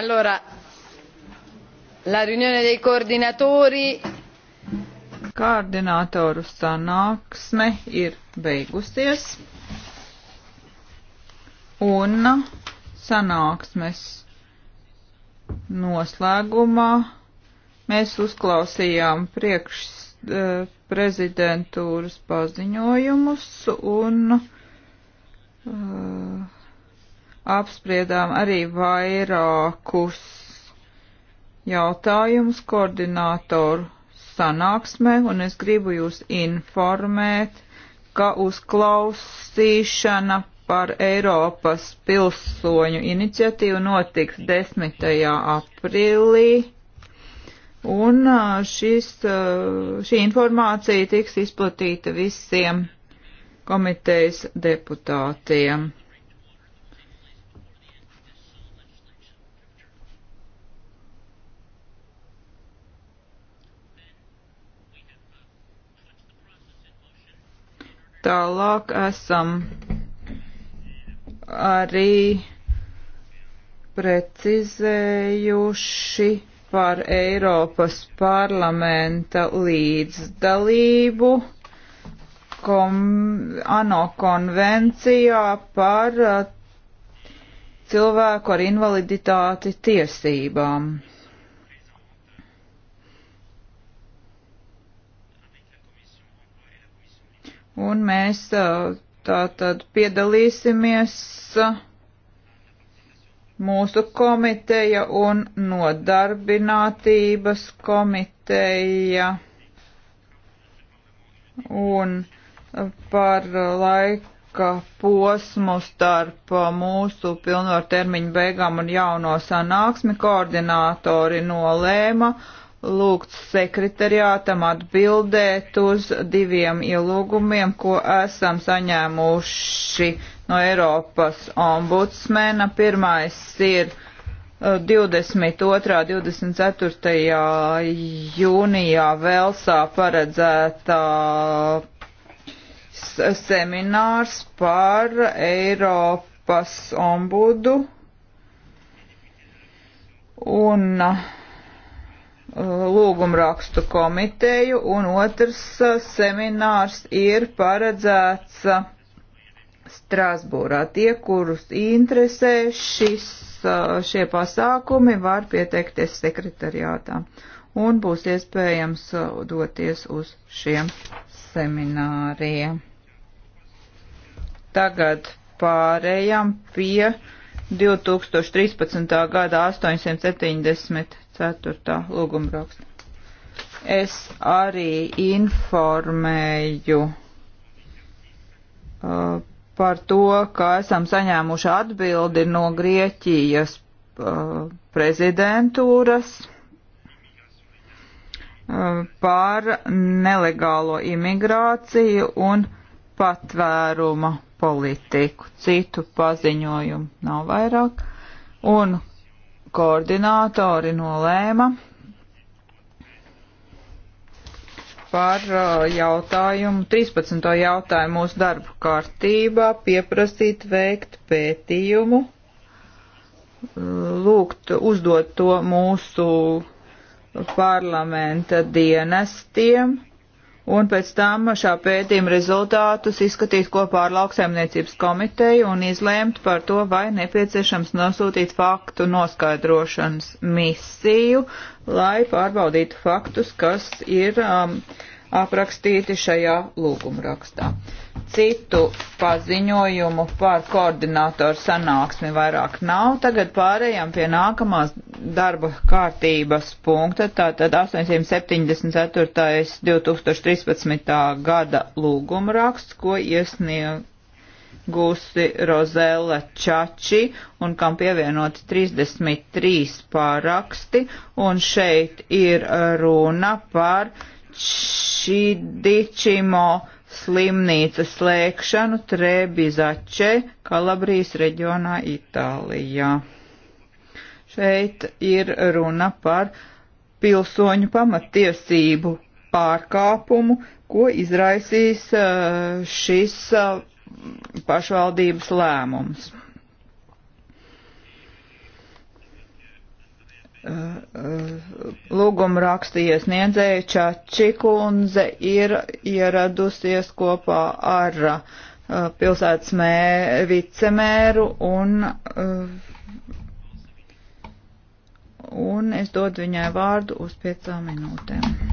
Allora, la riunione dei coordinatori. Koordinatoru sanāksme ir beigusies un sanāksmes noslēgumā mēs uzklausījām priekš uh, prezidentūras paziņojumus un uh, apspriedām arī vairākus jautājumus koordinātoru sanāksmē, un es gribu jūs informēt, ka uzklausīšana par Eiropas pilsoņu iniciatīvu notiks 10. aprīlī, un šis, šī informācija tiks izplatīta visiem komitejas deputātiem. Tālāk esam arī precizējuši par Eiropas parlamenta līdzdalību kom, ANO konvencijā par uh, cilvēku ar invaliditāti tiesībām. un mēs tātad piedalīsimies mūsu komiteja un nodarbinātības komiteja un par laika posmu starp mūsu pilnvartermiņu beigām un jauno sanāksmi koordinātori nolēma lūgt sekretariātam atbildēt uz diviem ielūgumiem, ko esam saņēmuši no Eiropas ombudsmena. Pirmais ir 22. Uh, 24. jūnijā Velsā paredzētā seminārs par Eiropas ombudu un uh, Uh, lūgumrakstu komiteju, un otrs uh, seminārs ir paredzēts uh, Strasbūrā. Tie, kurus interesē šis, šie pasākumi, var pieteikties sekretariātā un būs iespējams doties uz šiem semināriem. Tagad pārējām pie 2013. gada 874 ceturtā lūgumraksta. Es arī informēju uh, par to, ka esam saņēmuši atbildi no Grieķijas uh, prezidentūras uh, par nelegālo imigrāciju un patvēruma politiku. Citu paziņojumu nav vairāk. Un koordinātori nolēma par uh, jautājumu, 13. jautājumu mūsu darba kārtībā pieprasīt veikt pētījumu, lūgt uzdot to mūsu parlamenta dienestiem un pēc tam šā pētījuma rezultātus izskatīt kopā ar lauksaimniecības komiteju un izlēmt par to, vai nepieciešams nosūtīt faktu noskaidrošanas misiju, lai pārbaudītu faktus, kas ir um, uh, aprakstīti šajā lūgumrakstā. Citu paziņojumu par koordinātoru sanāksmi vairāk nav. Tagad pārējām pie nākamās darba kārtības punkta, tātad 874. 2013. gada lūgumraksts, ko iesniedz Gusi Rozela Čači un kam pievienoti 33 pāraksti, un šeit ir runa par Čidičimo slimnīcas slēgšanu Trebizače, Kalabrijas reģionā Itālijā. Šeit ir runa par pilsoņu pamatiesību pārkāpumu, ko izraisīs eh, šis eh, pašvaldības lēmums. lūguma raksta iesniedzēja Čačikundze ir ieradusies kopā ar uh, pilsētas mē, vicemēru un, uh, un es dodu viņai vārdu uz piecām minūtēm.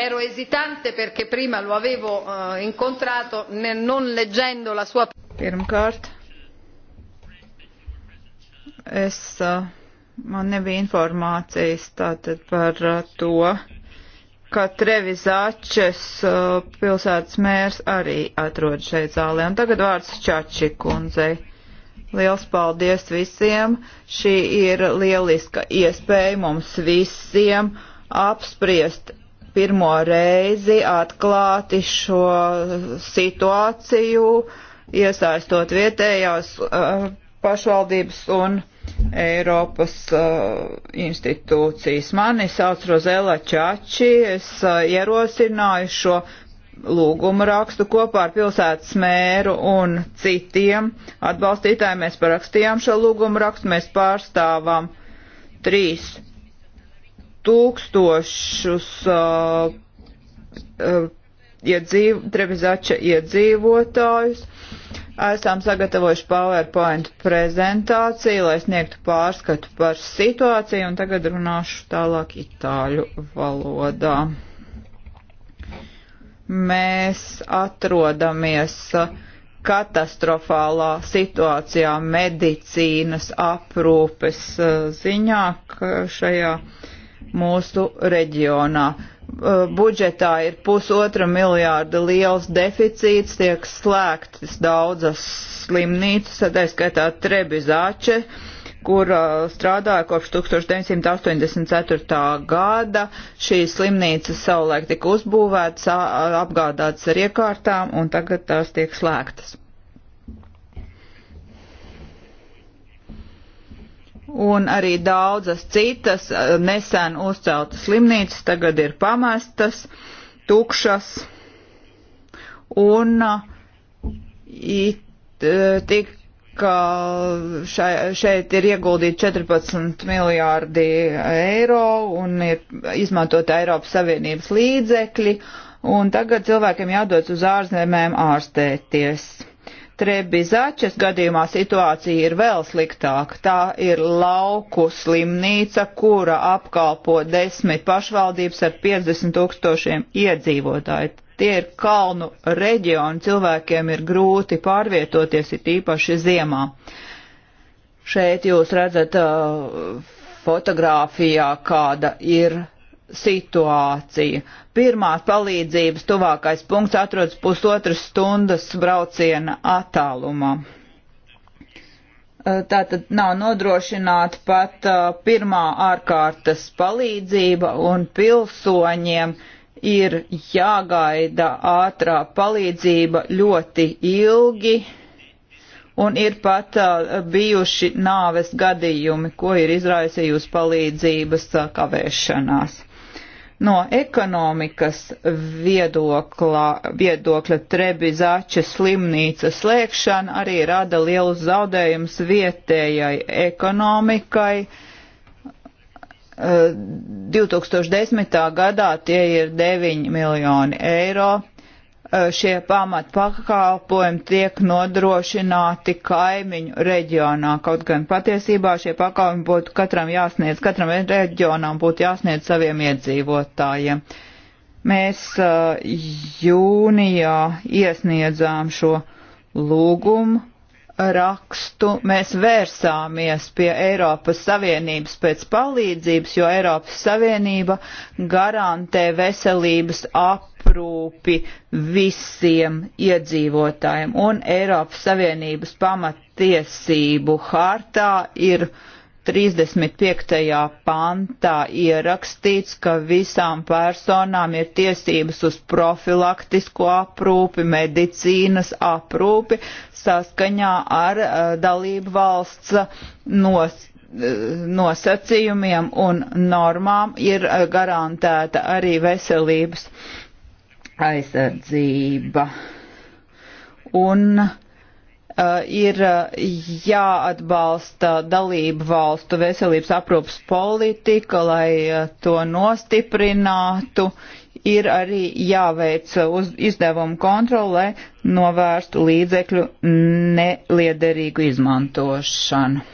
Ero esitante perché prima lo avevo uh, incontrato ne, non leggendo la sua Pirmkārt, es, uh, man nebija informācijas tātad par uh, to, ka Trevizāčes uh, pilsētas mērs arī atrod šeit zālē. Un tagad vārds Čači kundzei. Liels paldies visiem! Šī ir lieliska iespēja mums visiem apspriest pirmo reizi atklāti šo situāciju, uh, iesaistot vietējās uh, pašvaldības un Eiropas uh, institūcijas. Mani sauc Rozela Čači, es uh, ierosināju šo lūgumu rakstu kopā ar pilsētas mēru un citiem atbalstītājiem. Mēs parakstījām šo lūgumu rakstu, mēs pārstāvām trīs tūkstošus uh, uh, iedzīv, Trevizača iedzīvotājus. Uh, esam sagatavojuši PowerPoint prezentāciju, lai sniegtu pārskatu par situāciju, un tagad runāšu tālāk itāļu valodā. Mēs atrodamies katastrofālā situācijā medicīnas aprūpes eh, ziņā šajā mūsu reģionā Uh, budžetā ir pusotra miljārda liels deficīts, tiek slēgtas daudzas slimnīcas, tā skaitā Trebizāče, kur uh, strādāja kopš 1984. gada. Šī slimnīca savulaik tika uzbūvētas, apgādātas ar iekārtām, un tagad tās tiek slēgtas. un arī daudzas citas eh, nesen uzceltas slimnīcas tagad ir pamestas, tukšas, un eh, it, eh, tika šeit ir ieguldīti 14 miljārdi eiro un ir izmantota Eiropas Savienības līdzekļi, un tagad cilvēkiem jādodas uz ārzemēm ārstēties. Trebizačes gadījumā situācija ir vēl sliktāka. Tā ir lauku slimnīca, kura apkalpo desmit pašvaldības ar 50 tūkstošiem iedzīvotāju. Tie ir kalnu reģioni, cilvēkiem ir grūti pārvietoties, it īpaši ziemā. Šeit jūs redzat uh, fotogrāfijā, kāda ir situācija. Pirmās palīdzības tuvākais punkts atrodas pusotras stundas brauciena attālumā. Tātad nav nodrošināta pat pirmā ārkārtas palīdzība un pilsoņiem ir jāgaida ātrā palīdzība ļoti ilgi un ir pat uh, bijuši nāves gadījumi, ko ir izraisījusi palīdzības uh, kavēšanās. No ekonomikas viedokla, viedokļa Trebizača slimnīca slēgšana arī rada lielus zaudējumus vietējai ekonomikai. Eh, 2010. gadā tie ir 9 miljoni eiro Eh, šie pamatpakalpojumi tiek nodrošināti kaimiņu reģionā. Kaut gan patiesībā šie pakalpojumi būtu katram jāsniedz, katram reģionam būtu jāsniedz saviem iedzīvotājiem. Mēs eh, jūnijā iesniedzām šo lūgumu rakstu mēs vērsāmies pie Eiropas Savienības pēc palīdzības, jo Eiropas Savienība garantē veselības aprūpi visiem iedzīvotājiem, un Eiropas Savienības pamatiesību hartā ir uh, 35. pantā ierakstīts, ka visām personām ir tiesības uz profilaktisko aprūpi, medicīnas aprūpi saskaņā ar uh, dalību valsts eh, nos, eh, nosacījumiem un normām ir garantēta arī veselības aizsardzība. Un uh, Eh, ir eh, jāatbalsta dalību valstu veselības aprūpas politika, lai eh, to nostiprinātu. Ir arī jāveic uz izdevumu kontroli, lai novērstu līdzekļu neliederīgu izmantošanu.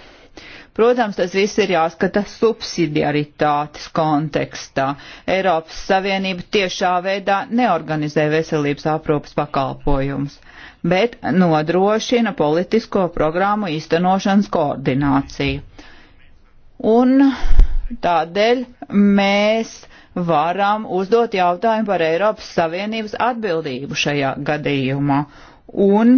Protams, tas viss ir jāskata subsidiaritātes kontekstā. Eiropas Savienība tiešā veidā neorganizē veselības aprūpas pakalpojumus bet nodrošina politisko programmu īstenošanas koordināciju. Un tādēļ mēs varam uzdot jautājumu par Eiropas Savienības atbildību šajā gadījumā. Un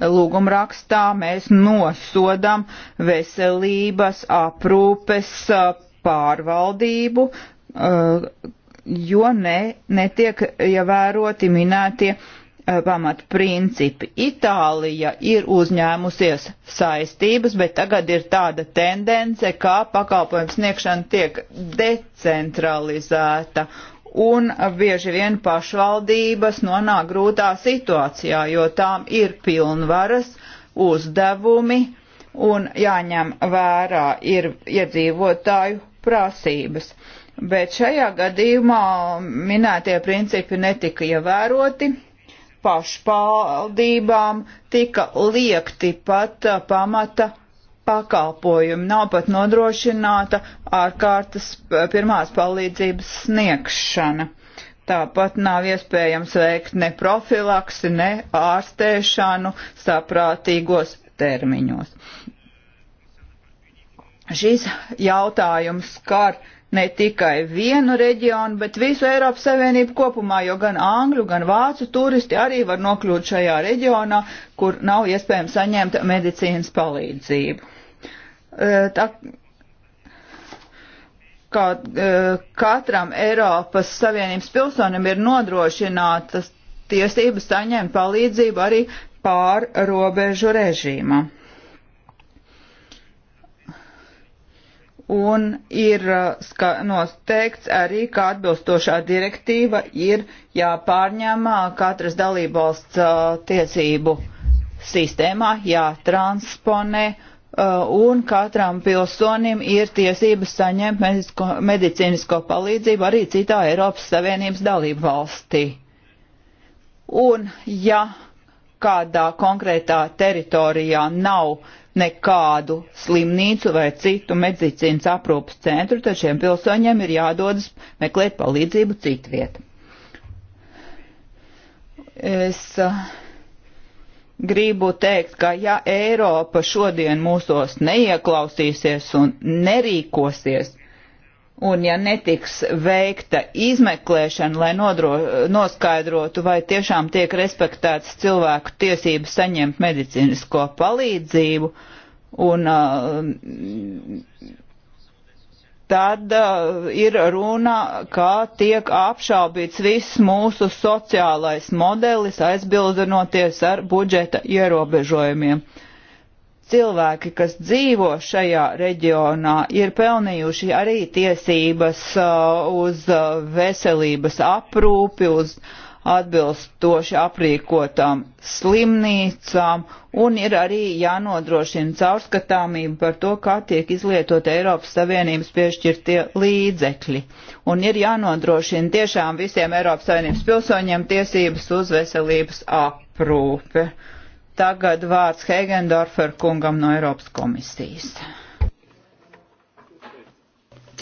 lūgumrakstā mēs nosodam veselības aprūpes uh, pārvaldību, uh, jo ne, netiek ievēroti minētie eh, pamatprincipi. Itālija ir uzņēmusies saistības, bet tagad ir tāda tendence, kā pakalpojums sniegšana tiek decentralizēta. Un bieži vien pašvaldības nonāk grūtā situācijā, jo tām ir pilnvaras, uzdevumi un jāņem vērā ir iedzīvotāju prasības. Uh, bet šajā gadījumā minētie principi netika ievēroti. Pašpaldībām tika liekti pat uh, pamata pakalpojumi, nav pat nodrošināta ārkārtas uh, pirmās palīdzības sniegšana. Tāpat nav iespējams veikt ne profilaksi, ne ārstēšanu saprātīgos termiņos. Šis jautājums skar ne tikai vienu reģionu, bet visu Eiropas Savienību kopumā, jo gan angļu, gan vācu turisti arī var nokļūt šajā reģionā, kur nav iespējams saņemt medicīnas palīdzību. E, tā, kā e, katram Eiropas Savienības pilsonim ir nodrošinātas tiesības saņemt palīdzību arī pārrobežu režīmam. un ir uh, ska, noteikts arī, ka atbilstošā direktīva ir jāpārņem uh, katras dalībvalsts uh, tiesību sistēmā, jātransponē, un katram pilsonim ir tiesības saņemt medisko, medicīnisko palīdzību arī citā Eiropas Savienības dalībvalstī. Un ja kādā konkrētā teritorijā nav nekādu slimnīcu vai citu medicīnas aprūpas centru, tad šiem pilsoņiem ir jādodas meklēt palīdzību citviet. Es eh, gribu teikt, ka ja Eiropa šodien mūsos neieklausīsies un nerīkosies, Un ja netiks veikta izmeklēšana, lai nodro, noskaidrotu, vai tiešām tiek respektētas cilvēku tiesības saņemt medicīnisko palīdzību, un uh, tad uh, ir runa, kā tiek apšaubīts viss mūsu sociālais modelis, aizbildinoties ar budžeta ierobežojumiem. Uh, cilvēki, kas dzīvo šajā reģionā, ir pelnījuši arī tiesības uh, uz uh, veselības aprūpi, uz atbilstoši aprīkotām slimnīcām, un ir arī jānodrošina caurskatāmība par to, kā tiek izlietot Eiropas Savienības piešķirtie līdzekļi. Un ir jānodrošina tiešām visiem Eiropas Savienības pilsoņiem tiesības uz veselības aprūpe. Uh, Tagad vārds Heigendorfer kungam no Eiropas komisijas.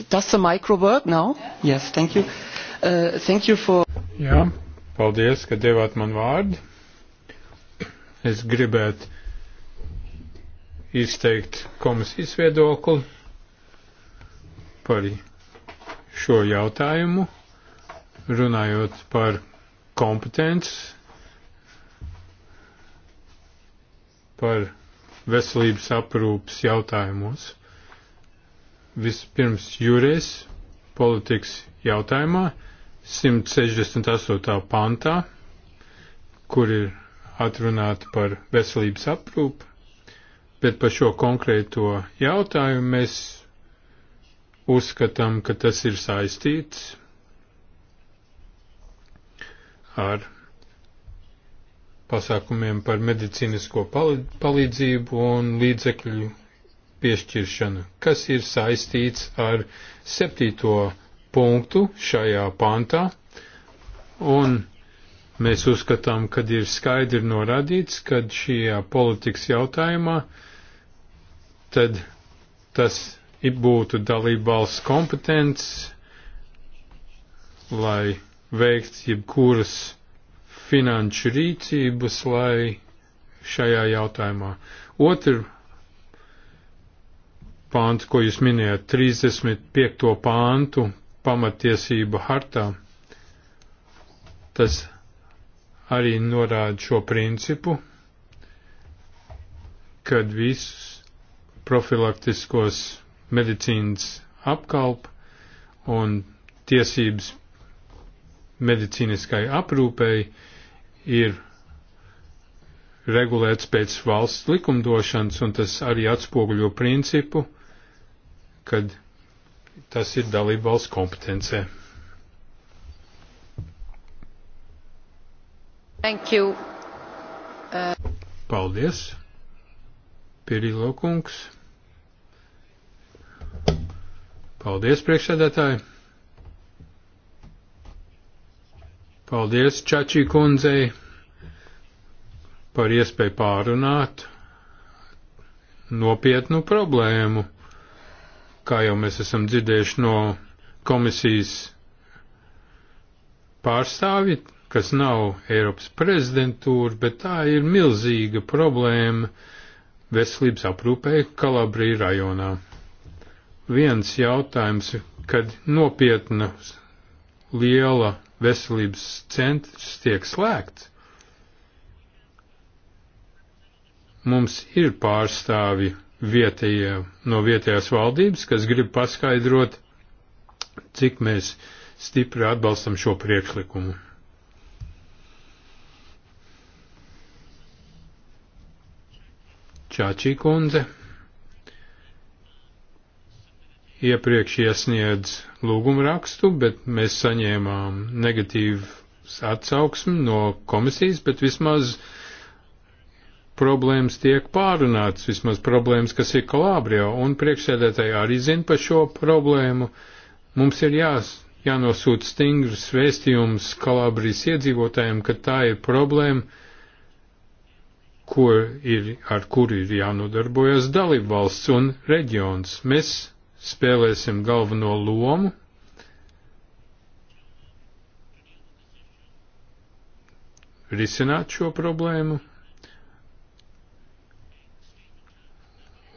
Does the micro work now? Yes, thank you. Uh, thank you for... Jā, paldies, ka devāt man vārdu. Es gribētu izteikt komisijas viedokli par šo jautājumu, runājot par kompetences par veselības aprūpas jautājumos. Vispirms jūrēs politikas jautājumā 168. pantā, kur ir atrunāta par veselības aprūpu, bet par šo konkrēto jautājumu mēs uzskatām, ka tas ir saistīts ar pasākumiem par medicīnisko palīdzību un līdzekļu piešķiršanu, kas ir saistīts ar septīto punktu šajā pantā, un mēs uzskatām, ka ir skaidri norādīts, ka šajā politikas jautājumā tad tas būtu dalībvalsts kompetents, lai veikt jebkuras finanšu rīcības, lai šajā jautājumā. Otru pāntu, ko jūs minējat, 35. pāntu pamatiesība hartā, tas arī norāda šo principu, kad visus profilaktiskos medicīnas apkalp un tiesības medicīniskai aprūpēji ir regulēts pēc valsts likumdošanas, un tas arī atspoguļo principu, kad tas ir dalība valsts kompetencē. Thank you. Uh... Paldies, Pirilo kungs. Paldies, priekšsēdētāji. Paldies Čačī kundzei par iespēju pārunāt nopietnu problēmu, kā jau mēs esam dzirdējuši no komisijas pārstāvi, kas nav Eiropas prezidentūra, bet tā ir milzīga problēma veselības aprūpē Kalabrija rajonā. Viens jautājums, kad nopietnas liela veselības centrs tiek slēgts. Mums ir pārstāvi vietējie, no vietējās valdības, kas grib paskaidrot, cik mēs stipri atbalstam šo priekšlikumu. Čāčī kundze iepriekš iesniedz lūgumu rakstu, bet mēs saņēmām negatīvu atsauksmi no komisijas, bet vismaz problēmas tiek pārunāts, vismaz problēmas, kas ir Kalābrijā, un priekšsēdētāji arī zina par šo problēmu. Mums ir jās, jānosūta stingrs vēstījums Kalābrijas iedzīvotājiem, ka tā ir problēma, ko ir, ar kuru ir jānodarbojas dalībvalsts un reģions. Mēs spēlēsim galveno lomu. Risināt šo problēmu.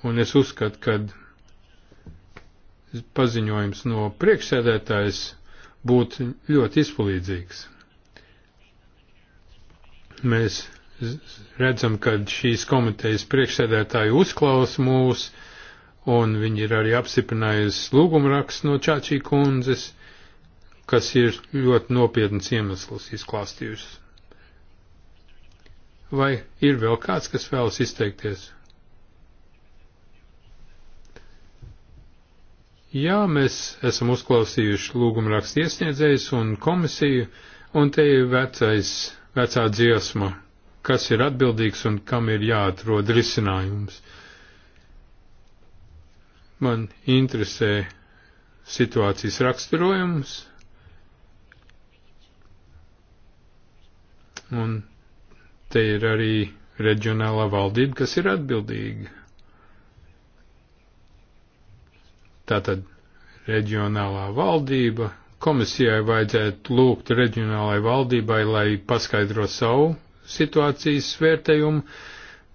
Un es uzskatu, ka paziņojums no priekšsēdētājs būtu ļoti izpalīdzīgs. Mēs redzam, ka šīs komitejas priekšsēdētāji uzklaus mūsu un viņi ir arī apsiprinājusi lūgumraksts no Čāčī kundzes, kas ir ļoti nopietns iemesls izklāstījusi. Vai ir vēl kāds, kas vēlas izteikties? Jā, mēs esam uzklausījuši lūgumrakstu iesniedzējus un komisiju, un te ir vecais, vecā dziesma, kas ir atbildīgs un kam ir jāatrod risinājums. Man interesē situācijas raksturojums un te ir arī reģionālā valdība, kas ir atbildīga. Tātad reģionālā valdība komisijai vajadzētu lūgt reģionālai valdībai, lai paskaidro savu situācijas vērtējumu,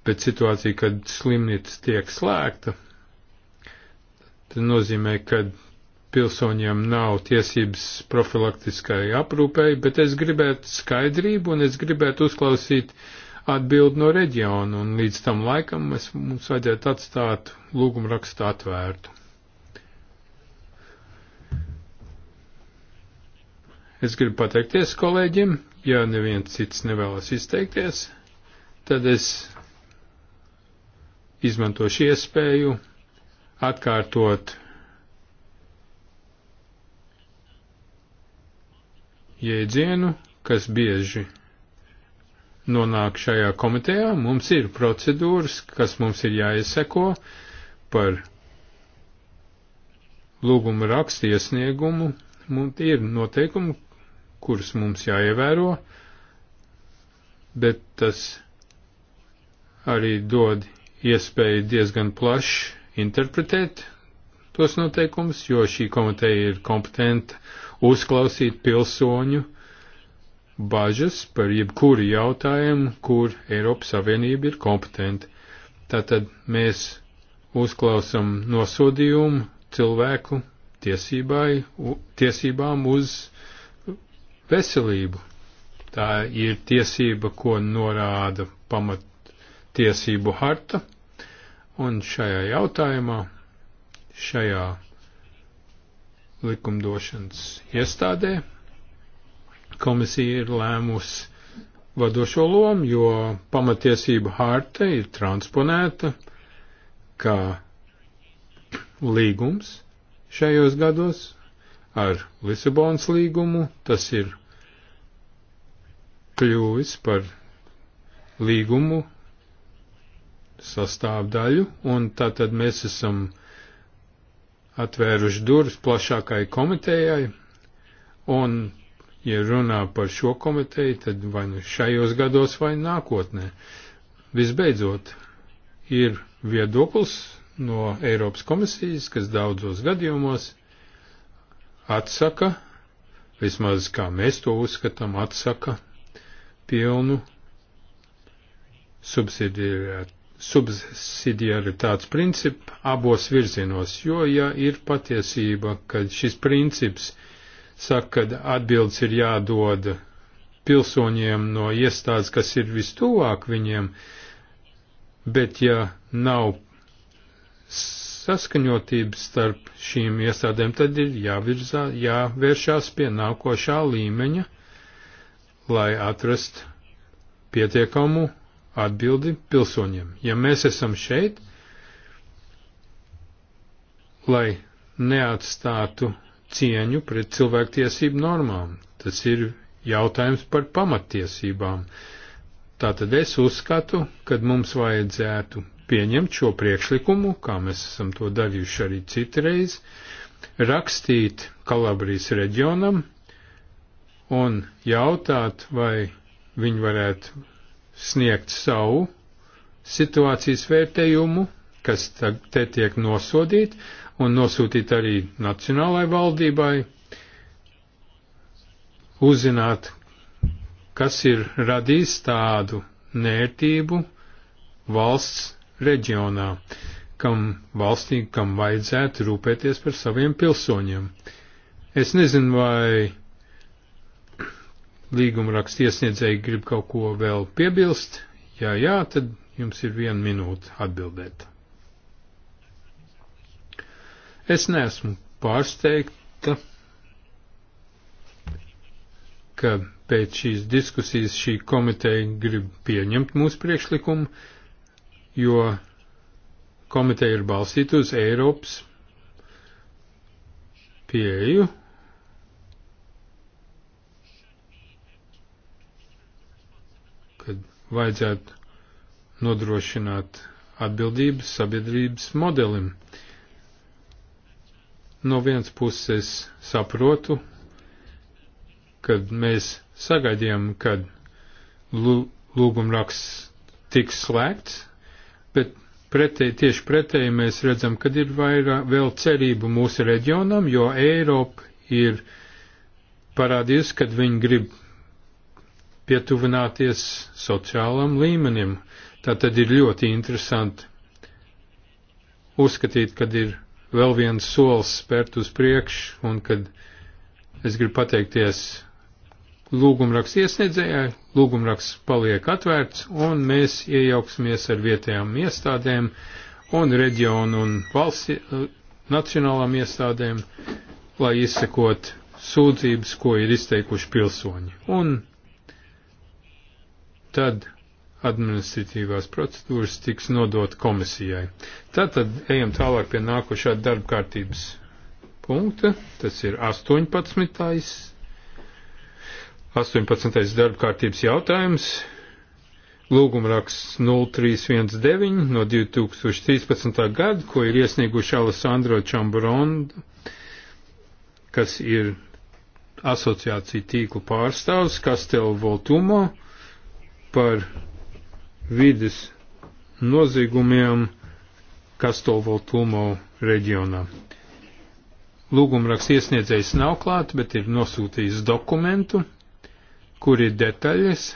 bet situācija, kad slimnīca tiek slēgta, Tas nozīmē, ka pilsoņiem nav tiesības profilaktiskai aprūpei, bet es gribētu skaidrību un es gribētu uzklausīt atbildi no reģiona, un līdz tam laikam mēs, mums vajadzētu atstāt lūgumu rakstu atvērtu. Es gribu pateikties kolēģim, ja neviens cits nevēlas izteikties, tad es izmantošu iespēju atkārtot jēdzienu, kas bieži nonāk šajā komitejā. Mums ir procedūras, kas mums ir jāieseko par lūgumu rakstu iesniegumu. Mums ir noteikumi, kurus mums jāievēro, bet tas arī dod iespēju diezgan plaši interpretēt tos noteikumus, jo šī komiteja ir kompetenta uzklausīt pilsoņu bažas par jebkuru jautājumu, kur Eiropas Savienība ir kompetenta. Tātad mēs uzklausam nosodījumu cilvēku tiesībai, tiesībām uz veselību. Tā ir tiesība, ko norāda pamat tiesību harta Un šajā jautājumā, šajā likumdošanas iestādē, komisija ir lēmusi vadošo lomu, jo pamatiesība hārte ir transponēta kā līgums šajos gados ar Lisabonas līgumu. Tas ir kļuvis par līgumu sastāvdaļu, un tātad mēs esam atvēruši durvis plašākai komitejai, un, ja runā par šo komiteju, tad vai nu šajos gados vai nākotnē. Visbeidzot, ir viedoklis no Eiropas komisijas, kas daudzos gadījumos atsaka, vismaz kā mēs to uzskatām, atsaka pilnu subsidiarietu subsidiaritātes principu abos virzienos, jo, ja ir patiesība, ka šis princips saka, ka atbildes ir jādod pilsoņiem no iestādes, kas ir vistuvāk viņiem, bet ja nav saskaņotības starp šīm iestādēm, tad ir jāvirzā, jāvēršās pie nākošā līmeņa, lai atrast pietiekamu Atbildi pilsoņiem. Ja mēs esam šeit, lai neatstātu cieņu pret cilvēktiesību normām, tas ir jautājums par pamattiesībām. Tātad es uzskatu, ka mums vajadzētu pieņemt šo priekšlikumu, kā mēs esam to darījuši arī citreiz, rakstīt Kalabrijas reģionam un jautāt, vai viņi varētu sniegt savu situācijas vērtējumu, kas te tiek nosodīt un nosūtīt arī nacionālai valdībai, uzzināt, kas ir radījis tādu nērtību valsts reģionā, kam valstī, kam vajadzētu rūpēties par saviem pilsoņiem. Es nezinu, vai līguma raksts iesniedzēji grib kaut ko vēl piebilst, jā, jā, tad jums ir viena minūte atbildēt. Es neesmu pārsteigta, ka pēc šīs diskusijas šī komiteja grib pieņemt mūsu priekšlikumu, jo komiteja ir balstīta uz Eiropas pieeju vajadzētu nodrošināt atbildības sabiedrības modelim. No vienas puses saprotu, kad mēs sagaidījām, kad lūgumraksts tiks slēgts, bet pretēji, tieši pretēji mēs redzam, kad ir vairāk vēl cerību mūsu reģionam, jo Eiropa ir parādījusi, kad viņi grib pietuvināties sociālam līmenim. Tā tad ir ļoti interesanti uzskatīt, kad ir vēl viens solis spērt uz priekšu un kad es gribu pateikties lūgumraks iesniedzējai, lūgumraks paliek atvērts un mēs iejauksimies ar vietējām iestādēm un reģionu un valsts nacionālām iestādēm, lai izsekot sūdzības, ko ir izteikuši pilsoņi. Un tad administratīvās procedūras tiks nodot komisijai. Tātad ejam tālāk pie nākošā darba kārtības punkta, tas ir 18. 18. darba kārtības jautājums. Lūgumraksts 0319 no 2013. gada, ko ir iesnieguši Alessandro Čamburondo, kas ir asociācija tīkla pārstāvs Kastel Voltumo, par vides noziegumiem Kastovotulmo reģionā. Lūgumraks iesniedzējs nav klāt, bet ir nosūtījis dokumentu, kur ir detaļas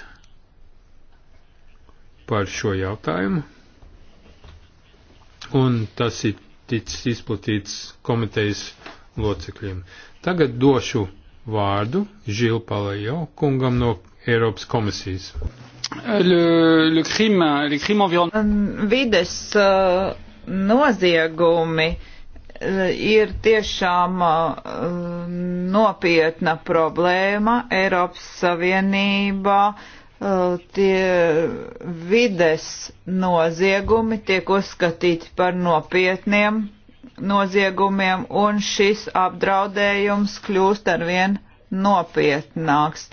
par šo jautājumu. Un tas ir ticis izplatīts komitejas locekļiem. Tagad došu vārdu Žilpalajo kungam no Eiropas komisijas le, le crime, les crimes environnementaux. Vides uh, noziegumi uh, ir tiešām uh, nopietna problēma Eiropas Savienībā. Uh, tie vides noziegumi tiek uzskatīti par nopietniem noziegumiem, un šis apdraudējums kļūst arvien nopietnāks.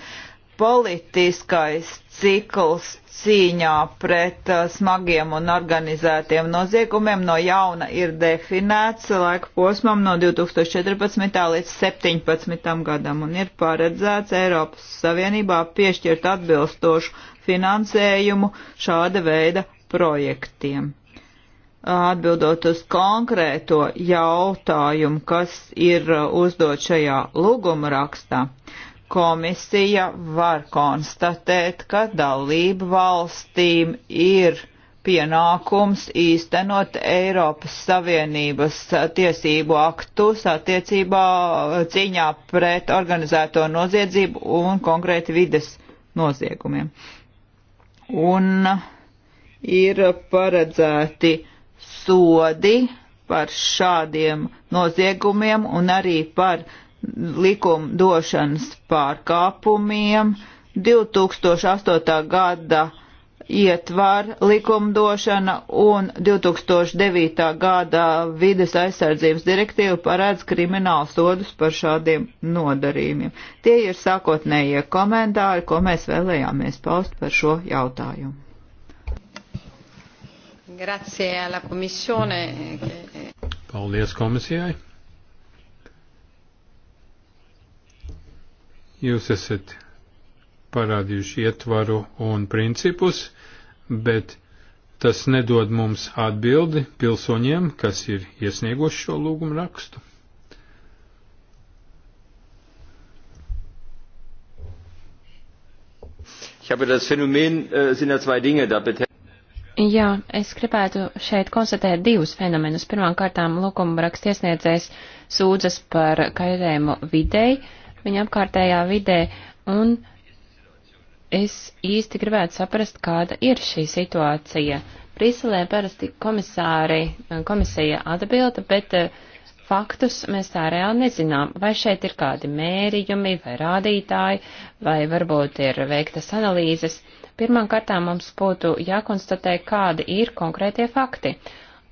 Politiskais cikls cīņā pret uh, smagiem un organizētiem noziegumiem no jauna ir definēts laika posmam no 2014. līdz 2017. gadam un ir paredzēts Eiropas Savienībā piešķirt atbilstošu finansējumu šāda veida projektiem. Uh, atbildot uz konkrēto jautājumu, kas ir uh, uzdot šajā lūguma rakstā Komisija var konstatēt, ka dalību valstīm ir pienākums īstenot Eiropas Savienības tiesību aktus attiecībā cīņā pret organizēto noziedzību un konkrēti vides noziegumiem. Un ir paredzēti sodi par šādiem noziegumiem un arī par uh, likumdošanas pārkāpumiem, 2008. gada ietvar likumdošana un 2009. gada vides aizsardzības direktīva paredz kriminālu sodus par šādiem nodarījumiem. Tie ir sākotnējie komentāri, ko mēs vēlējāmies paust par šo jautājumu. Grazie alla komisione. Paldies komisijai. Jūs esat parādījuši ietvaru un principus, bet tas nedod mums atbildi pilsoņiem, kas ir iesnieguši šo lūgumu rakstu. Äh, Jā, es gribētu šeit konstatēt divus fenomenus. Pirmkārtām lūguma rakstiesniedzējs sūdzas par kaitējumu videi, uh, viņa apkārtējā vidē, un es īsti gribētu saprast, kāda ir šī situācija. Briselē parasti komisāri, komisija atbilda, bet eh, faktus mēs tā reāli nezinām. Vai šeit ir kādi mērījumi vai rādītāji, vai varbūt ir veiktas analīzes. Pirmkārt, mums būtu jākonstatē, kādi ir konkrētie fakti.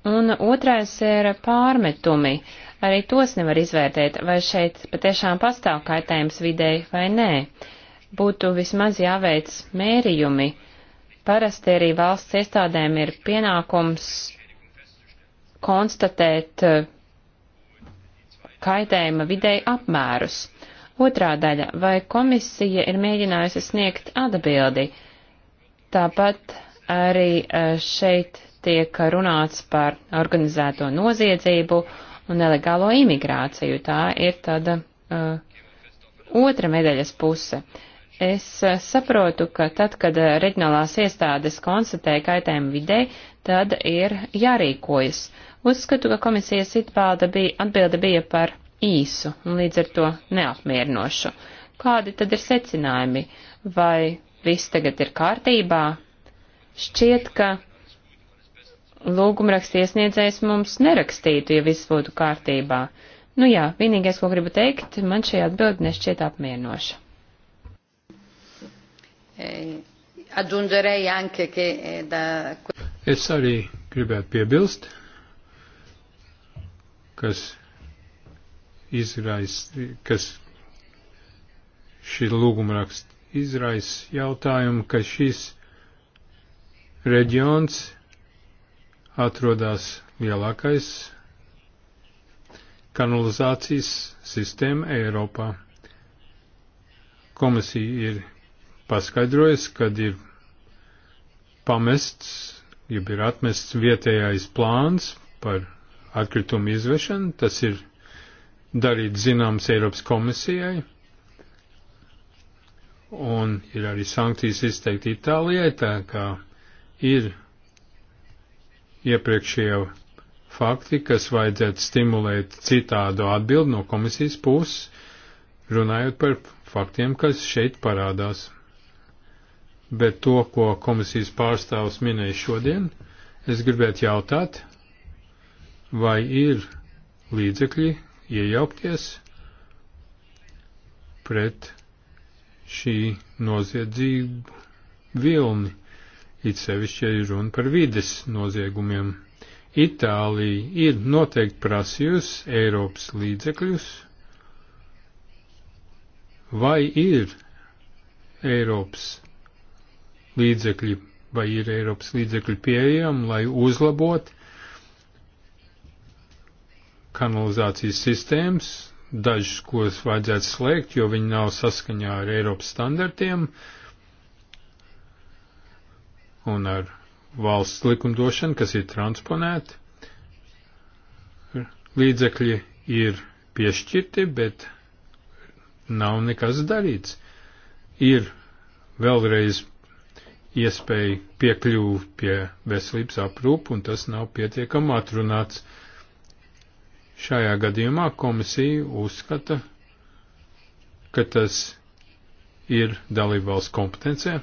Un otrais ir pārmetumi. Uh, Arī tos nevar izvērtēt, vai šeit patiešām pastāv kaitējums videi vai nē. Būtu vismaz jāveic mērījumi. Parasti arī valsts iestādēm ir pienākums konstatēt eh, kaitējuma videi apmērus. Otrā daļa - vai komisija ir mēģinājusi sniegt atbildi? Tāpat arī eh, šeit tiek runāts par organizēto noziedzību un nelegālo imigrāciju. Tā ir tāda uh, otra medaļas puse. Es uh, saprotu, ka tad, kad uh, reģionālās iestādes konstatē kaitējumu videi, tad ir jārīkojas. Uzskatu, ka komisijas bija, atbilde bija par īsu un līdz ar to neapmierinošu. Kādi tad ir secinājumi? Vai viss tagad ir kārtībā? Šķiet, ka lūgumraksta iesniedzējs mums nerakstītu, ja viss būtu kārtībā. Nu jā, vienīgais, ko gribu teikt, man šī atbildi nešķiet apmierinoša. Eh, eh, es arī gribētu piebilst, kas izraisa, kas šī lūgumraksta izraisa jautājumu, ka šis reģions atrodas lielākais kanalizācijas sistēma Eiropā. Komisija ir paskaidrojusi, kad ir pamests, jeb ir atmests vietējais plāns par atkritumu izvešanu, tas ir darīt zināms Eiropas komisijai, un ir arī sankcijas izteikti Itālijai, tā kā ir iepriekšējie fakti, kas vajadzētu stimulēt citādu atbildi no komisijas puses, runājot par faktiem, kas šeit parādās. Bet to, ko komisijas pārstāvs minēja šodien, es gribētu jautāt, vai ir līdzekļi iejaukties pret šī noziedzību vilni it sevišķi, ja ir runa par vides noziegumiem. Itālija ir noteikti prasījusi Eiropas līdzekļus, vai ir Eiropas līdzekļi, vai ir Eiropas līdzekļi pieejami, lai uzlabot kanalizācijas sistēmas, dažas, kuras vajadzētu slēgt, jo viņi nav saskaņā ar Eiropas standartiem, uh, un ar valsts likumdošanu, kas ir transponēta. Līdzekļi ir piešķirti, bet nav nekas darīts. Ir vēlreiz iespēja piekļūt pie veselības aprūpu, un tas nav pietiekami atrunāts. Šajā gadījumā komisija uzskata, ka tas ir dalībvalsts kompetencija,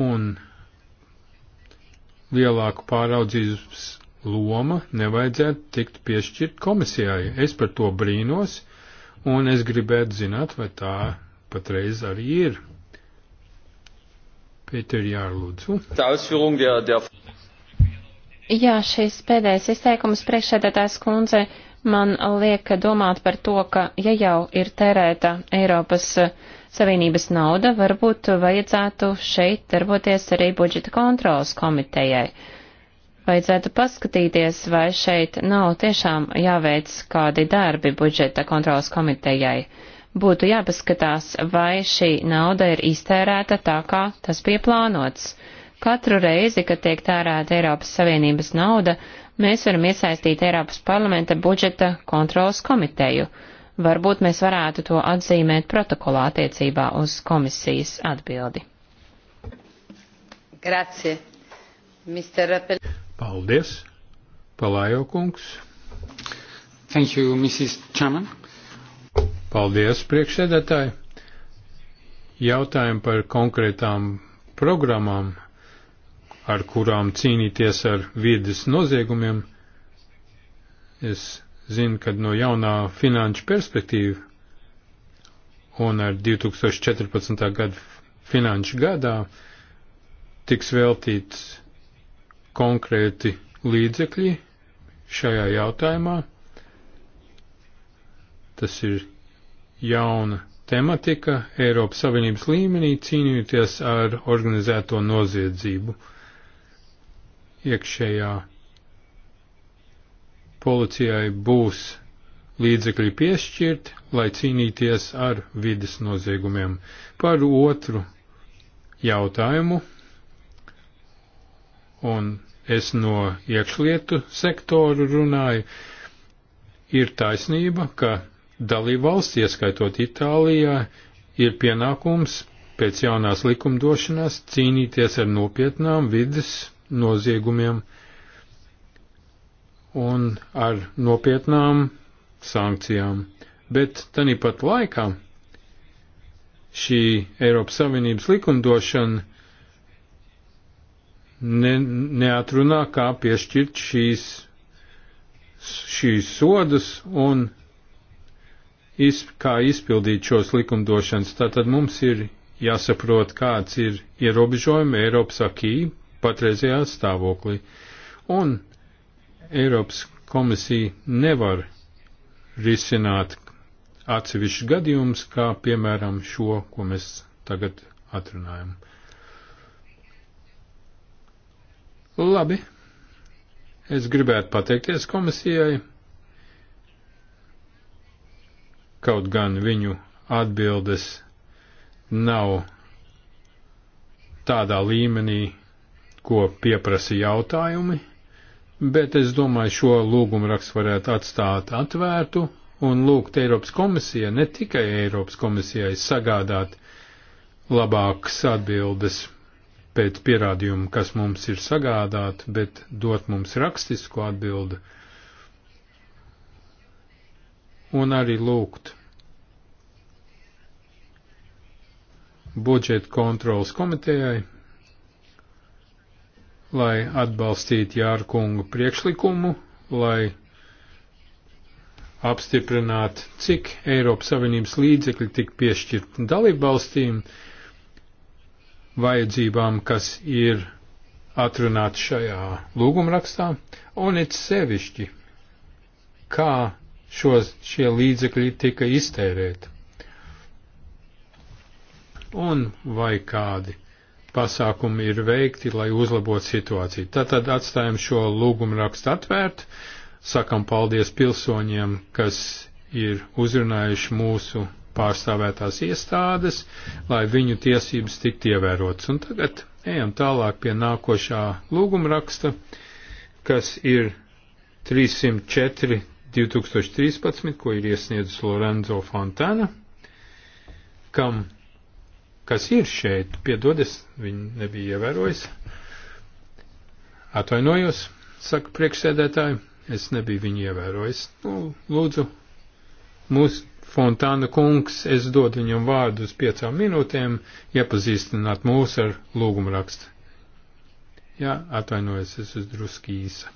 un lielāku pāraudzības loma nevajadzētu tikt piešķirt komisijai. Es par to brīnos, un es gribētu zināt, vai tā patreiz arī ir. Pēter Jārlūdzu. Jā, šis pēdējais izteikums priekšsēdētājs kundze man liek domāt par to, ka, ja jau ir tērēta Eiropas eh, Savienības nauda, varbūt vajadzētu šeit darboties arī budžeta kontrolas komitejai. Vajadzētu paskatīties, vai šeit nav tiešām jāveic kādi darbi budžeta kontrolas komitejai. Būtu jāpaskatās, vai šī nauda ir iztērēta tā, kā tas bija plānots. Katru reizi, kad tiek tērēta Eiropas Savienības nauda, mēs varam iesaistīt Eiropas parlamenta budžeta kontrolas komiteju. Varbūt mēs varētu to atzīmēt protokolā attiecībā uz komisijas atbildi. Grazie. Mr. Pel Paldies. Palājo kungs. Thank you, Mrs. Chairman. Paldies, priekšsēdētāji. Jautājumi par konkrētām programmām ar kurām cīnīties ar vides noziegumiem. Es zinu, ka no jaunā finanšu perspektīva un ar 2014. gadu finanšu gadā tiks veltīts konkrēti līdzekļi šajā jautājumā. Tas ir jauna tematika Eiropas Savienības līmenī cīnīties ar organizēto noziedzību iekšējā policijai būs līdzekļi piešķirt, lai cīnīties ar vidas noziegumiem. Par otru jautājumu, un es no iekšlietu sektoru runāju, ir taisnība, ka dalībvalsts, ieskaitot Itālijā, ir pienākums pēc jaunās likumdošanās cīnīties ar nopietnām vidas noziegumiem un ar nopietnām sankcijām. Bet tanīpat laikā šī Eiropas Savienības likumdošana ne, neatrunā, kā piešķirt šīs, šīs sodas un iz, kā izpildīt šos likumdošanas. Tātad mums ir jāsaprot, kāds ir ierobežojumi Eiropas akī patreizajā stāvoklī. Un Eiropas komisija nevar risināt atsevišķus gadījumus, kā piemēram šo, ko mēs tagad atrunājam. Labi, es gribētu pateikties komisijai, kaut gan viņu atbildes nav tādā līmenī, ko pieprasa jautājumi, bet es domāju, šo lūgumu rakstu varētu atstāt atvērtu un lūgt Eiropas komisijai, ne tikai Eiropas komisijai, sagādāt labākas atbildes pēc pierādījuma, kas mums ir sagādāt, bet dot mums rakstisku atbildi un arī lūgt budžeta kontrolas komitejai lai atbalstītu Jārkungu priekšlikumu, lai apstiprinātu, cik Eiropas Savienības līdzekļi tik piešķirt dalībvalstīm vajadzībām, kas ir atrunāts šajā lūgumrakstā, un it sevišķi, kā šos, šie līdzekļi tika iztērēti. Un vai kādi pasākumi ir veikti, lai uzlabotu situāciju. Tātad atstājam šo lūgumu rakstu atvērt, sakam paldies pilsoņiem, kas ir uzrunājuši mūsu pārstāvētās iestādes, lai viņu tiesības tiktu ievērotas. Un tagad ejam tālāk pie nākošā lūguma raksta, kas ir 304 2013, ko ir iesniedzis Lorenzo Fontana, kam kas ir šeit, piedodas, viņi nebija ievērojis. Atvainojos, saka priekšsēdētāji, es nebiju viņu ievērojis. Nu, lūdzu, mūsu Fontāna kungs, es dodu viņam vārdu uz piecām minūtēm, iepazīstināt mūs ar lūgumu rakstu. Jā, atvainojos, es esmu druski īsa.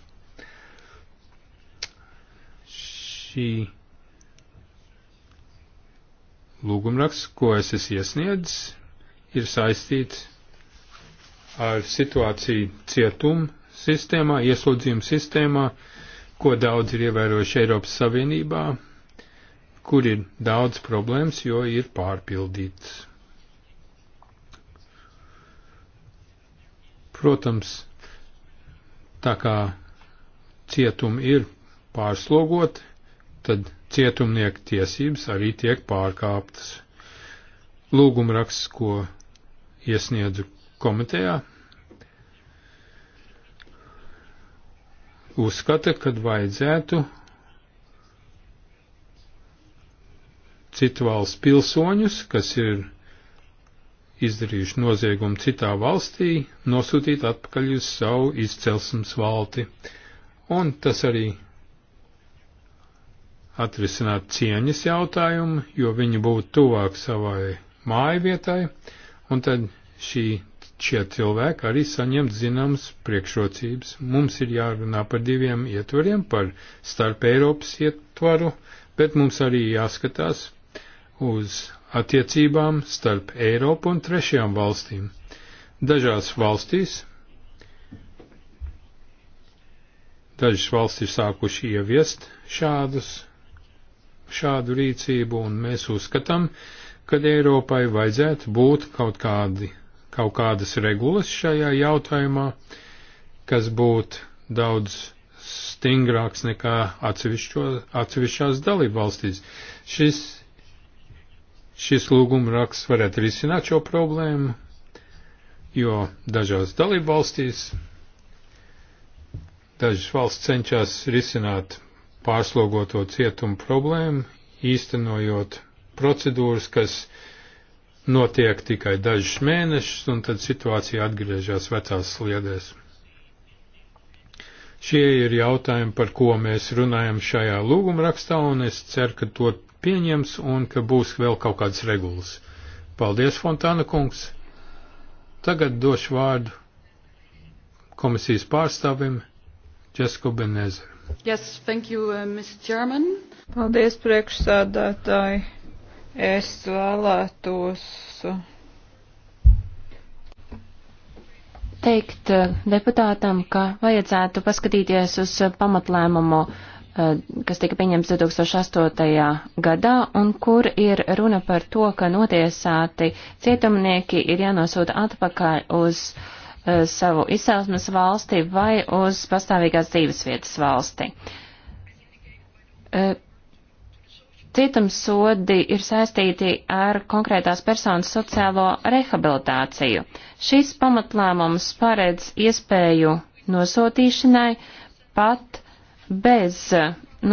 Šī lūgumraksts, ko es esmu iesniedzis, ir saistīts ar situāciju cietumu sistēmā, ieslodzījumu sistēmā, ko daudz ir ievērojuši Eiropas Savienībā, kur ir daudz problēmas, jo ir pārpildīts. Protams, tā kā cietumi ir pārslogoti, tad cietumnieku tiesības arī tiek pārkāptas. Lūgumraksts, ko iesniedzu komitejā, uzskata, ka vajadzētu citu valstu pilsoņus, kas ir izdarījuši noziegumu citā valstī, nosūtīt atpakaļ uz savu izcelsmes valti, un tas arī atrisināt cieņas jautājumu, jo viņi būtu tuvāk savai māju vietai, un tad šī, šie cilvēki arī saņem zināmas priekšrocības. Mums ir jārunā par diviem ietvariem, par starp Eiropas ietvaru, bet mums arī jāskatās uz attiecībām starp Eiropu un trešajām valstīm. Dažās valstīs, dažas valstis ir sākuši ieviest šādus, šādu rīcību, un mēs uzskatām, kad Eiropai vajadzētu būt kaut, kādi, kaut kādas regulas šajā jautājumā, kas būtu daudz stingrāks nekā atsevišķās dalībvalstīs. Šis, šis lūguma raksts varētu risināt šo problēmu, jo dažās dalībvalstīs dažas valsts cenšas risināt pārslogoto cietumu problēmu, īstenojot procedūras, kas notiek tikai dažus mēnešus, un tad situācija atgriežas vecās sliedēs. Šie ir jautājumi, par ko mēs runājam šajā lūgumrakstā, un es ceru, ka to pieņems un ka būs vēl kaut kādas regulas. Paldies, Fontāna kungs! Tagad došu vārdu komisijas pārstāvim Česko Benezer. Yes, thank you, uh, Mr. Chairman. Paldies, priekšsādātāji. Es vēlētos uh, teikt uh, deputātam, ka vajadzētu paskatīties uz uh, pamatlēmumu, kas tika pieņemts 2008. gadā, un kur ir runa par to, ka notiesāti cietumnieki ir jānosūta atpakaļ uz savu izcelsmes valsti vai uz pastāvīgās dzīvesvietas valsti Cietumsodi ir saistīti ar konkrētās personas sociālo rehabilitāciju. Šis pamatlēmums paredz iespēju nosūtīšanai pat bez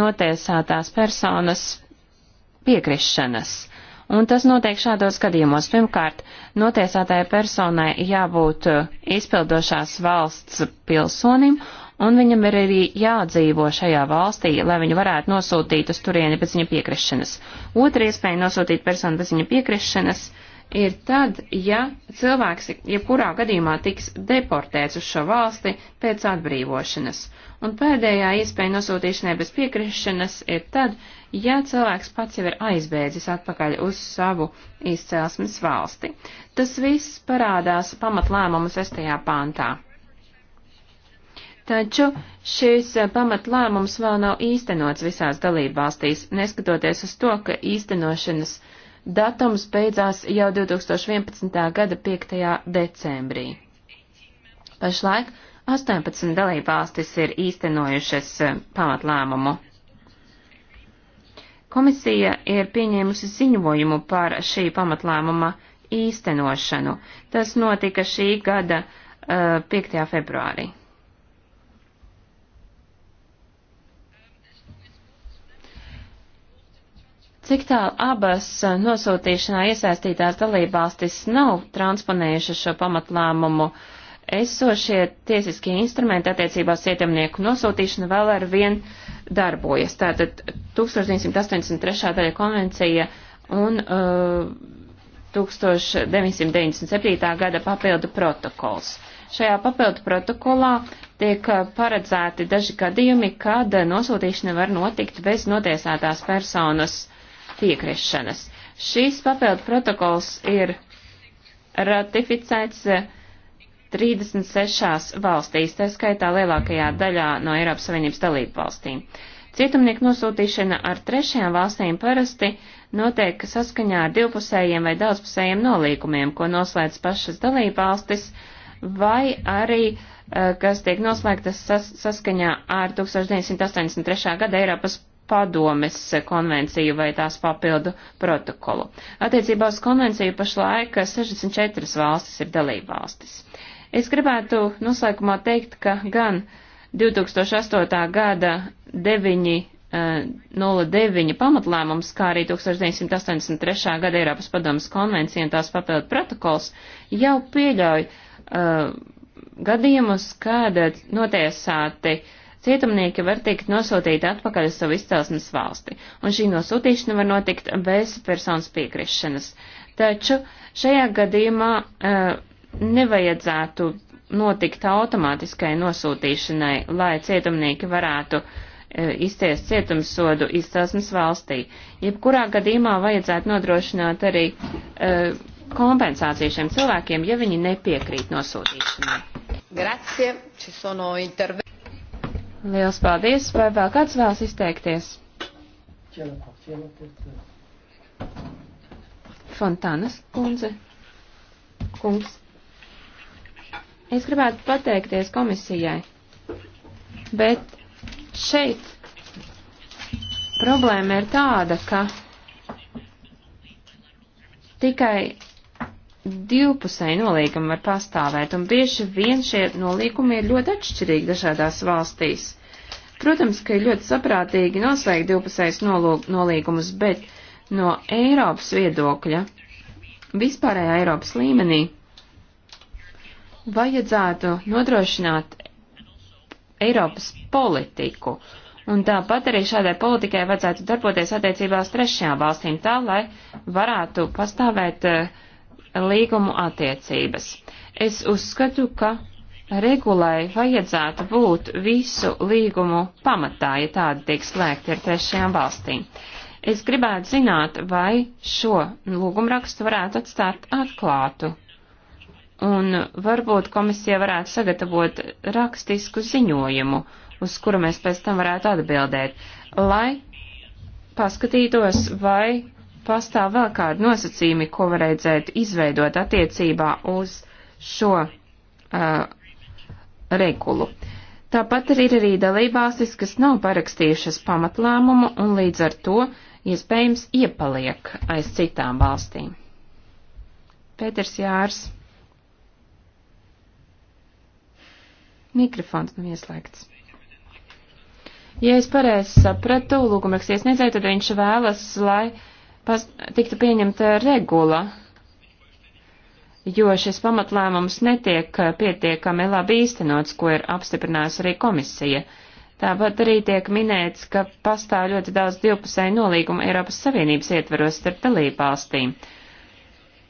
notiesātās personas piekrišanas. Un tas notiek šādos gadījumos. Pirmkārt, notiesātajai personai jābūt izpildošās valsts pilsonim, un viņam ir arī jādzīvo šajā valstī, lai viņu varētu nosūtīt uz turieni pēc viņa piekrišanas. Otra iespēja nosūtīt personu bez viņa piekrišanas ir tad, ja cilvēks jebkurā ja gadījumā tiks deportēts uz šo valsti pēc atbrīvošanas. Un pēdējā iespēja nosūtīšanai bez piekrišanas ir tad, ja cilvēks pats jau ir aizbēdzis atpakaļ uz savu izcelsmes valsti. Tas viss parādās pamatlēmumu sestajā pāntā. Taču šis eh, pamatlēmums vēl nav īstenots visās dalībvalstīs, neskatoties uz to, ka īstenošanas datums beidzās jau 2011. gada 5. decembrī. Pašlaik 18 dalībvalstis ir īstenojušas eh, pamatlēmumu. Komisija ir pieņēmusi ziņojumu par šī pamatlēmuma īstenošanu. Tas notika šī gada uh, eh, 5. februārī. Cik tālu abas nosūtīšanā iesaistītās dalībvalstis nav transponējušas šo pamatlēmumu, esošie tiesiskie instrumenti attiecībās ietemnieku nosūtīšana vēl ar vien darbojas. Tātad 1983. daļa konvencija un uh, 1997. gada papildu protokols. Šajā papildu protokolā tiek paredzēti daži gadījumi, kad nosūtīšana var notikt bez notiesātās personas piekrišanas. Šīs papildu protokols ir ratificēts 36 eh, valstīs, tā skaitā lielākajā daļā no Eiropas Savienības dalību valstīm. Cietumnieku nosūtīšana ar trešajām valstīm parasti notiek saskaņā ar divpusējiem vai daudzpusējiem nolīgumiem, ko noslēdz pašas dalība valstis, vai arī, eh, kas tiek noslēgtas sas saskaņā ar 1983. gada Eiropas padomes konvenciju vai tās papildu protokolu. Attiecībā uz konvenciju pašlaik 64 valstis ir dalībvalstis. Es gribētu noslēgumā teikt, ka gan 2008. gada 9 09 eh, pamatlēmums, kā arī 1983. gada Eiropas padomas konvencija un tās papildu protokols jau pieļauj uh, gadījumus, kad notiesāti uh, Cietumnieki var tikt nosūtīti atpakaļ uz savu izcelsmes valsti, un šī nosūtīšana var notikt bez personas piekrišanas. Taču šajā gadījumā e, nevajadzētu notikt automātiskai nosūtīšanai, lai cietumnieki varētu e, izciest cietumsodu izcelsmes valstī. Jebkurā gadījumā vajadzētu nodrošināt arī e, kompensāciju šiem cilvēkiem, ja viņi nepiekrīt nosūtīšanai. Grazie, ci sono interventi. Liels paldies! Vai vēl kāds vēlas izteikties? Fontānas kundze. Kungs. Es gribētu pateikties komisijai, bet šeit problēma ir tāda, ka tikai divpusēji nolīgumi var pastāvēt, un bieži vien šie nolīgumi ir ļoti atšķirīgi dažādās valstīs. Protams, ka ir ļoti saprātīgi noslēgt divpusējus nolīgumus, bet no Eiropas viedokļa, vispārējā Eiropas līmenī, vajadzētu nodrošināt Eiropas politiku. Un tāpat arī šādai politikai vajadzētu darboties attiecībās trešajām valstīm tā, lai varētu pastāvēt uh, līgumu attiecības. Es uzskatu, ka regulai vajadzētu būt visu līgumu pamatā, ja tādi tiek slēgti ar trešajām valstīm. Es gribētu zināt, vai šo lūgumrakstu varētu atstāt atklātu. Un varbūt komisija varētu sagatavot rakstisku ziņojumu, uz kuru mēs pēc tam varētu atbildēt, lai paskatītos, vai pastāv vēl kādi nosacījumi, ko varētu izveidot attiecībā uz šo uh, regulu. Tāpat arī ir arī dalībvalstis, kas nav parakstījušas pamatlēmumu un līdz ar to iespējams iepaliek aiz citām valstīm. Pēters Jārs. Mikrofons nav ieslēgts. Ja es pareizi sapratu, lūgumraksts iesniedzēju, tad viņš vēlas, lai uh, pas, tiktu pieņemta regula, jo šis pamatlēmums netiek eh, pietiekami labi īstenots, ko ir apstiprinājusi arī komisija. Tāpat arī tiek minēts, ka pastāv ļoti daudz divpusēju nolīgumu Eiropas Savienības ietveros starp dalību valstīm.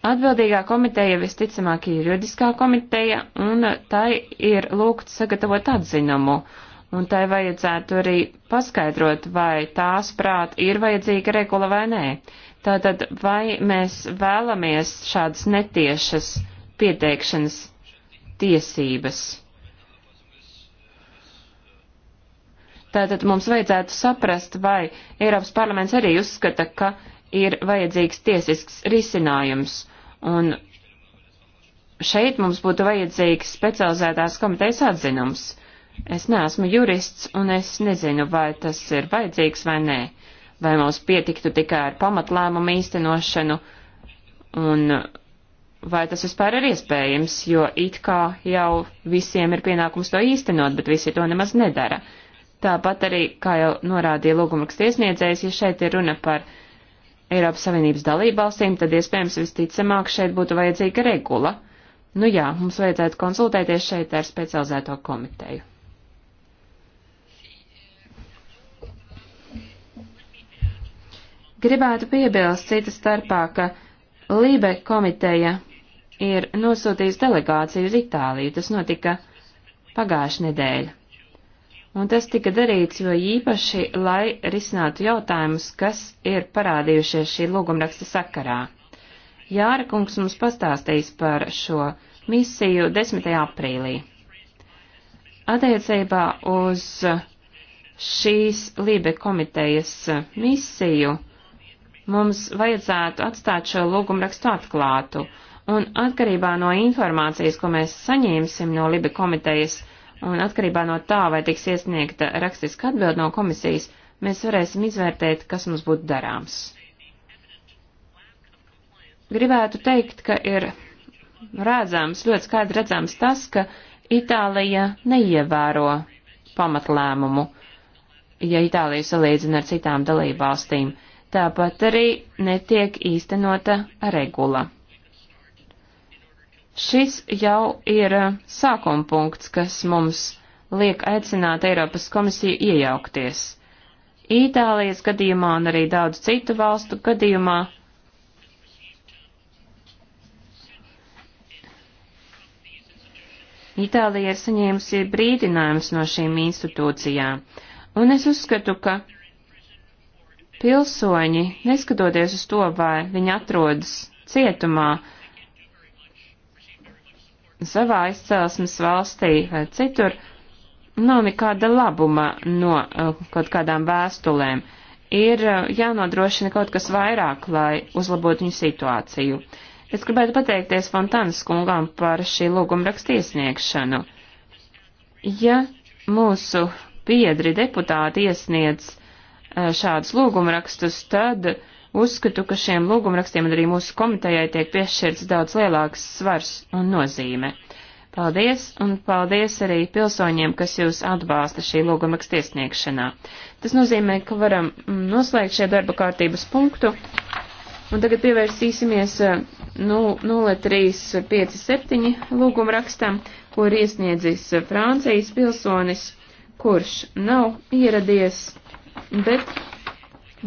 Atbildīgā komiteja visticamāk ir juridiskā komiteja, un tai ir lūgt sagatavot atzinumu. Uh, un tai vajadzētu arī paskaidrot, vai tās prāt ir vajadzīga regula vai nē. Tātad, vai mēs vēlamies šādas netiešas pieteikšanas tiesības? Tātad mums vajadzētu saprast, vai Eiropas parlaments arī uzskata, ka ir vajadzīgs tiesisks risinājums, un šeit mums būtu vajadzīgs specializētās komitejas atzinums. Es neesmu jurists, un es nezinu, vai tas ir vajadzīgs vai nē, vai mums pietiktu tikai ar pamatlēmumu īstenošanu, un vai tas vispār ir iespējams, jo it kā jau visiem ir pienākums to īstenot, bet visi to nemaz nedara. Tāpat arī, kā jau norādīja lūgumraksta iesniedzējs, ja šeit ir runa par Eiropas Savienības dalībvalstīm, tad iespējams visticamāk šeit būtu vajadzīga regula. Nu jā, mums vajadzētu konsultēties šeit ar specializēto komiteju. Gribētu piebilst citas starpā, ka Lībe komiteja ir nosūtījusi delegāciju uz Itāliju. Tas notika pagājuši nedēļa. Un tas tika darīts, jo īpaši, lai risinātu jautājumus, kas ir parādījušies šī lūgumraksta sakarā. Jāra kungs mums pastāstīs par šo misiju 10. aprīlī. Attiecībā uz šīs Lībe komitejas misiju Mums vajadzētu atstāt šo lūgumu rakstu atklātu, un atkarībā no informācijas, ko mēs saņemsim no Libi komitejas, un atkarībā no tā, vai tiks iesniegta rakstiska atbild no komisijas, mēs varēsim izvērtēt, kas mums būtu darāms. Gribētu teikt, ka ir redzams, ļoti skaidri redzams tas, ka Itālija neievēro pamatlēmumu, ja Itāliju salīdzina ar citām dalībvalstīm. Tāpat arī netiek īstenota regula. Šis jau ir sākuma punkts, kas mums liek aicināt Eiropas komisiju iejaukties. Itālijas gadījumā un arī daudz citu valstu gadījumā Itālija ir saņēmusi brīdinājums no šīm institūcijām, un es uzskatu, ka pilsoņi, neskatoties uz to, vai viņi atrodas cietumā savā izcelsmes valstī vai citur, nav nekāda labuma no uh, kaut kādām vēstulēm. Ir uh, jānodrošina kaut kas vairāk, lai uzlabotu viņu situāciju. Es gribētu pateikties Fontānas kungām par šī lūguma rakstiesniegšanu. Ja mūsu biedri deputāti iesniedz Eh, šādus lūgumrakstus, tad uzskatu, ka šiem lūgumrakstiem un arī mūsu komitejai tiek piešķirts daudz lielāks svars un nozīme. Paldies, un paldies arī pilsoņiem, kas jūs atbalsta šī lūgumraksta iesniegšanā. Tas nozīmē, ka varam mm, noslēgt šie darba kārtības punktu, un tagad pievērsīsimies 0357 eh, nu, lūgumrakstam, ko ir iesniedzis eh, Francijas pilsonis, kurš nav ieradies bet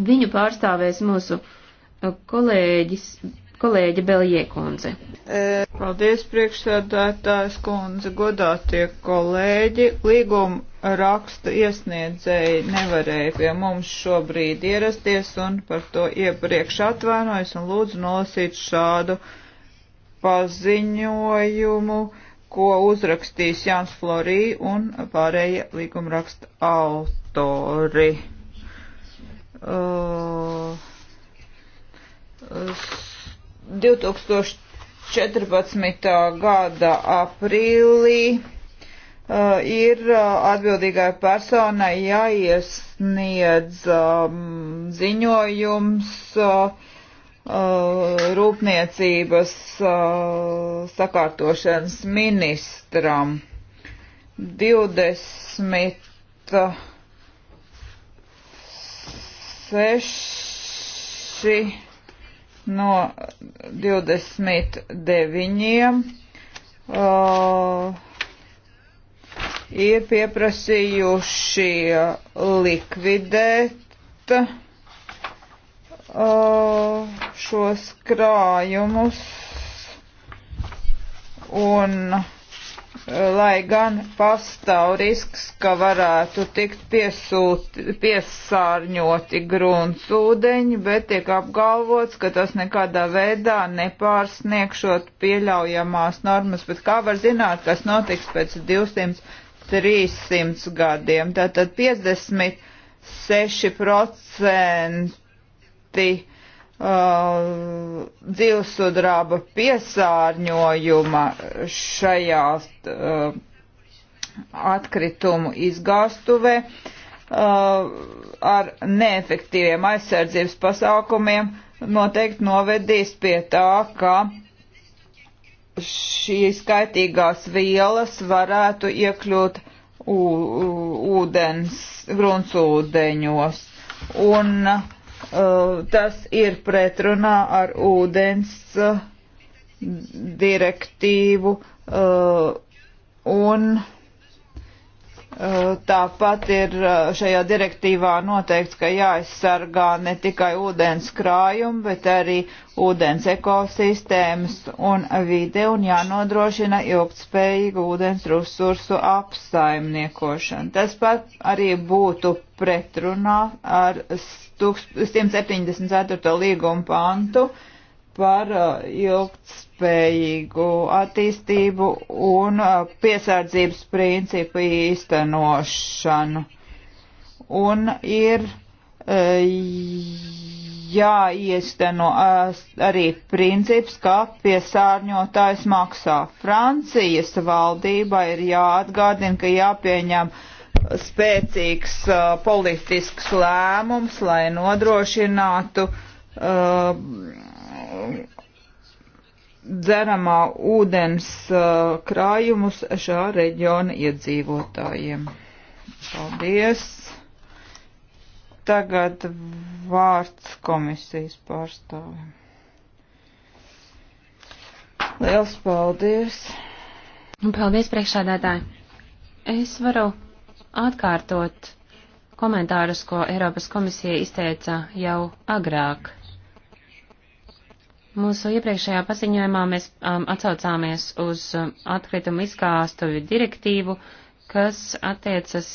viņu pārstāvēs mūsu uh, kolēģis, kolēģi Beljiekundze. E. Paldies, priekšsēdētājs kundze, godātie kolēģi. Līguma raksta iesniedzēji nevarēja pie mums šobrīd ierasties un par to iepriekš atvainojas un lūdzu nolasīt šādu paziņojumu, ko uzrakstīs Jānis Florī un pārējie līguma raksta autori. 2014. Uh, gada aprīlī uh, ir uh, atbildīgai personai jāiesniedz um, ziņojums uh, uh rūpniecības uh, sakārtošanas ministram 20. Uh, 6 no 29 uh, ir pieprasījuši likvidēt uh, šos krājumus un lai gan pastāv risks, ka varētu tikt piesūt, piesārņoti gruntsūdeņi, bet tiek apgalvots, ka tas nekādā veidā nepārsniegšot pieļaujamās normas, bet kā var zināt, kas notiks pēc 200-300 gadiem. Tātad 56% Uh, dzīvesudraba piesārņojuma šajās uh, atkritumu izgāstuvē uh, ar neefektīviem aizsardzības pasākumiem noteikti novedīs pie tā, ka šīs skaitīgās vielas varētu iekļūt ūdens, gruntsūdeņos. Un uh, Uh, tas ir pretrunā ar ūdens uh, direktīvu uh, un Eh, tāpat ir eh, šajā direktīvā noteikts, ka jāaizsargā ne tikai ūdens krājumi, bet arī ūdens ekosistēmas un vide un jānodrošina ilgtspējīgu ūdens resursu apsaimniekošana. Tas pat arī būtu pretrunā ar 174. līgumu pantu par eh, ilgtspējīgu ilgtspējīgu attīstību un uh, piesardzības principu īstenošanu. Un ir uh, jāiesteno uh, arī princips, ka piesārņotājs maksā. Francijas valdība ir jāatgādina, ka jāpieņem spēcīgs uh, politisks lēmums, lai nodrošinātu uh, dzeramā ūdens uh, krājumus šā reģiona iedzīvotājiem. Paldies! Tagad vārds komisijas pārstāvim. Liels paldies! Un paldies priekšādātāji! Es varu atkārtot komentārus, ko Eiropas komisija izteica jau agrāk Mūsu iepriekšējā paziņojumā mēs um, atsaucāmies uz um, atkritumu izkāstuvi direktīvu, kas attiecas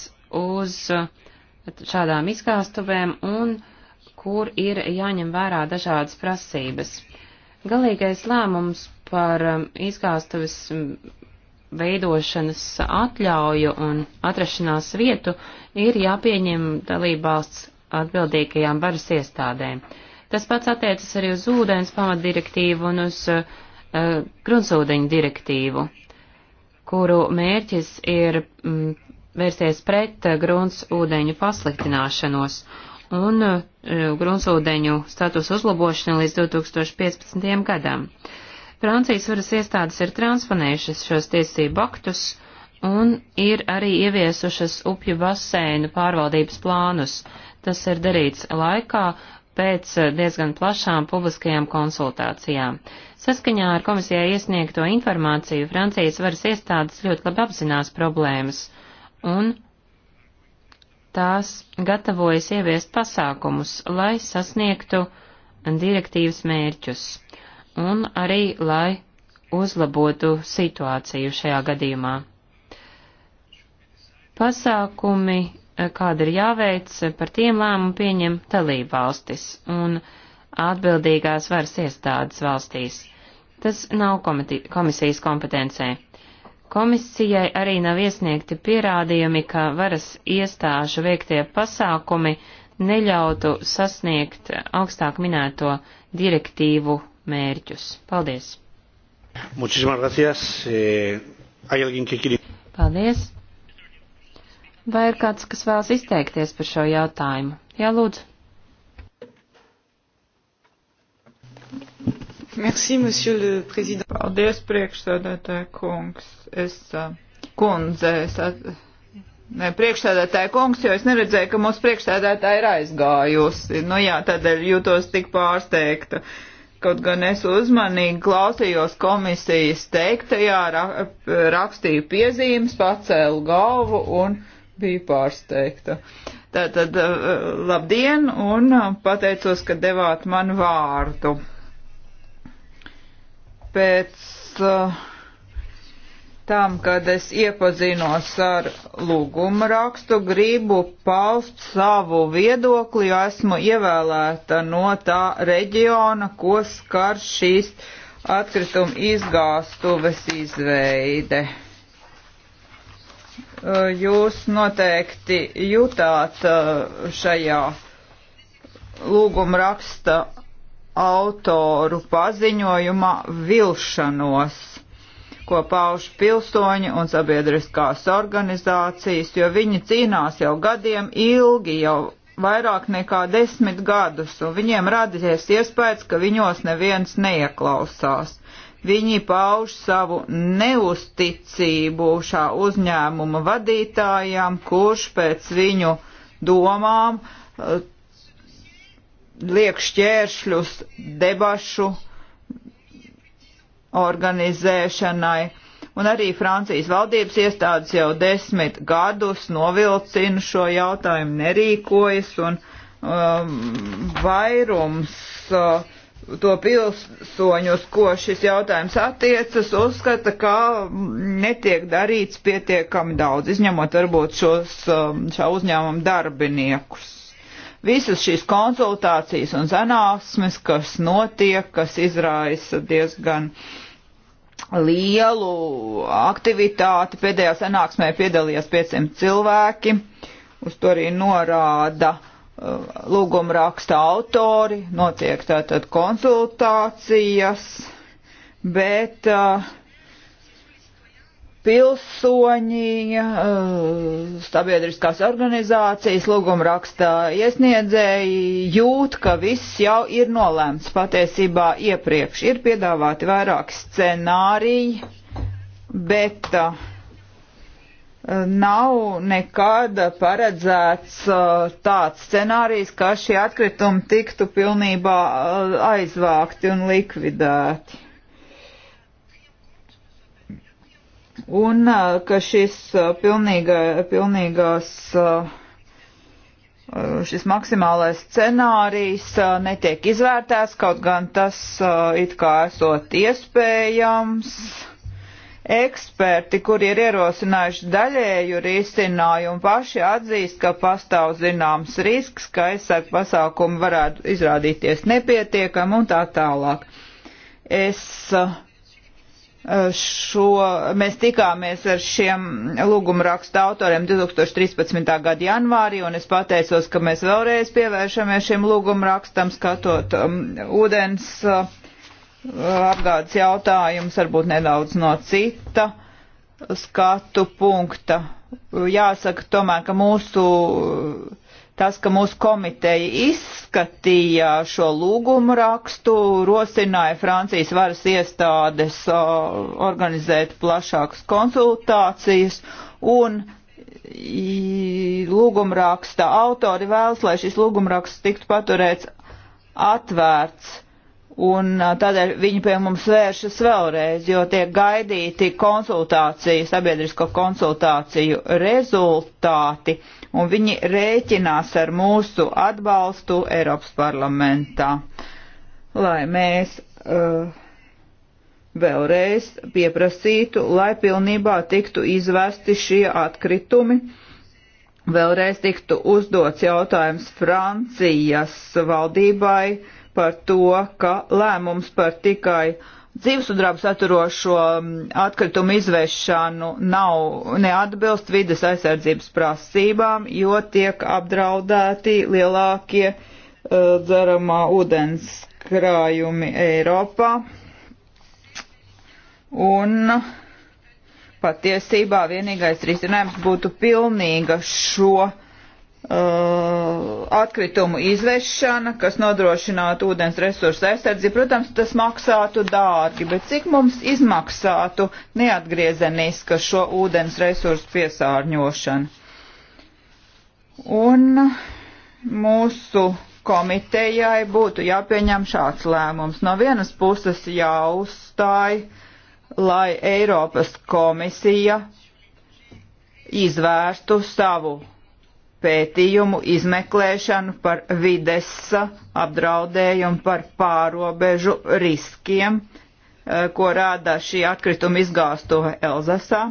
uz uh, šādām izkāstuvēm un kur ir jāņem vērā dažādas prasības. Galīgais lēmums par um, izkāstuvis um, veidošanas atļauju un atrašanās vietu ir jāpieņem dalībvalsts atbildīgajām varas iestādēm. Uh, Tas pats attiecas arī uz ūdens pamatdirektīvu un uz uh, gruntsūdeņu direktīvu, kuru mērķis ir mm, vērsties pret uh, gruntsūdeņu pasliktināšanos un uh, gruntsūdeņu status uzlabošanu līdz 2015. gadam. Francijas varas iestādes ir transponējušas šos tiesību aktus un ir arī ieviesušas upju basēnu pārvaldības plānus. Tas ir darīts laikā, pēc eh, diezgan plašām publiskajām konsultācijām. Saskaņā ar komisijai iesniegto informāciju Francijas varas iestādes ļoti labi apzinās problēmas un tās gatavojas ieviest pasākumus, lai sasniegtu direktīvas mērķus un arī lai uzlabotu situāciju šajā gadījumā. Pasākumi kāda ir jāveic, par tiem lēmumu pieņem dalībvalstis un atbildīgās varas iestādes valstīs. Tas nav komisijas kompetencē. Komisijai arī nav iesniegti pierādījumi, ka varas iestāžu veiktie pasākumi neļautu sasniegt augstāk minēto direktīvu mērķus. Paldies! Eh, Paldies! Vai ir kāds, kas vēlas izteikties par šo jautājumu? Jā, lūdzu. Merci, monsieur le président. Paldies, priekšsēdētāja kungs. Es, kundze, es, ne, priekšsēdētāja kungs, jo es neredzēju, ka mūsu priekšsēdētāja ir aizgājusi. Nu jā, tādēļ jūtos tik pārsteigta. Kaut gan es uzmanīgi klausījos komisijas teiktajā, ra, rakstīju piezīmes, pacēlu galvu un biju pārsteigta. Tātad eh, labdien un eh, pateicos, ka devāt man vārdu. Pēc eh, tam, kad es iepazinos ar lūguma rakstu, gribu paust savu viedokli, jo esmu ievēlēta no tā reģiona, ko skar šīs atkrituma izgāstuves izveide. Eh, jūs noteikti jutāt eh, šajā lūguma raksta autoru paziņojuma vilšanos, ko pauž pilsoņi un sabiedriskās organizācijas, jo viņi cīnās jau gadiem ilgi, jau vairāk nekā desmit gadus, un viņiem radies iespējas, ka viņos neviens neieklausās viņi pauž savu neusticību šā uzņēmuma vadītājām, kurš pēc viņu domām eh, liek šķēršļus debašu organizēšanai. Un arī Francijas valdības iestādes jau desmit gadus novilcina šo jautājumu, nerīkojas un um, vairums uh, to pilsoņus, ko šis jautājums attiecas, uzskata, ka netiek darīts pietiekami daudz, izņemot varbūt šos um, šā uzņēmuma darbiniekus. Visas šīs konsultācijas un zanāksmes, kas notiek, kas izraisa diezgan lielu aktivitāti, pēdējā sanāksmē piedalījās 500 cilvēki, uz to arī norāda uh, lūguma raksta autori, notiek tātad konsultācijas, bet uh, pilsoņi, sabiedriskās organizācijas, lūguma rakstā iesniedzēji jūt, ka viss jau ir nolēmts patiesībā iepriekš. Ir piedāvāti vairāki scenāriji, bet uh, nav nekad paredzēts uh, tāds scenārijs, ka šie atkritumi tiktu pilnībā uh, aizvākti un likvidēti. Un uh, ka šis pilnīga, pilnīgās, šis maksimālais scenārijs netiek izvērtēts, kaut gan tas it kā esot iespējams. Eksperti, kuri ir ierosinājuši daļēju risinājumu, paši atzīst, ka pastāv zināms risks, ka aizsarg pasākumi varētu izrādīties nepietiekami un tā tālāk. Es uh, šo, mēs tikāmies ar šiem lūgumrakstu autoriem 2013. gada janvārī, un es pateicos, ka mēs vēlreiz pievēršamies šiem lūgumrakstam, skatot um, ūdens uh, apgādes jautājums varbūt nedaudz no cita skatu punkta. Jāsaka tomēr, ka mūsu, tas, ka mūsu komiteja izskatīja šo lūgumu rakstu, rosināja Francijas varas iestādes organizēt plašākas konsultācijas un lūgumraksta autori vēlas, lai šis lūgumraksts tiktu paturēts atvērts Un tādēļ viņi pie mums vēršas vēlreiz, jo tiek gaidīti konsultāciju, sabiedrisko konsultāciju rezultāti, un viņi rēķinās ar mūsu atbalstu Eiropas parlamentā, lai mēs uh, vēlreiz pieprasītu, lai pilnībā tiktu izvesti šie atkritumi. Vēlreiz tiktu uzdots jautājums Francijas valdībai, uh, par to, ka lēmums par tikai dzīvesudrabu saturošo mm, atkritumu izvešanu nav neatbilst vides aizsardzības prasībām, jo tiek apdraudēti lielākie uh, dzeramā ūdens krājumi Eiropā. Un patiesībā vienīgais risinājums būtu pilnīga šo uh, Uh, atkritumu izvešana, kas nodrošinātu ūdens resursu aizsardzību. Protams, tas maksātu dārgi, bet cik mums izmaksātu neatgriezeniska šo ūdens resursu piesārņošana? Un mūsu komitejai būtu jāpieņem šāds lēmums. No vienas puses jāuzstāj, lai Eiropas komisija izvērstu savu pētījumu, izmeklēšanu par vides apdraudējumu, par pārobežu riskiem, e, ko rāda šī atkrituma izgāsto Elzasā.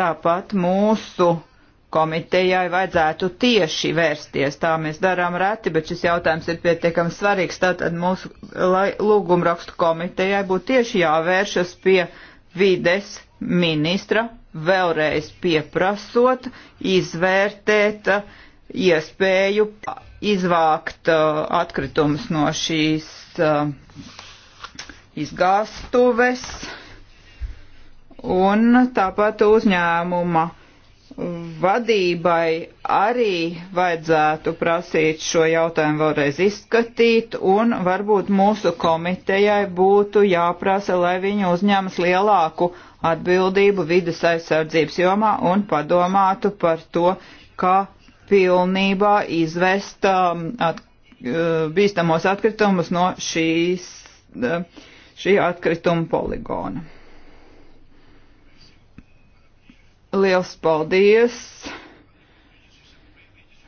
Tāpat mūsu komitejai vajadzētu tieši vērsties. Tā mēs darām reti, bet šis jautājums ir pietiekami svarīgs. Tātad mūsu lūgumrakstu komitejai būtu tieši jāvēršas pie vides ministra vēlreiz pieprasot, izvērtēt uh, iespēju izvākt uh, atkritumus no šīs uh, izgāstuves un tāpat uzņēmuma vadībai arī vajadzētu prasīt šo jautājumu vēlreiz izskatīt, un varbūt mūsu komitejai būtu jāprasa, lai viņi uzņemas lielāku atbildību vidas aizsardzības jomā un padomātu par to, kā pilnībā izvest um, at, uh, bīstamos atkritumus no šīs, uh, šī atkrituma poligona. Liels paldies!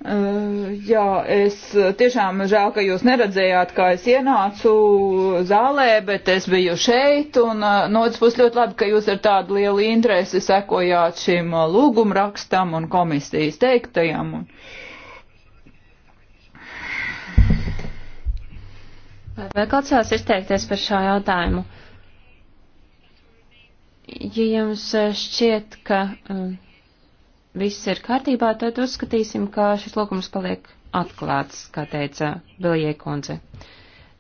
Eh, jā, es eh, tiešām žēl, ka jūs neredzējāt, kā es ienācu zālē, bet es biju šeit, un eh, no otras puses ļoti labi, ka jūs ar tādu lielu interesi sekojāt šim lūgumrakstam un komisijas teiktajam. Un... Vai vēl kāds vēlas izteikties par šā jautājumu? Ja jums šķiet, ka. Um viss ir kārtībā, tad uzskatīsim, ka šis lūgums paliek atklāts, kā teica Biljē Konze.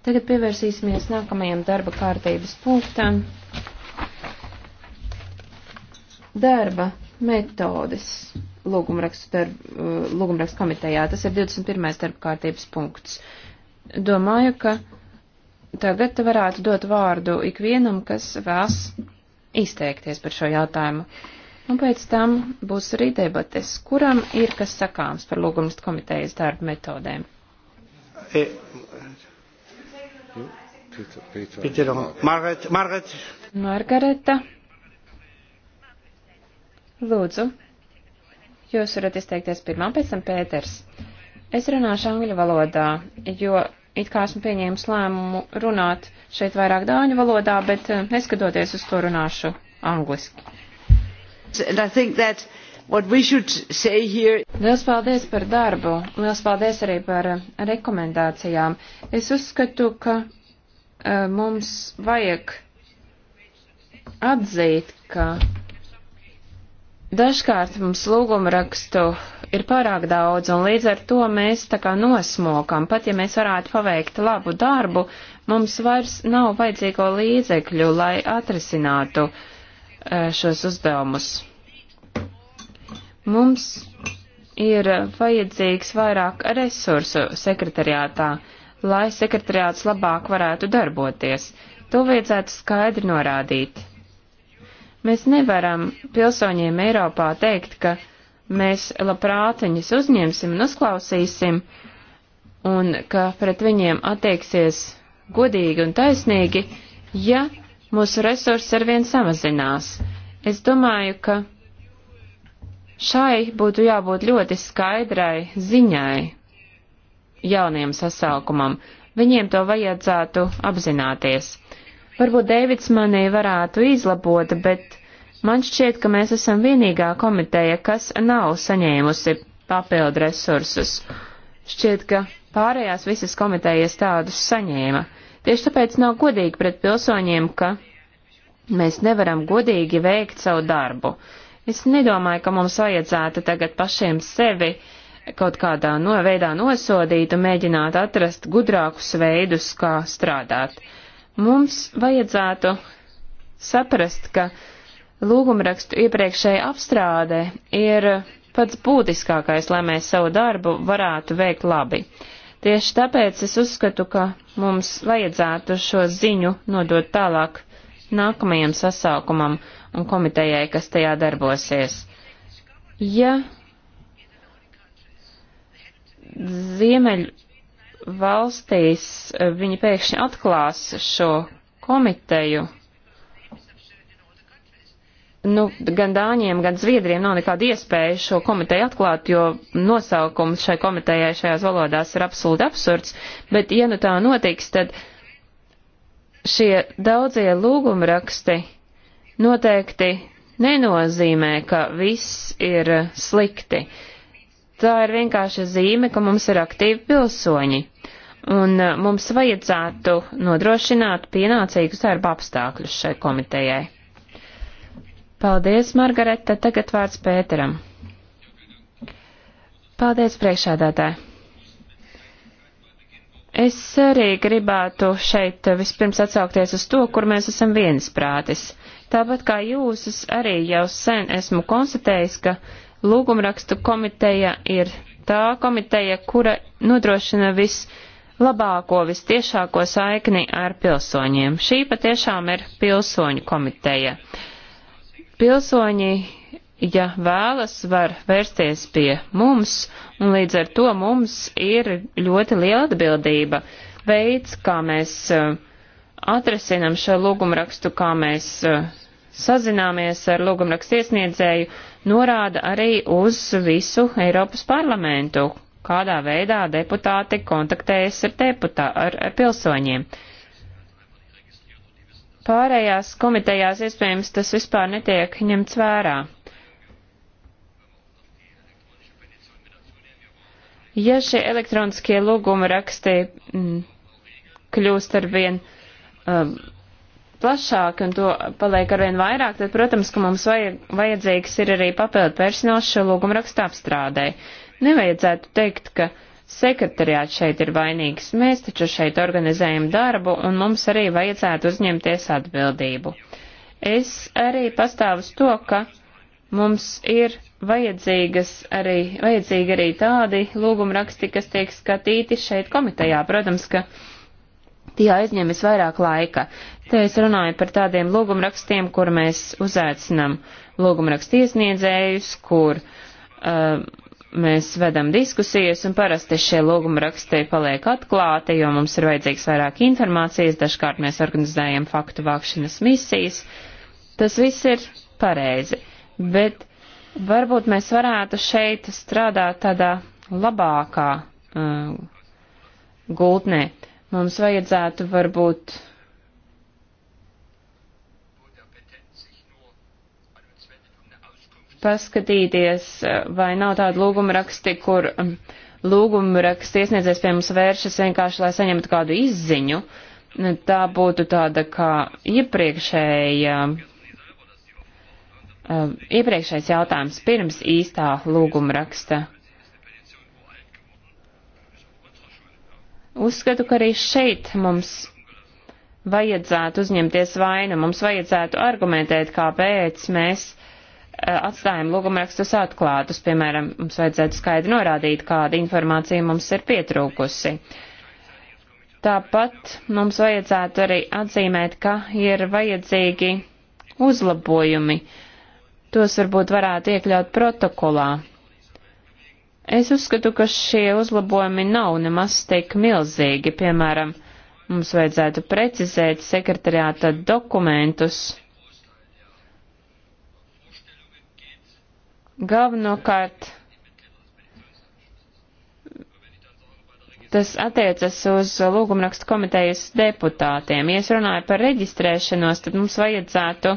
Tagad pievērsīsimies nākamajam darba kārtības punktam. Darba metodes lūgumrakstu, darb, uh, lūgumrakstu komitejā. Tas ir 21. darba kārtības punkts. Domāju, ka tagad varētu dot vārdu ikvienam, kas vēlas izteikties par šo jautājumu. Un pēc tam būs arī debates, kuram ir kas sakāms par lūgumstu komitejas darba metodēm. E, Pīter, Margaret, Margaret. Margareta. Lūdzu. Jūs varat izteikties pirmā, pēc tam Pēters. Es runāšu angļu valodā, jo it kā esmu pieņēmis lēmumu runāt šeit vairāk dāņu valodā, bet eh, neskatoties uz to runāšu angliski. Here... Lielas paldies par darbu, lielas paldies arī par eh, rekomendācijām. Es uzskatu, ka uh, mums vajag atzīt, ka dažkārt mums lūguma rakstu ir pārāk daudz, un līdz ar to mēs tā kā nosmokam. Pat ja mēs varētu paveikt labu darbu, mums vairs nav vajadzīgo līdzekļu, lai atrisinātu uh, šos uzdevumus. Mums ir vajadzīgs vairāk resursu sekretariātā, lai sekretariāts labāk varētu darboties. To vajadzētu skaidri norādīt. Mēs nevaram pilsoņiem Eiropā teikt, ka mēs labprāt viņus uzņemsim un uzklausīsim, un ka pret viņiem attieksies godīgi un taisnīgi, ja mūsu resursi arvien samazinās. Es domāju, ka šai būtu jābūt ļoti skaidrai ziņai jaunajam sasaukumam. Viņiem to vajadzētu apzināties. Varbūt Deivids manī varētu izlabot, bet man šķiet, ka mēs esam vienīgā komiteja, kas nav saņēmusi papildu resursus. Šķiet, ka pārējās visas komitejas tādus saņēma. Tieši tāpēc nav godīgi pret pilsoņiem, ka mēs nevaram godīgi veikt savu darbu. Es nedomāju, ka mums vajadzētu tagad pašiem sevi kaut kādā no veidā nosodīt un mēģināt atrast gudrākus veidus, kā strādāt. Mums vajadzētu saprast, ka lūgumrakstu iepriekšēja apstrāde ir pats būtiskākais, lai mēs savu darbu varētu veikt labi. Tieši tāpēc es uzskatu, ka mums vajadzētu šo ziņu nodot tālāk nākamajam sasaukumam un komitejai, kas tajā darbosies. Ja Ziemeļu valstīs eh, viņi pēkšņi atklās šo komiteju, nu, gan Dāņiem, gan Zviedriem nav nekāda iespēja šo komiteju atklāt, jo nosaukums šai komitejai šajās valodās ir absolūti absurds, bet ja nu tā notiks, tad šie daudzie lūgumraksti noteikti nenozīmē, ka viss ir slikti. Tā ir vienkārši zīme, ka mums ir aktīvi pilsoņi, un eh, mums vajadzētu nodrošināt pienācīgus darba apstākļus šai komitejai. Paldies, Margareta. Tagad vārds Pēteram. Paldies, priekšādātāji. Es arī gribētu šeit vispirms atsaukties uz to, kur mēs esam viensprātis. Tāpat kā jūs, es arī jau sen esmu konstatējis, ka lūgumrakstu komiteja ir tā komiteja, kura nodrošina vislabāko, vistiešāko saikni ar pilsoņiem. Šī patiešām ir pilsoņu komiteja. Uh, Pilsoņi, ja vēlas, var vērsties pie mums, un līdz ar to mums ir ļoti liela atbildība. Veids, kā mēs eh, atrasinam šo lūgumrakstu, kā mēs eh, sazināmies ar lūgumrakstu iesniedzēju, norāda arī uz visu Eiropas parlamentu, kādā veidā deputāti kontaktējas ar, deputā, ar, ar pilsoņiem. Pārējās komitejās iespējams tas vispār netiek ņemts vērā. Ja šie elektroniskie lūguma raksti m, mm, kļūst arvien um, plašāki un to paliek arvien vairāk, tad, protams, ka mums vajag, vajadzīgs ir arī papildu personāls šo lūgumu rakstu apstrādē. Nevajadzētu teikt, ka uh, Sekretariāts šeit ir vainīgs, mēs taču šeit organizējam darbu un mums arī vajadzētu uzņemties atbildību. Es arī pastāvu uz to, ka mums ir vajadzīgas arī, vajadzīgi arī tādi lūgumraksti, kas tiek skatīti šeit komitejā. Protams, ka tie aizņemas vairāk laika. Te es runāju par tādiem lūgumrakstiem, kur mēs uzaicinam lūgumrakstu iesniedzējus, kur uh, mēs vedam diskusijas, un parasti šie lūguma raksti paliek atklāti, jo mums ir vajadzīgs vairāk informācijas, dažkārt mēs organizējam faktu vākšanas misijas. Tas viss ir pareizi, bet varbūt mēs varētu šeit strādāt tādā labākā uh, gultnē. Mums vajadzētu varbūt paskatīties, eh, vai nav tāda lūguma raksti, kur mm, lūguma raksti iesniedzēs pie mums vēršas vienkārši, lai saņemtu kādu izziņu. Tā būtu tāda kā iepriekšēja, eh, iepriekšējais jautājums pirms īstā lūguma raksta. Uzskatu, ka arī šeit mums vajadzētu uzņemties vainu, mums vajadzētu argumentēt, kāpēc mēs atstājam lūgumrakstus atklātus, piemēram, mums vajadzētu skaidri norādīt, kāda informācija mums ir pietrūkusi. Tāpat mums vajadzētu arī atzīmēt, ka ir vajadzīgi uzlabojumi. Tos varbūt varētu iekļaut protokolā. Es uzskatu, ka šie uzlabojumi nav nemaz tik milzīgi, piemēram, mums vajadzētu precizēt sekretariāta dokumentus Galvenokārt tas attiecas uz lūgumrakstu komitejas deputātiem. Ja es runāju par reģistrēšanos, tad mums vajadzētu,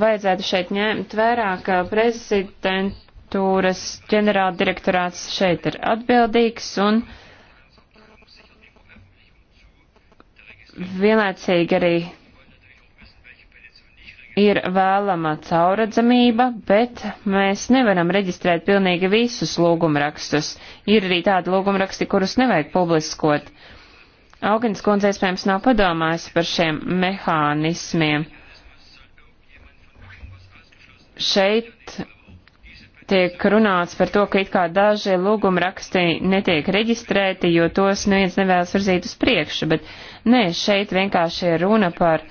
vajadzētu šeit ņemt vērā, ka prezidentūras ģenerāldirektorāts šeit ir atbildīgs un vienlaicīgi arī ir vēlama cauradzamība, bet mēs nevaram reģistrēt pilnīgi visus lūgumrakstus. Ir arī tādi lūgumraksti, kurus nevajag publiskot. Augins kundze iespējams nav padomājusi par šiem mehānismiem. Šeit tiek runāts par to, ka it kā daži lūgumraksti netiek reģistrēti, jo tos neviens nevēlas virzīt uz priekšu, bet nē, šeit vienkārši ir runa par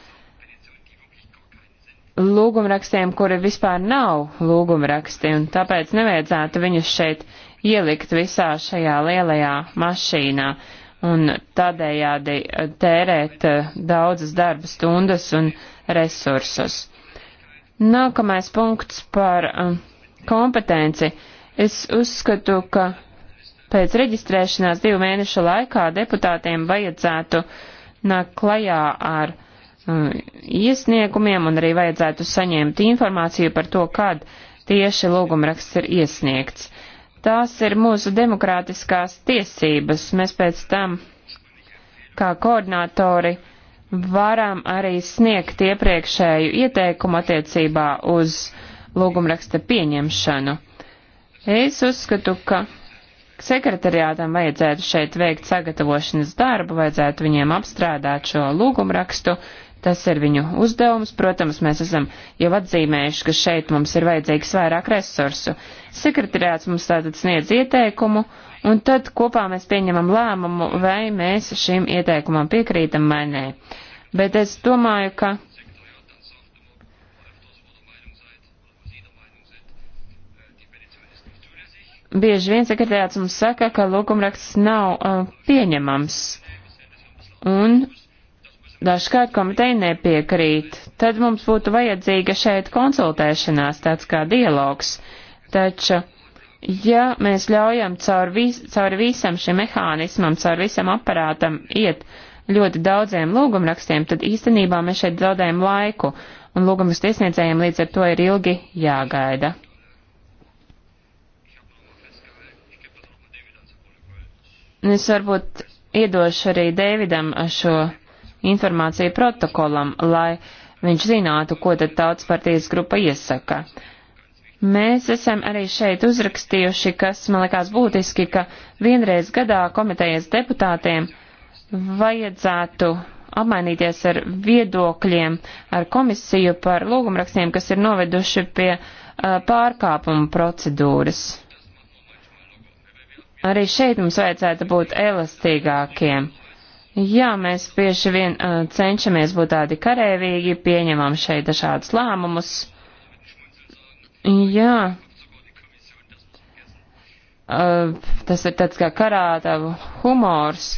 lūgumrakstiem, kuri vispār nav lūgumraksti, un tāpēc nevajadzētu viņus šeit ielikt visā šajā lielajā mašīnā un tādējādi eh, tērēt eh, daudzas darba stundas un resursus. Nākamais punkts par eh, kompetenci. Es uzskatu, ka pēc reģistrēšanās divu mēnešu laikā deputātiem vajadzētu nākt klajā ar Mm, iesniegumiem un arī vajadzētu saņemt informāciju par to, kad tieši lūgumraksts ir iesniegts. Tās ir mūsu demokrātiskās tiesības. Mēs pēc tam, kā koordinātori, varam arī sniegt iepriekšēju ieteikumu attiecībā uz lūgumraksta pieņemšanu. Es uzskatu, ka sekretariātam vajadzētu šeit veikt sagatavošanas darbu, vajadzētu viņiem apstrādāt šo lūgumrakstu, rakstu Tas ir viņu uzdevums. Protams, mēs esam jau atzīmējuši, ka šeit mums ir vajadzīgs vairāk resursu. Sekretariāts mums tātad sniedz ieteikumu, un tad kopā mēs pieņemam lēmumu, vai mēs šim ieteikumam piekrītam vai nē. Bet es domāju, ka. Bieži vien sekretariāts mums saka, ka lūgumraksts nav uh, pieņemams. Un dažkārt komiteja nepiekrīt, tad mums būtu vajadzīga šeit konsultēšanās, tāds kā dialogs. Taču, ja mēs ļaujam caur, vis, caur visam šim mehānismam, caur visam aparātam iet ļoti daudziem lūgumrakstiem, tad īstenībā mēs šeit zaudējam laiku, un lūgumas tiesniedzējiem līdz ar to ir ilgi jāgaida. Es varbūt iedošu arī Dēvidam šo informāciju protokolam, lai viņš zinātu, ko tad tautas partijas grupa iesaka. Mēs esam arī šeit uzrakstījuši, kas man liekas būtiski, ka vienreiz gadā komitejas deputātiem vajadzētu apmainīties ar viedokļiem ar komisiju par lūgumrakstiem, kas ir noveduši pie uh, pārkāpuma procedūras. Arī šeit mums vajadzētu būt elastīgākiem. Jā, mēs bieži vien uh, cenšamies būt tādi karēvīgi, pieņemam šeit dažādus lēmumus. Jā. Uh, tas ir tāds kā karātavu humors.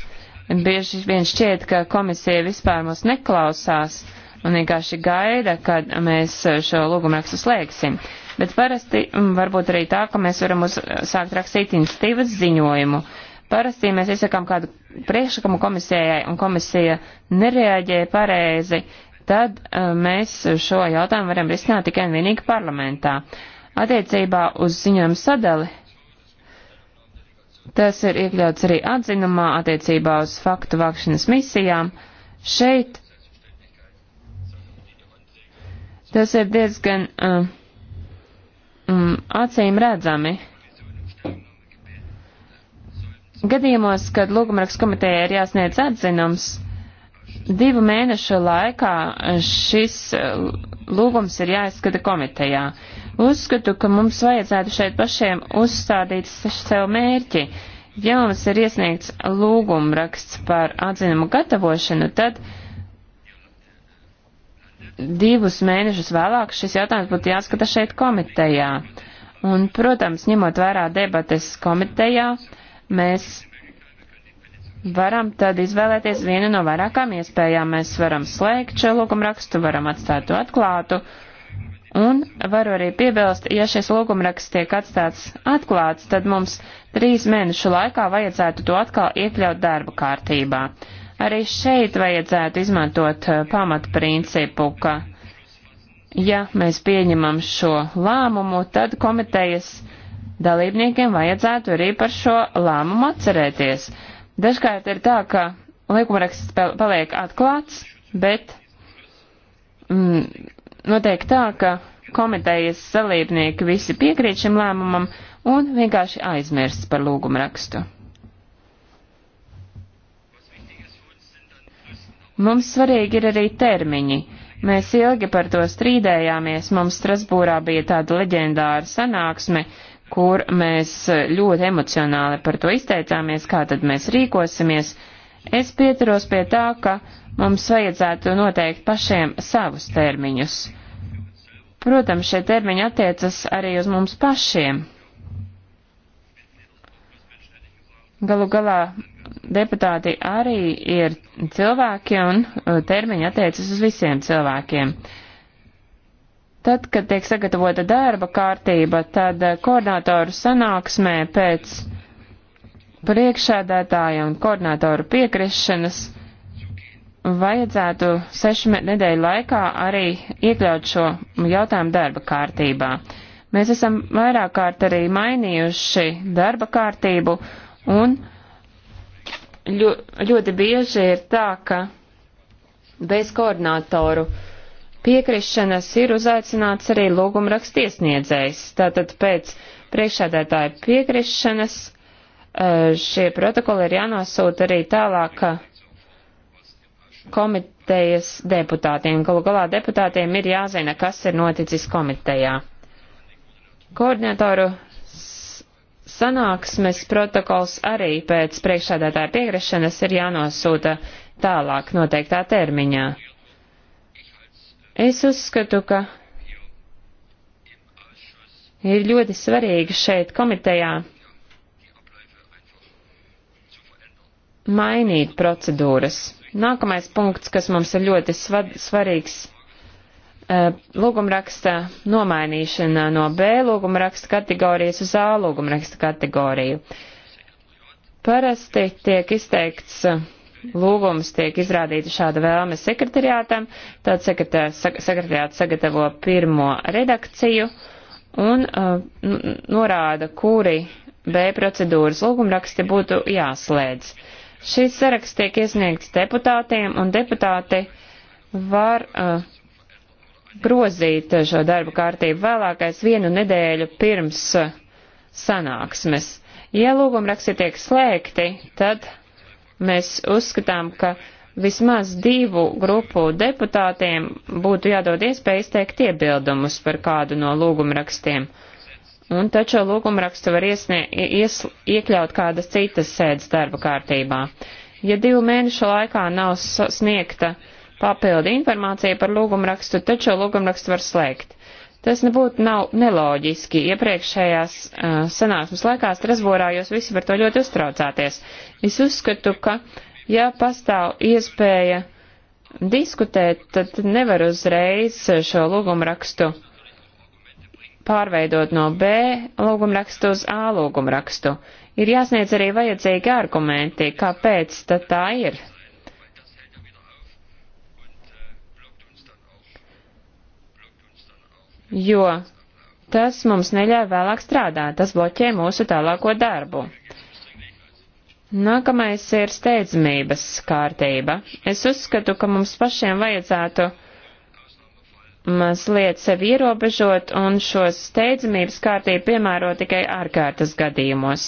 Bieži vien šķiet, ka komisija vispār mūs neklausās un vienkārši gaida, kad mēs šo lūgumrakstu slēgsim. Bet parasti mm, varbūt arī tā, ka mēs varam uzsākt rakstīt institīvas ziņojumu. Uh, Parasti mēs izsakām kādu priekšlikumu komisijai un komisija nereaģēja pareizi, tad uh, mēs šo jautājumu varam risināt tikai un vienīgi parlamentā. Attiecībā uz ziņojumu sadali Tas ir iekļauts arī atzinumā attiecībā uz faktu vākšanas misijām. Šeit tas ir diezgan um, eh, um, acīm redzami. Gadījumos, kad lūgumraksts komitejai ir jāsniedz atzinums, divu mēnešu laikā šis eh, lūgums ir jāizskata komitejā. Uzskatu, ka mums vajadzētu šeit pašiem uzstādīt sev mērķi. Ja mums ir iesniegts lūgumraksts par atzinumu gatavošanu, tad divus mēnešus vēlāk šis jautājums būtu jāskata šeit komitejā. Un, protams, ņemot vērā debates komitejā, uh, mēs varam tad izvēlēties vienu no vairākām iespējām. Mēs varam slēgt šo lūgumrakstu, varam atstāt to atklātu. Un varu arī piebilst, ja šis lūgumraksts tiek atstāts atklāts, tad mums trīs mēnešu laikā vajadzētu to atkal iekļaut darba kārtībā. Arī šeit vajadzētu izmantot eh, pamatprincipu, ka ja mēs pieņemam šo lēmumu, tad komitejas dalībniekiem vajadzētu arī par šo lēmumu atcerēties. Dažkārt ir tā, ka likumraksts paliek atklāts, bet mm, noteikti tā, ka komitejas salībnieki visi piekrīt šim lēmumam un vienkārši aizmirst par lūgumrakstu. Mums svarīgi ir arī termiņi. Mēs ilgi par to strīdējāmies, mums Strasbūrā bija tāda leģendāra sanāksme, uh, kur mēs ļoti emocionāli par to izteicāmies, kā tad mēs rīkosimies. Es pieturos pie tā, ka mums vajadzētu noteikt pašiem savus termiņus. Protams, šie termiņi attiecas arī uz mums pašiem. Galu galā deputāti arī ir cilvēki un uh, termiņi attiecas uz visiem cilvēkiem. Uh, Tad, kad tiek sagatavota darba kārtība, tad eh, koordinātoru sanāksmē pēc priekšādātāja un koordinātoru piekrišanas vajadzētu sešu nedēļu laikā arī iekļaut šo jautājumu darba kārtībā. Mēs esam vairāk kārt arī mainījuši darba kārtību un ļo, ļoti bieži ir tā, ka bez koordinātoru uh, piekrišanas ir uzaicināts arī lūgumraksts iesniedzējs. Tātad pēc priekšādētāja piekrišanas eh, šie protokoli ir jānosūta arī tālāk eh, komitejas deputātiem. Galu galā deputātiem ir jāzina, kas ir noticis komitejā. Koordinatoru sanāksmes protokols arī pēc priekšādātāja piekrišanas ir jānosūta tālāk noteiktā termiņā. Es uzskatu, ka ir ļoti svarīgi šeit komitejā mainīt procedūras. Nākamais punkts, kas mums ir ļoti svarīgs, e, lūgumraksta nomainīšana no B lūgumraksta kategorijas uz A lūgumraksta kategoriju. Parasti tiek izteikts lūgums tiek izrādīta šāda vēlme sekretariātam, tad sekretariāts sagatavo pirmo redakciju un uh, norāda, kuri B procedūras lūgumraksti būtu jāslēdz. Šis saraksts tiek iesniegts deputātiem, un deputāti var uh, grozīt šo darbu kārtību vēlākais vienu nedēļu pirms uh, sanāksmes. Ja lūgumraksti tiek slēgti, tad Mēs uzskatām, ka vismaz divu grupu deputātiem būtu jādod iespēja izteikt iebildumus par kādu no lūgumrakstiem. Un taču lūgumrakstu var iesnie, ies, iekļaut kādas citas sēdes darba kārtībā. Ja divu mēnešu laikā nav sniegta papildi informācija par lūgumrakstu, taču lūgumrakstu var slēgt. Tas nebūtu nav neloģiski. Iepriekšējās uh, sanāksmes laikā Strasbūrā jūs visi par to ļoti uztraucāties. Es uzskatu, ka ja pastāv iespēja diskutēt, tad nevar uzreiz šo lūgumrakstu pārveidot no B lūgumrakstu uz A lūgumrakstu. Ir jāsniedz arī vajadzīgi argumenti, kāpēc tad tā ir. jo tas mums neļauj vēlāk strādāt, tas bloķē mūsu tālāko darbu. Nākamais ir steidzamības kārtība. Es uzskatu, ka mums pašiem vajadzētu mazliet sevi ierobežot un šo steidzamības kārtību piemēro tikai ārkārtas gadījumos,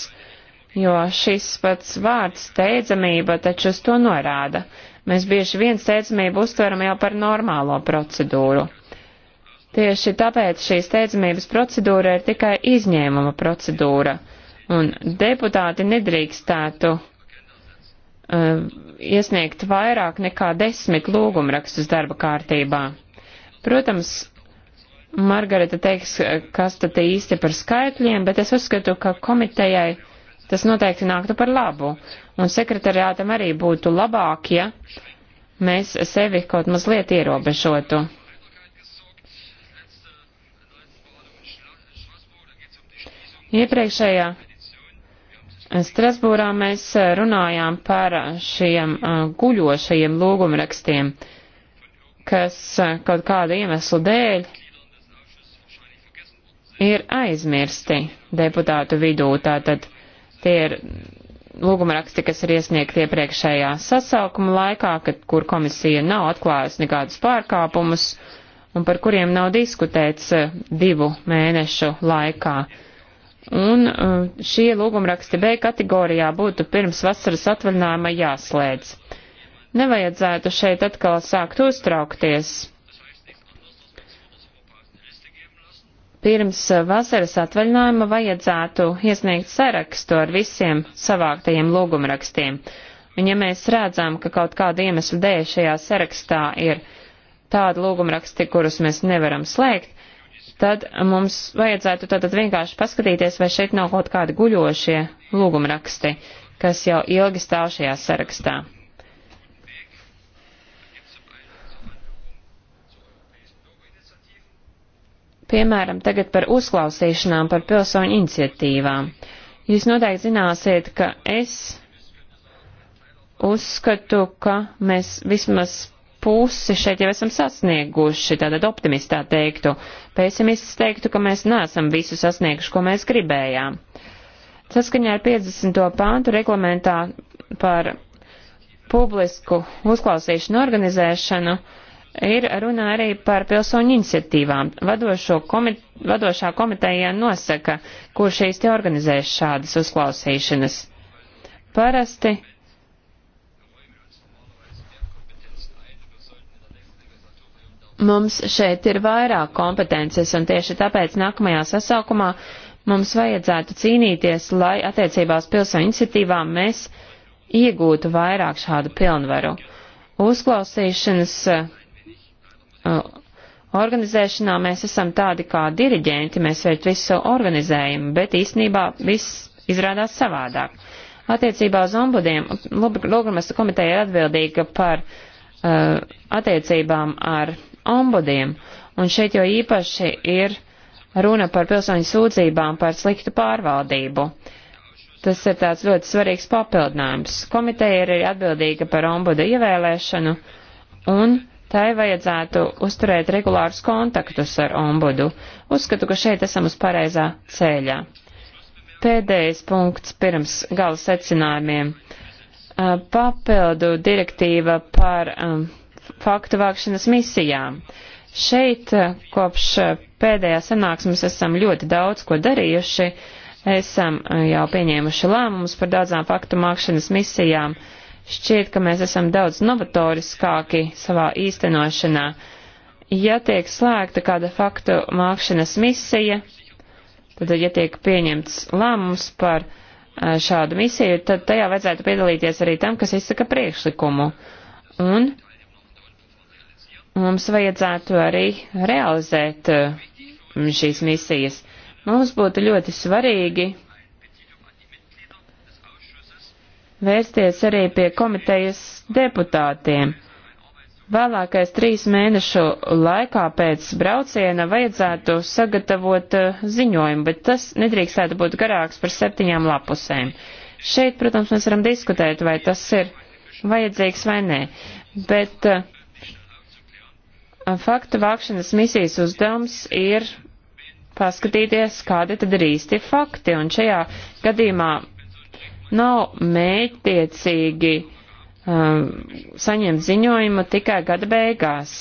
jo šis pats vārds steidzamība taču uz to norāda. Mēs bieži vien steidzamību uztveram jau par normālo procedūru. Tieši tāpēc šī steidzamības procedūra ir tikai izņēmuma procedūra, un deputāti nedrīkstētu uh, iesniegt vairāk nekā desmit lūgumrakstus darba kārtībā. Protams, Margarita teiks, kas tad īsti par skaitļiem, bet es uzskatu, ka komitejai tas noteikti nāktu par labu, un sekretariātam arī būtu labāk, ja mēs sevi kaut mazliet ierobežotu. Iepriekšējā Strasbūrā mēs eh, runājām par šiem eh, guļošajiem lūgumrakstiem, kas eh, kaut kādu iemeslu dēļ ir aizmirsti deputātu vidū. Tātad tie ir lūgumraksti, kas ir iesniegti iepriekšējā sasaukuma laikā, kad, kur komisija nav atklājusi nekādus pārkāpumus un par kuriem nav diskutēts divu mēnešu laikā. Un uh, šie lūgumraksti B kategorijā būtu pirms vasaras atvaļinājuma jāslēdz. Nevajadzētu šeit atkal sākt uztraukties. Pirms uh, vasaras atvaļinājuma vajadzētu iesniegt sarakstu ar visiem savāktajiem lūgumrakstiem. Un ja mēs redzam, ka kaut kāda iemesla dēļ šajā sarakstā ir tādi lūgumraksti, kurus mēs nevaram slēgt, tad mums vajadzētu tātad vienkārši paskatīties, vai šeit nav kaut kādi guļošie lūgumraksti, kas jau ilgi stāv šajā sarakstā. Piemēram, tagad par uzklausīšanām, par pilsoņu iniciatīvām. Jūs noteikti zināsiet, ka es uzskatu, ka mēs vismaz pusi šeit jau esam sasnieguši, tātad optimistā teiktu. Pesimists teiktu, ka mēs neesam visu sasnieguši, ko mēs gribējām. Saskaņā ar 50. pāntu reglamentā par publisku uzklausīšanu organizēšanu ir runa arī par pilsoņu iniciatīvām. Komit vadošā komiteja nosaka, kurš īsti organizēs šādas uzklausīšanas. Parasti Mums šeit ir vairāk kompetences, un tieši tāpēc nākamajā sasaukumā mums vajadzētu cīnīties, lai attiecībās pilsoņu iniciatīvām mēs iegūtu vairāk šādu pilnvaru. Uzklausīšanas uh, organizēšanā mēs esam tādi kā diriģenti, mēs veikt visu organizējumu, bet īstenībā viss izrādās savādāk. Attiecībā uz ombudiem Lūgumas komiteja ir atbildīga par uh, attiecībām ar ombudiem, un šeit jau īpaši ir runa par pilsoņu sūdzībām par sliktu pārvaldību. Tas ir tāds ļoti svarīgs papildinājums. Komiteja ir arī atbildīga par ombuda ievēlēšanu, un tai vajadzētu uzturēt regulārus kontaktus ar ombudu. Uzskatu, ka šeit esam uz pareizā ceļā. Pēdējais punkts pirms gala secinājumiem. Papildu direktīva par um, faktu vākšanas misijām. Šeit eh, kopš eh, pēdējā sanāksmes esam ļoti daudz ko darījuši, esam eh, jau pieņēmuši lēmumus par daudzām faktu mākšanas misijām. Šķiet, ka mēs esam daudz novatoriskāki savā īstenošanā. Ja tiek slēgta kāda faktu mākšanas misija, tad, ja tiek pieņemts lēmums par šādu misiju, tad tajā vajadzētu piedalīties arī tam, kas izsaka priekšlikumu. Un mums vajadzētu arī realizēt uh, šīs misijas. Mums būtu ļoti svarīgi vērsties arī pie komitejas deputātiem. Vēlākais trīs mēnešu laikā pēc brauciena vajadzētu sagatavot uh, ziņojumu, bet tas nedrīkstētu būt garāks par septiņām lapusēm. Šeit, protams, mēs varam diskutēt, vai tas ir vajadzīgs vai nē, bet uh, faktu vākšanas misijas uzdevums ir paskatīties, kādi tad ir īsti fakti, un šajā gadījumā nav mētiecīgi um, saņemt ziņojumu tikai gada beigās.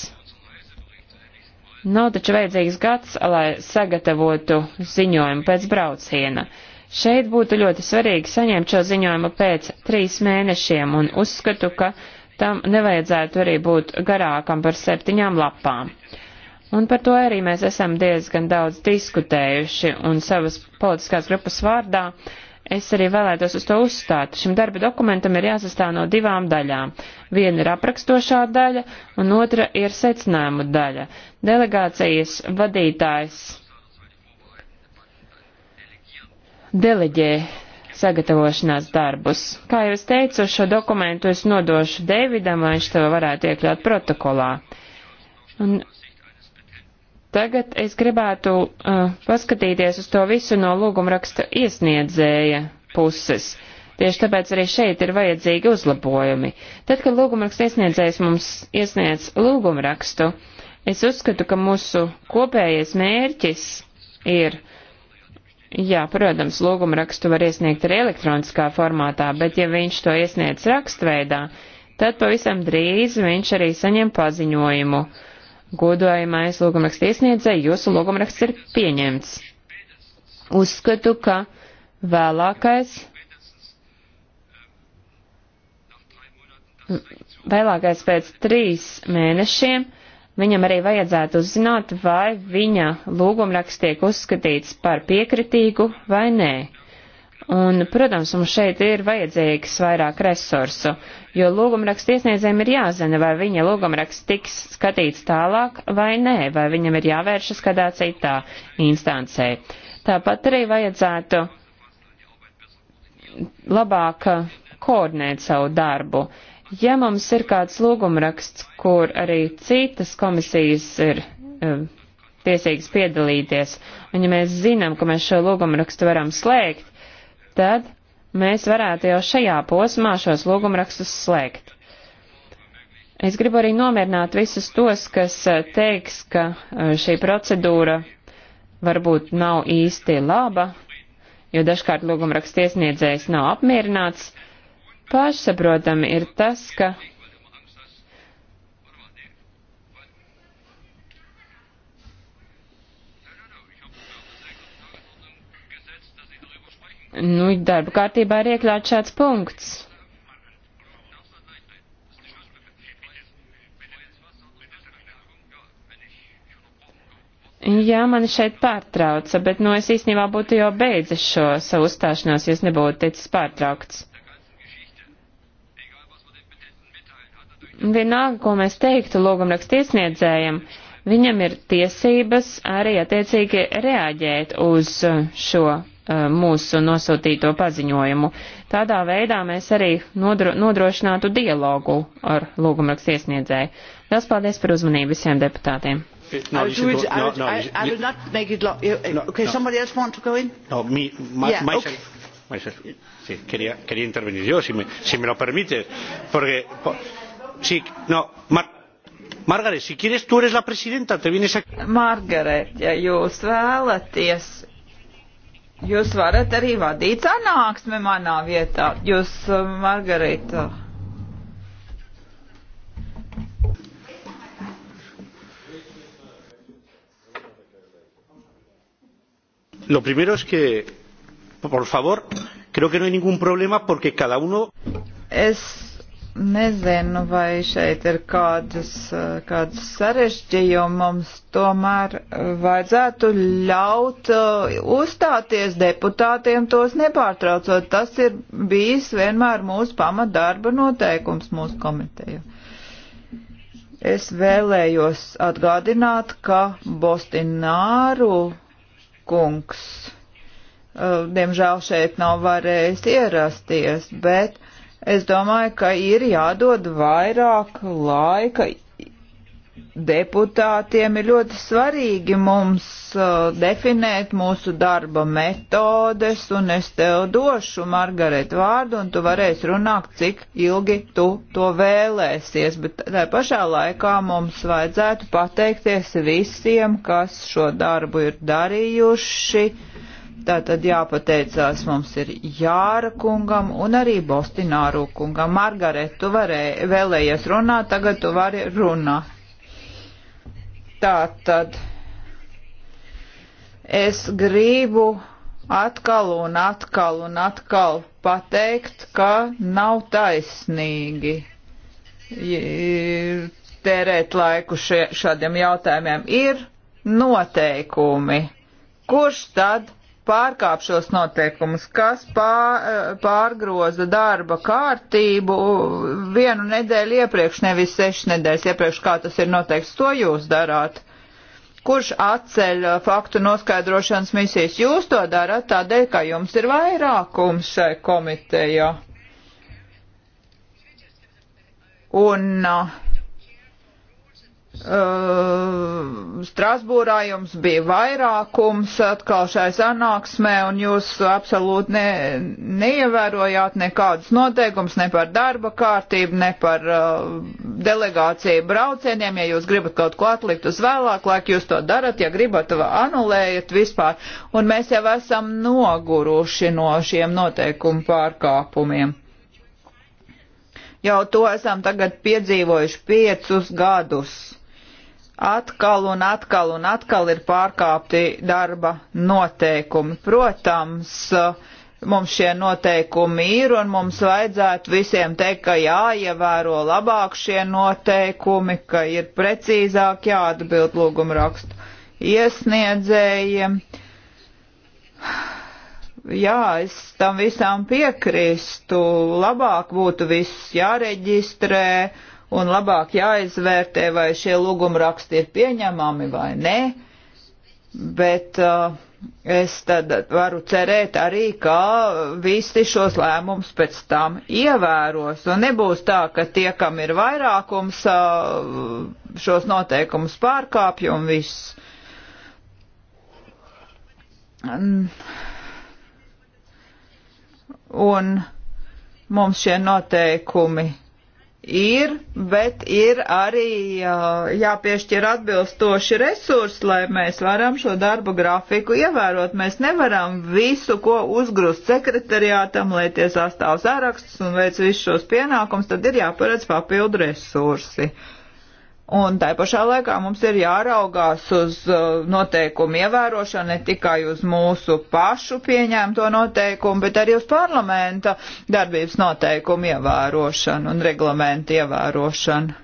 Nav taču vajadzīgs gads, lai sagatavotu ziņojumu pēc brauciena. Šeit būtu ļoti svarīgi saņemt šo ziņojumu pēc trīs mēnešiem, un uzskatu, ka uh, tam nevajadzētu arī būt garākam par septiņām lapām. Un par to arī mēs esam diezgan daudz diskutējuši, un savas politiskās grupas vārdā es arī vēlētos uz to uzstāt. Šim darba dokumentam ir jāsastāv no divām daļām. Viena ir aprakstošā daļa, un otra ir secinājumu daļa. Delegācijas vadītājs deleģē sagatavošanās darbus. Kā jau es teicu, šo dokumentu es nodošu Deividam, lai viņš to varētu iekļaut protokolā. Un tagad es gribētu uh, paskatīties uz to visu no lūgumraksta iesniedzēja puses. Tieši tāpēc arī šeit ir vajadzīgi uzlabojumi. Tad, kad lūgumraksta iesniedzējs mums iesniedz lūgumrakstu, es uzskatu, ka mūsu kopējais mērķis ir Jā, protams, lūgumu rakstu var iesniegt arī elektroniskā formātā, bet ja viņš to iesniedz rakstveidā, tad pavisam drīz viņš arī saņem paziņojumu. Godojamais lūgumraksta iesniedzēja, jūsu lūgumraksts ir pieņemts. Uzskatu, ka vēlākais, vēlākais pēc trīs mēnešiem Viņam arī vajadzētu uzzināt, vai viņa lūgumraksts tiek uzskatīts par piekritīgu vai nē. Un, protams, mums šeit ir vajadzīgs vairāk resursu, jo lūgumraksta iesniedzējiem ir jāzina, vai viņa lūgumraksts tiks skatīts tālāk vai nē, vai viņam ir jāvēršas kādā citā instancē. Tāpat arī vajadzētu labāk koordinēt savu darbu. Uh, Ja mums ir kāds lūgumraksts, kur arī citas komisijas ir um, tiesīgas piedalīties, un ja mēs zinām, ka mēs šo lūgumrakstu varam slēgt, tad mēs varētu jau šajā posmā šos lūgumrakstus slēgt. Es gribu arī nomierināt visus tos, kas eh, teiks, ka eh, šī procedūra varbūt nav īsti laba, jo dažkārt lūgumraksts iesniedzējs nav apmierināts. Pašsaprotami ir tas, ka Nu, darba kārtībā ir iekļauts šāds punkts. Jā, mani šeit pārtrauca, bet nu es īstenībā būtu jau beidzis šo savu uzstāšanos, ja es nebūtu ticis pārtraukts. Vienalga, ko mēs teiktu logumrakstu iesniedzējiem, viņam ir tiesības arī attiecīgi reaģēt uz uh, šo uh, mūsu nosūtīto paziņojumu. Tādā veidā mēs arī nodro, nodrošinātu dialogu ar lūgumrakstu iesniedzēju. Lielas paldies par uzmanību visiem deputātiem. No, I will do it. I will, no, no, I, I will not make it long. No, okay, no. somebody else want to go in? No, me, my, yeah, myself. Okay. Myself. Sí, quería, quería intervenir yo, si me, si me lo permite, porque. Po, Sí, no, Mar Margaret, si quieres, tu eres la presidenta, te vienes aquí. Margaret, ja jūs vēlaties, jūs varat arī vadīt sanāksmi manā vietā. Jūs, Margarita. Lo primero es que, por favor, creo que no hay ningún problema porque cada uno. Es Nezinu, vai šeit ir kādas, kādas sarežģījumi mums, tomēr vajadzētu ļaut uh, uzstāties deputātiem tos nepārtraucot. Tas ir bijis vienmēr mūsu pamatdarba noteikums mūsu komiteju. Es vēlējos atgādināt, ka Bostināru kungs, uh, diemžēl šeit nav varējis ierasties, bet Es domāju, ka ir jādod vairāk laika deputātiem. Ir ļoti svarīgi mums uh, definēt mūsu darba metodes, un es tev došu, Margaret, vārdu, un tu varēsi runāt, cik ilgi tu to vēlēsies. Bet tā pašā laikā mums vajadzētu pateikties visiem, kas šo darbu ir darījuši. Uh, Tātad jāpateicās mums ir Jāra kungam un arī Bostināru kungam. Margaret, tu varēji vēlējies runāt, tagad tu vari runāt. Tātad es gribu atkal un atkal un atkal pateikt, ka nav taisnīgi tērēt laiku šie, šādiem jautājumiem. Ir noteikumi. Kurš tad pārkāp šos noteikumus, kas pā, e, pārgroza darba kārtību vienu nedēļu iepriekš, nevis sešas nedēļas iepriekš, kā tas ir noteikts, to jūs darāt. Kurš atceļ faktu noskaidrošanas misijas? Jūs to darat tādēļ, ka jums ir vairākums šai komitejā. Un uh, Ehm, Strasbūrā jums bija vairākums atkal šai sanāksmē, un jūs absolūti ne, neievērojāt nekādus noteikumus ne par darba kārtību, ne par uh, delegāciju braucieniem. Ja jūs gribat kaut ko atlikt uz vēlāk laiku, jūs to darat, ja gribat, anulējat vispār. Un mēs jau esam noguruši no šiem noteikumu pārkāpumiem. Jau to esam tagad piedzīvojuši piecus gadus atkal un atkal un atkal ir pārkāpti darba noteikumi. Protams, mums šie noteikumi ir un mums vajadzētu visiem teikt, ka jāievēro labāk šie noteikumi, ka ir precīzāk jāatbild lūgumu rakstu iesniedzējiem. Jā, es tam visam piekrīstu. Labāk būtu viss jāreģistrē un labāk jāizvērtē, vai šie lūgumraksti ir pieņemami vai nē, bet uh, es tad varu cerēt arī, ka visi šos lēmumus pēc tam ievēros, un nebūs tā, ka tie, kam ir vairākums, uh, šos noteikumus pārkāpj un viss. Un, un mums šie noteikumi ir, bet ir arī jāpiešķir atbilstoši resursi, lai mēs varam šo darbu grafiku ievērot. Mēs nevaram visu, ko uzgrūst sekretariātam, lai tie sastāv sārakstus un veic visus šos pienākums, tad ir jāparedz papildu resursi. Uh, Un tai pašā laikā mums ir jāraugās uz uh, noteikumu ievērošanu, ne tikai uz mūsu pašu pieņēmto noteikumu, bet arī uz parlamenta darbības noteikumu ievērošanu un reglamentu ievērošanu.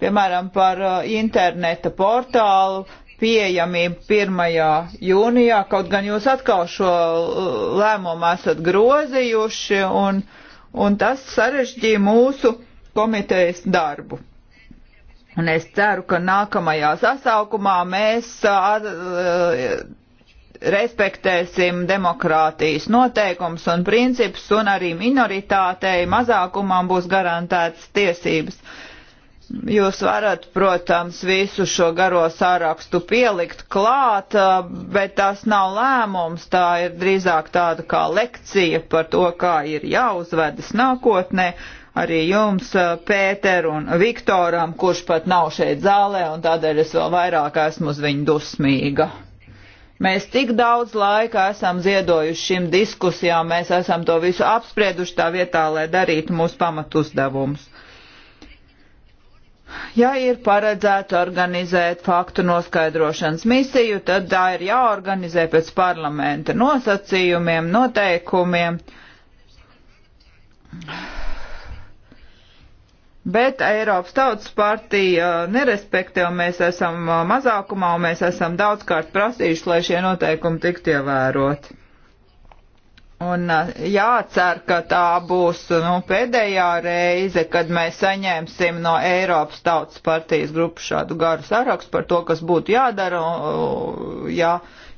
Piemēram, par uh, interneta portālu pieejamību 1. jūnijā, kaut gan jūs atkal šo uh, lēmumu esat grozījuši un uh, un tas sarežģīja mūsu komitejas darbu. Un es ceru, ka nākamajā sasaukumā mēs uh, respektēsim demokrātijas noteikums un principus, un arī minoritātei mazākumam būs garantētas tiesības. Uh, Jūs varat, protams, visu šo garo sārakstu pielikt klāt, bet tas nav lēmums, tā ir drīzāk tāda kā lekcija par to, kā ir jāuzvedas nākotnē. Arī jums, Pēter un Viktoram, kurš pat nav šeit zālē, un tādēļ es vēl vairāk esmu uz viņu dusmīga. Mēs tik daudz laika esam ziedojuši šīm diskusijām, mēs esam to visu apsprieduši tā vietā, lai darītu mūsu pamatuzdevumus. Ja ir paredzēts organizēt faktu noskaidrošanas misiju, tad tā ir jāorganizē pēc parlamenta nosacījumiem, noteikumiem. Bet Eiropas Tautas partija uh, nerespektē, un mēs esam uh, mazākumā, un mēs esam daudzkārt prasījuši, lai šie noteikumi tiktu ievēroti. Un jācer, ka tā būs nu, pēdējā reize, kad mēs saņemsim no Eiropas Tautas partijas grupas šādu garu sarakstu par to, kas būtu jādara, ja,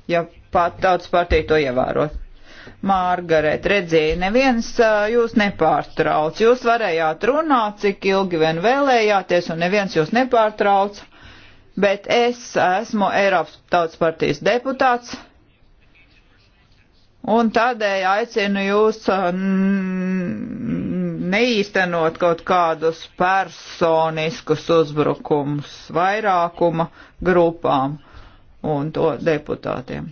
ja pat Tautas partija to ievērot. Mārgaret, redzēja, neviens jūs nepārtrauc. Jūs varējāt runāt, cik ilgi vien vēlējāties, un neviens jūs nepārtrauc. Bet es esmu Eiropas Tautas partijas deputāts Un tādēļ aicinu jūs uh, neīstenot kaut kādus personiskus uzbrukumus vairākuma grupām un to deputātiem.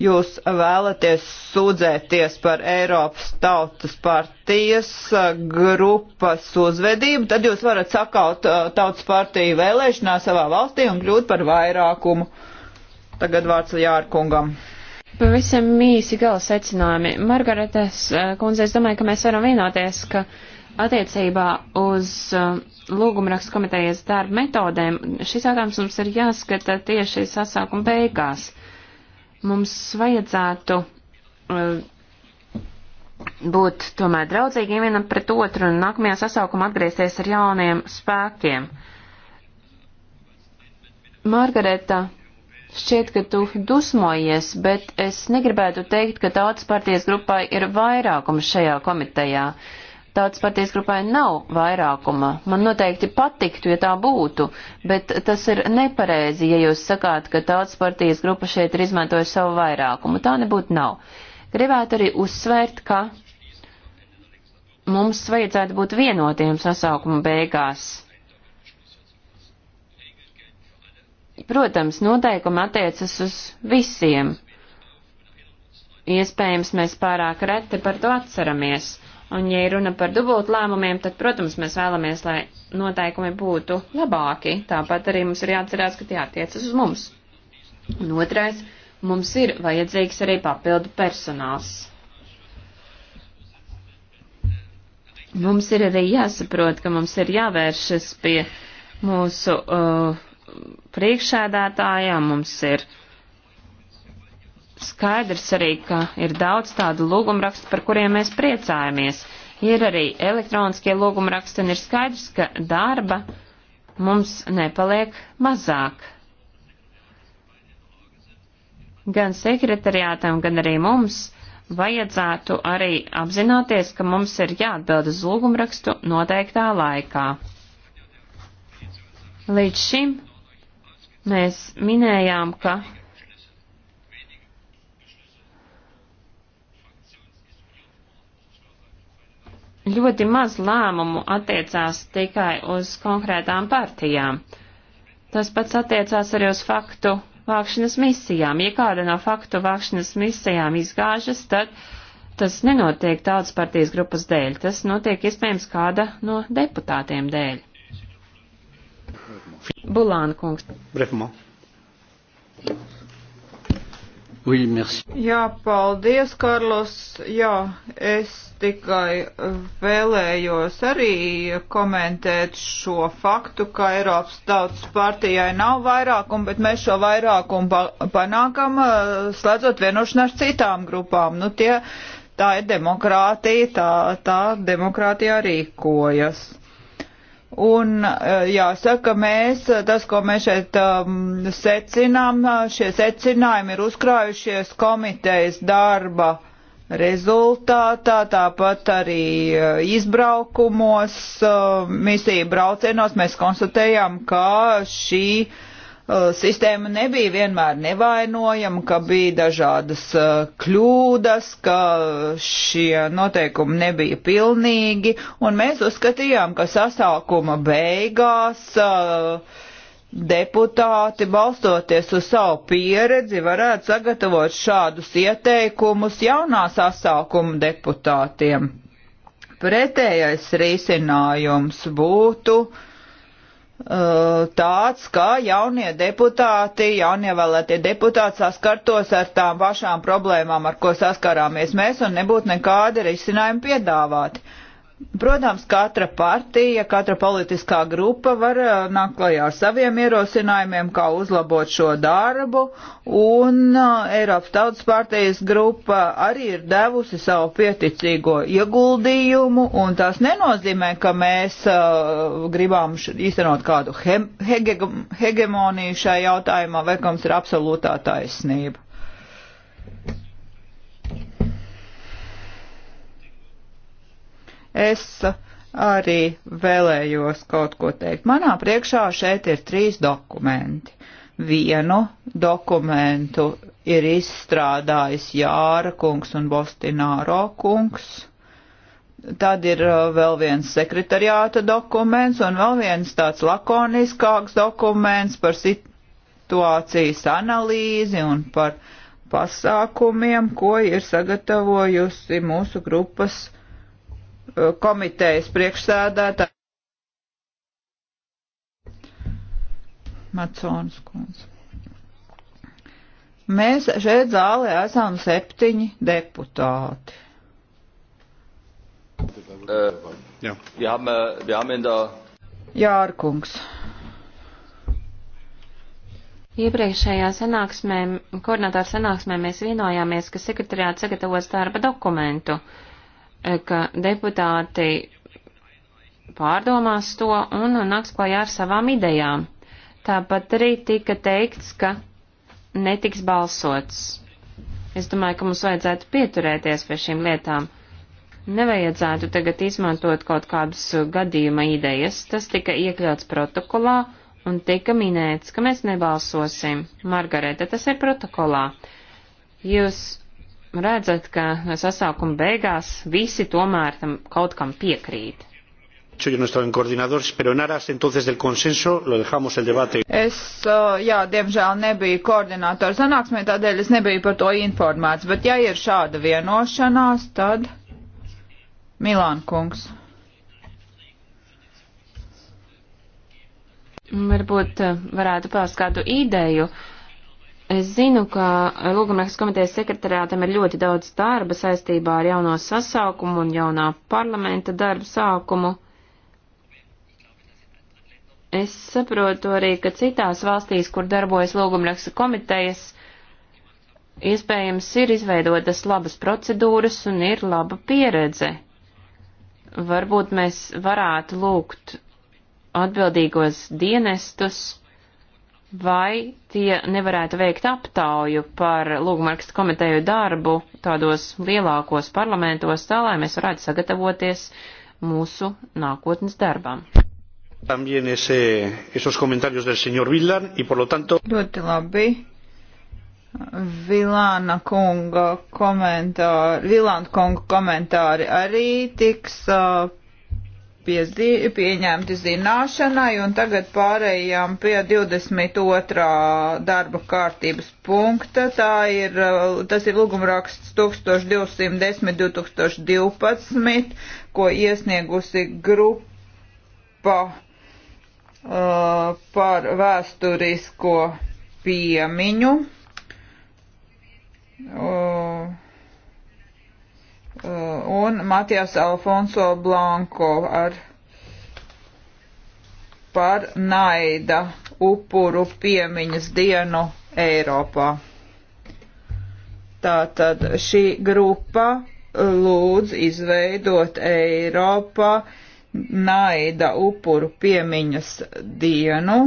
Jūs vēlaties sūdzēties par Eiropas tautas partijas uh, grupas uzvedību, tad jūs varat sakaut uh, tautas partiju vēlēšanā savā valstī un kļūt par vairākumu. Tagad vārds Jārkungam. Pavisam mīsi gala secinājumi. Margaretes eh, kundze, es domāju, ka mēs varam vienoties, ka attiecībā uz eh, lūgumrakstu komitejas darba metodēm šis jautājums mums ir jāskata tieši sasākuma beigās. Mums vajadzētu eh, būt tomēr draudzīgiem vienam pret otru un nākamajā sasaukumā atgriezties ar jauniem spēkiem. Margareta Šķiet, ka tu dusmojies, bet es negribētu teikt, ka tautas partijas grupai ir vairākums šajā komitejā. Tautas partijas grupai nav vairākuma. Man noteikti patiktu, ja tā būtu, bet tas ir nepareizi, ja jūs sakāt, ka tautas partijas grupa šeit ir izmantojusi savu vairākumu. Tā nebūtu nav. Gribētu arī uzsvērt, ka mums vajadzētu būt vienotiem sasaukuma beigās. Protams, noteikumi attiecas uz visiem. Iespējams, mēs pārāk reti par to atceramies. Un, ja runa par dubult lēmumiem, tad, protams, mēs vēlamies, lai noteikumi būtu labāki. Tāpat arī mums ir jāatcerās, ka tie attiecas uz mums. Un otrais, mums ir vajadzīgs arī papildu personāls. Mums ir arī jāsaprot, ka mums ir jāvēršas pie mūsu uh, priekšsēdētājām, mums ir skaidrs arī, ka ir daudz tādu lūgumrakstu, par kuriem mēs priecājamies. Ir arī elektroniskie lūgumraksti, un ir skaidrs, ka darba mums nepaliek mazāk. Gan sekretariātam, gan arī mums vajadzētu arī apzināties, ka mums ir jāatbild uz lūgumrakstu noteiktā laikā. Līdz šim Mēs minējām, ka ļoti maz lēmumu attiecās tikai uz konkrētām partijām. Tas pats attiecās arī uz faktu vākšanas misijām. Ja kāda no faktu vākšanas misijām izgāžas, tad tas nenotiek tautas partijas grupas dēļ, tas notiek iespējams kāda no deputātiem dēļ. Bulāna kungs. Brefumā. Oui, merci. Jā, paldies, Karlos. Jā, es tikai vēlējos arī komentēt šo faktu, ka Eiropas tautas partijai nav vairākumu, bet mēs šo vairākumu panākam, slēdzot vienošanās citām grupām. Nu, tie, tā ir demokrātija, tā, tā demokrātija rīkojas. Un eh, jāsaka, mēs, eh, tas, ko mēs šeit um, secinām, eh, šie secinājumi ir uzkrājušies komitejas darba rezultātā, tāpat arī izbraukumos, misiju braucienos mēs konstatējām, ka šī uh, Uh, sistēma nebija vienmēr nevainojama, ka bija dažādas uh, kļūdas, ka šie noteikumi nebija pilnīgi, un mēs uzskatījām, ka sasaukuma beigās uh, deputāti, balstoties uz savu pieredzi, varētu sagatavot šādus ieteikumus jaunā sasaukuma deputātiem. Pretējais risinājums būtu uh, Uh, tāds, ka jaunie deputāti, jaunievēlētie deputāti saskartos ar tām pašām problēmām, ar ko saskarāmies mēs, un nebūtu nekādi risinājumi piedāvāti. Uh, Protams, katra partija, katra politiskā grupa var eh, nākt klajā ar saviem ierosinājumiem, kā uzlabot šo darbu, un eh, Eiropas Tautas partijas grupa arī ir devusi savu pieticīgo ieguldījumu, un tas nenozīmē, ka mēs uh, gribam īstenot kādu he hege hegemoniju šajā jautājumā, vai ka mums ir absolūtā taisnība. Es arī vēlējos kaut ko teikt. Manā priekšā šeit ir trīs dokumenti. Vienu dokumentu ir izstrādājis Jāra kungs un Bostināro kungs. Tad ir uh, vēl viens sekretariāta dokuments un vēl viens tāds lakoniskāks dokuments par situācijas analīzi un par pasākumiem, ko ir sagatavojusi mūsu grupas komitejas priekšsēdētāja. Maconas kundze. Mēs šeit zālē esam septiņi deputāti. Uh, jā. Jā, jā, äh, Jārkungs. Iepriekšējā sanāksmē, koordinātāra sanāksmē mēs vienojāmies, ka sekretariāts sagatavos darba dokumentu. Uh, Eh, ka deputāti pārdomās to un nāks klajā ar savām idejām. Tāpat arī tika teikts, ka netiks balsots. Es domāju, ka mums vajadzētu pieturēties pie šīm lietām. Nevajadzētu tagad izmantot kaut kādus gadījuma idejas. Tas tika iekļauts protokolā un tika minēts, ka mēs nebalsosim. Margareta, tas ir protokolā. Jūs redzat, ka sasaukuma beigās visi tomēr tam kaut kam piekrīt. Yo no estaba en coordinadores, pero en aras entonces del consenso lo dejamos el debate. Es, eh, jā, diemžēl nebija koordinātora sanāksmē, tādēļ es nebiju par to informēts, bet ja ir šāda vienošanās, tad Milāna kungs. Varbūt eh, varētu paust kādu ideju. Uh, Es zinu, ka Lūgumraks komitejas sekretariātam ir ļoti daudz darba saistībā ar jauno sasaukumu un jaunā parlamenta darbu sākumu. Es saprotu arī, ka citās valstīs, kur darbojas Lūgumraksa komitejas, iespējams ir izveidotas labas procedūras un ir laba pieredze. Varbūt mēs varētu lūgt atbildīgos dienestus vai tie nevarētu veikt aptauju par lūgumrakstu komiteju darbu tādos lielākos parlamentos, tā lai mēs varētu sagatavoties mūsu nākotnes darbam. Ese, Villan, tanto... Ļoti labi. Vilāna kunga komentāri, Vilāna kunga komentāri arī tiks uh, piezī, pieņemti zināšanai, un tagad pārējām pie 22. darba kārtības punkta. Tā ir, tas ir lūgumraksts 1210-2012, ko iesniegusi grupa uh, par vēsturisko piemiņu. Uh, Uh, un Matijas Alfonso Blanko ar par naida upuru piemiņas dienu Eiropā. Tātad šī grupa lūdz izveidot Eiropā naida upuru piemiņas dienu.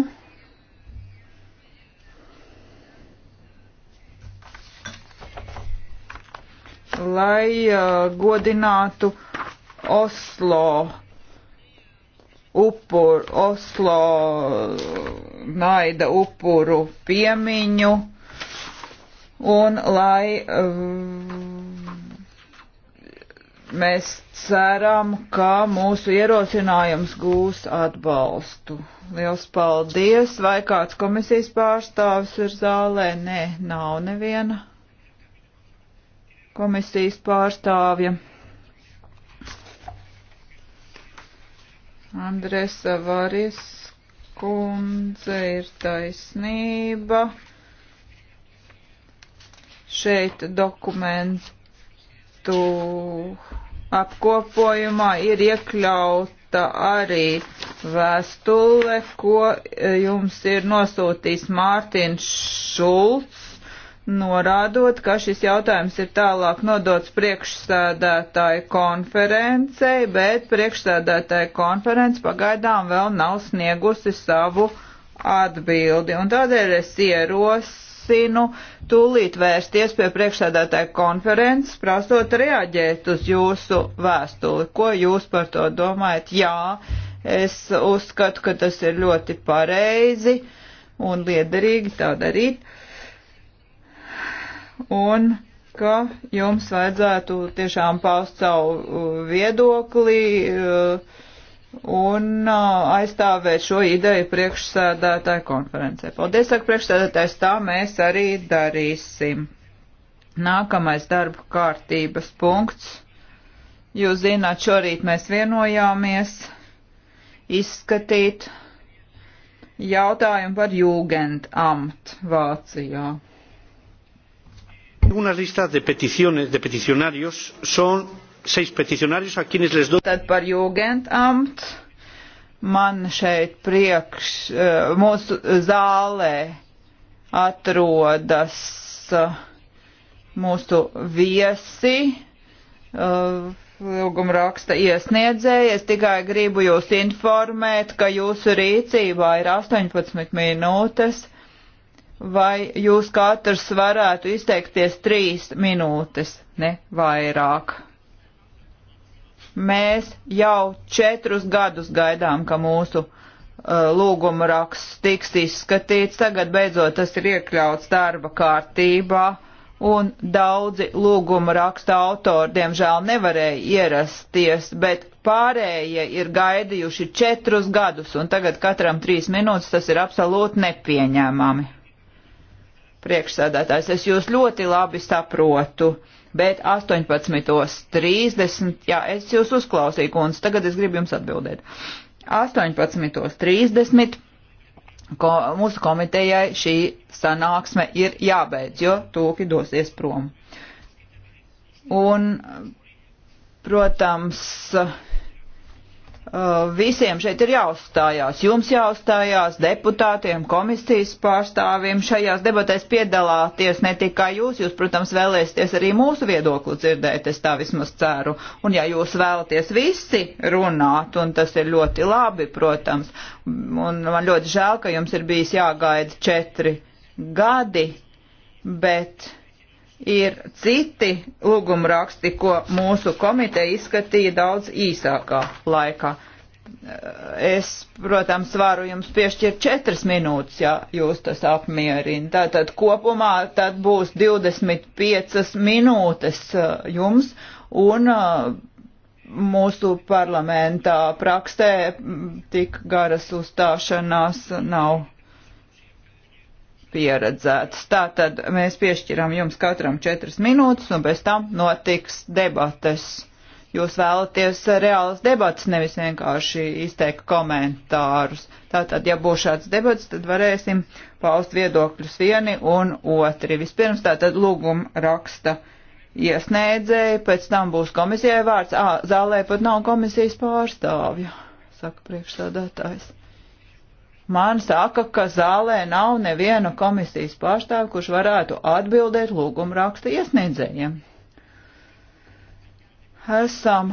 lai uh, godinātu Oslo upuru, Oslo uh, naida upuru piemiņu un lai uh, mēs ceram, ka mūsu ierosinājums gūs atbalstu. Liels paldies! Vai kāds komisijas pārstāvis ir zālē? Nē, nav neviena komisijas pārstāvja Andresa Varis kundze ir taisnība. Šeit dokumentu apkopojumā ir iekļauta arī vēstule, ko eh, jums ir nosūtījis Mārtiņš Šulcs norādot, ka šis jautājums ir tālāk nodots priekšsēdētāju konferencei, bet priekšsēdētāju konference pagaidām vēl nav sniegusi savu atbildi. Un tādēļ es ierosinu tūlīt vērsties pie priekšsēdētāju konferences, prasot reaģēt uz jūsu vēstuli. Ko jūs par to domājat? Jā, es uzskatu, ka tas ir ļoti pareizi un liederīgi tā darīt un ka jums vajadzētu tiešām paust savu uh, viedokli uh, un uh, aizstāvēt šo ideju priekšsēdētāju konferencē. Paldies, saka priekšsēdētājs, tā mēs arī darīsim. Nākamais darba kārtības punkts. Jūs zināt, šorīt mēs vienojāmies izskatīt jautājumu par jūgendamt Vācijā. Unas listas de peticiones de peticionarios son seis peticionarios a quienes les doy. Tad par Jugendamt man šeit priekš eh, mūsu zālē atrodas eh, mūsu viesi. Eh, Lūguma raksta iesniedzēji, es tikai gribu jūs informēt, ka jūsu rīcībā ir 18 minūtes, vai jūs katrs varētu izteikties trīs minūtes, ne vairāk. Mēs jau četrus gadus gaidām, ka mūsu uh, lūguma raksts tiks izskatīts. Tagad beidzot tas ir iekļauts darba kārtībā, un daudzi lūguma raksta autori, diemžēl, nevarēja ierasties, bet pārējie ir gaidījuši četrus gadus, un tagad katram trīs minūtes tas ir absolūti nepieņēmami priekšsēdētājs, es jūs ļoti labi saprotu, bet 18.30, jā, es jūs uzklausīju, un tagad es gribu jums atbildēt. 18.30 ko, mūsu komitejai šī sanāksme ir jābeidz, jo tūki dosies prom. Un, protams, uh, Eh, visiem šeit ir jāuzstājās. Jums jāuzstājās deputātiem, komisijas pārstāvjiem. Šajās debatēs piedalāties ne tikai jūs, jūs, protams, vēlēsieties arī mūsu viedokli dzirdēt, es tā vismaz ceru. Un ja jūs vēlaties visi runāt, un tas ir ļoti labi, protams, un man ļoti žēl, ka jums ir bijis jāgaida četri gadi, bet ir citi lūgumraksti, ko mūsu komiteja izskatīja daudz īsākā laikā. Es, protams, varu jums piešķirt četras minūtes, ja jūs tas apmierina. Tātad kopumā tad būs 25 minūtes uh, jums un uh, mūsu parlamentā praksē tik garas uzstāšanās nav pieredzētas. Tātad mēs piešķiram jums katram četras minūtes, un pēc tam notiks debates. Jūs vēlaties reālas debatas, nevis vienkārši izteikt komentārus. Tātad, ja būs šāds debats, tad varēsim paust viedokļus vieni un otri. Vispirms tātad lūguma raksta iesniedzēji, pēc tam būs komisijai vārds. Ā, zālē pat nav komisijas pārstāvju, saka priekšstādātājs man saka, ka zālē nav neviena komisijas pārstāva, kurš varētu atbildēt lūgumu raksta iesniedzējiem. Esam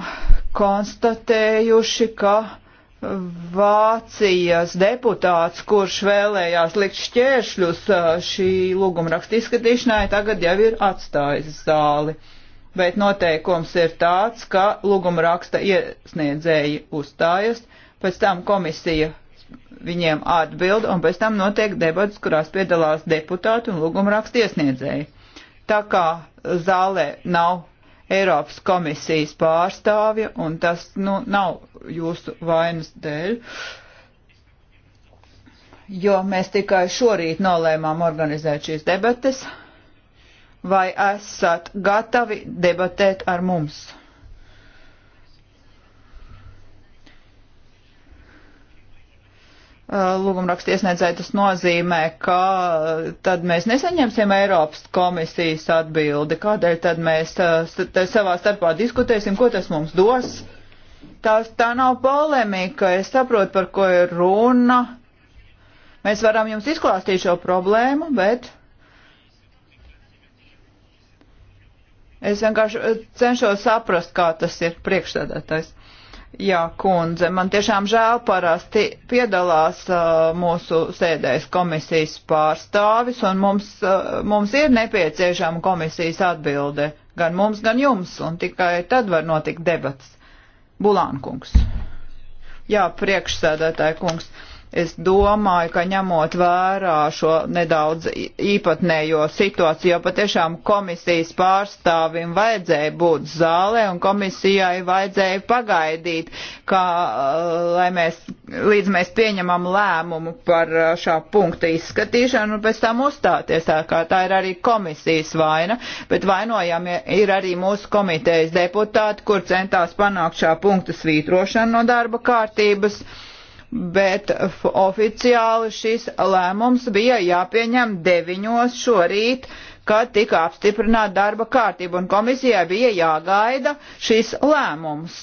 konstatējuši, ka Vācijas deputāts, kurš vēlējās likt šķēršļus šī lūguma raksta izskatīšanai, tagad jau ir atstājis zāli. Bet noteikums ir tāds, ka lūguma raksta iesniedzēji uzstājas, pēc tam komisija viņiem atbild, un pēc tam notiek debats, kurās piedalās deputāti un lūgumrakstu iesniedzēji. Tā kā zālē nav Eiropas komisijas pārstāvja, un tas nu, nav jūsu vainas dēļ, jo mēs tikai šorīt nolēmām organizēt šīs debates, vai esat gatavi debatēt ar mums? Eh, lūgumraksta iesniedzēja, tas nozīmē, ka eh, tad mēs nesaņemsim Eiropas komisijas atbildi. Kādēļ tad mēs eh, te savā starpā diskutēsim, ko tas mums dos? Tās, tā nav polemika, es saprotu, par ko ir runa. Mēs varam jums izklāstīt šo problēmu, bet es vienkārši cenšos saprast, kā tas ir priekšsēdētājs. Jā, kundze, man tiešām žēl parasti piedalās uh, mūsu sēdēs komisijas pārstāvis, un mums, uh, mums ir nepieciešama komisijas atbilde gan mums, gan jums, un tikai tad var notikt debats. Bulānkungs. Jā, priekšsēdētāja kungs. Es domāju, ka ņemot vērā šo nedaudz īpatnējo situāciju, jo patiešām komisijas pārstāvim vajadzēja būt zālē un komisijai vajadzēja pagaidīt, kā, uh, lai mēs, līdz mēs pieņemam lēmumu par uh, šā punkta izskatīšanu un pēc tam uzstāties. Tā kā tā ir arī komisijas vaina, bet vainojam ir arī mūsu komitejas deputāti, kur centās panākt šā punkta svītrošanu no darba kārtības bet oficiāli šis lēmums bija jāpieņem deviņos šorīt, kad tika apstiprināta darba kārtība, un komisijai bija jāgaida šis lēmums.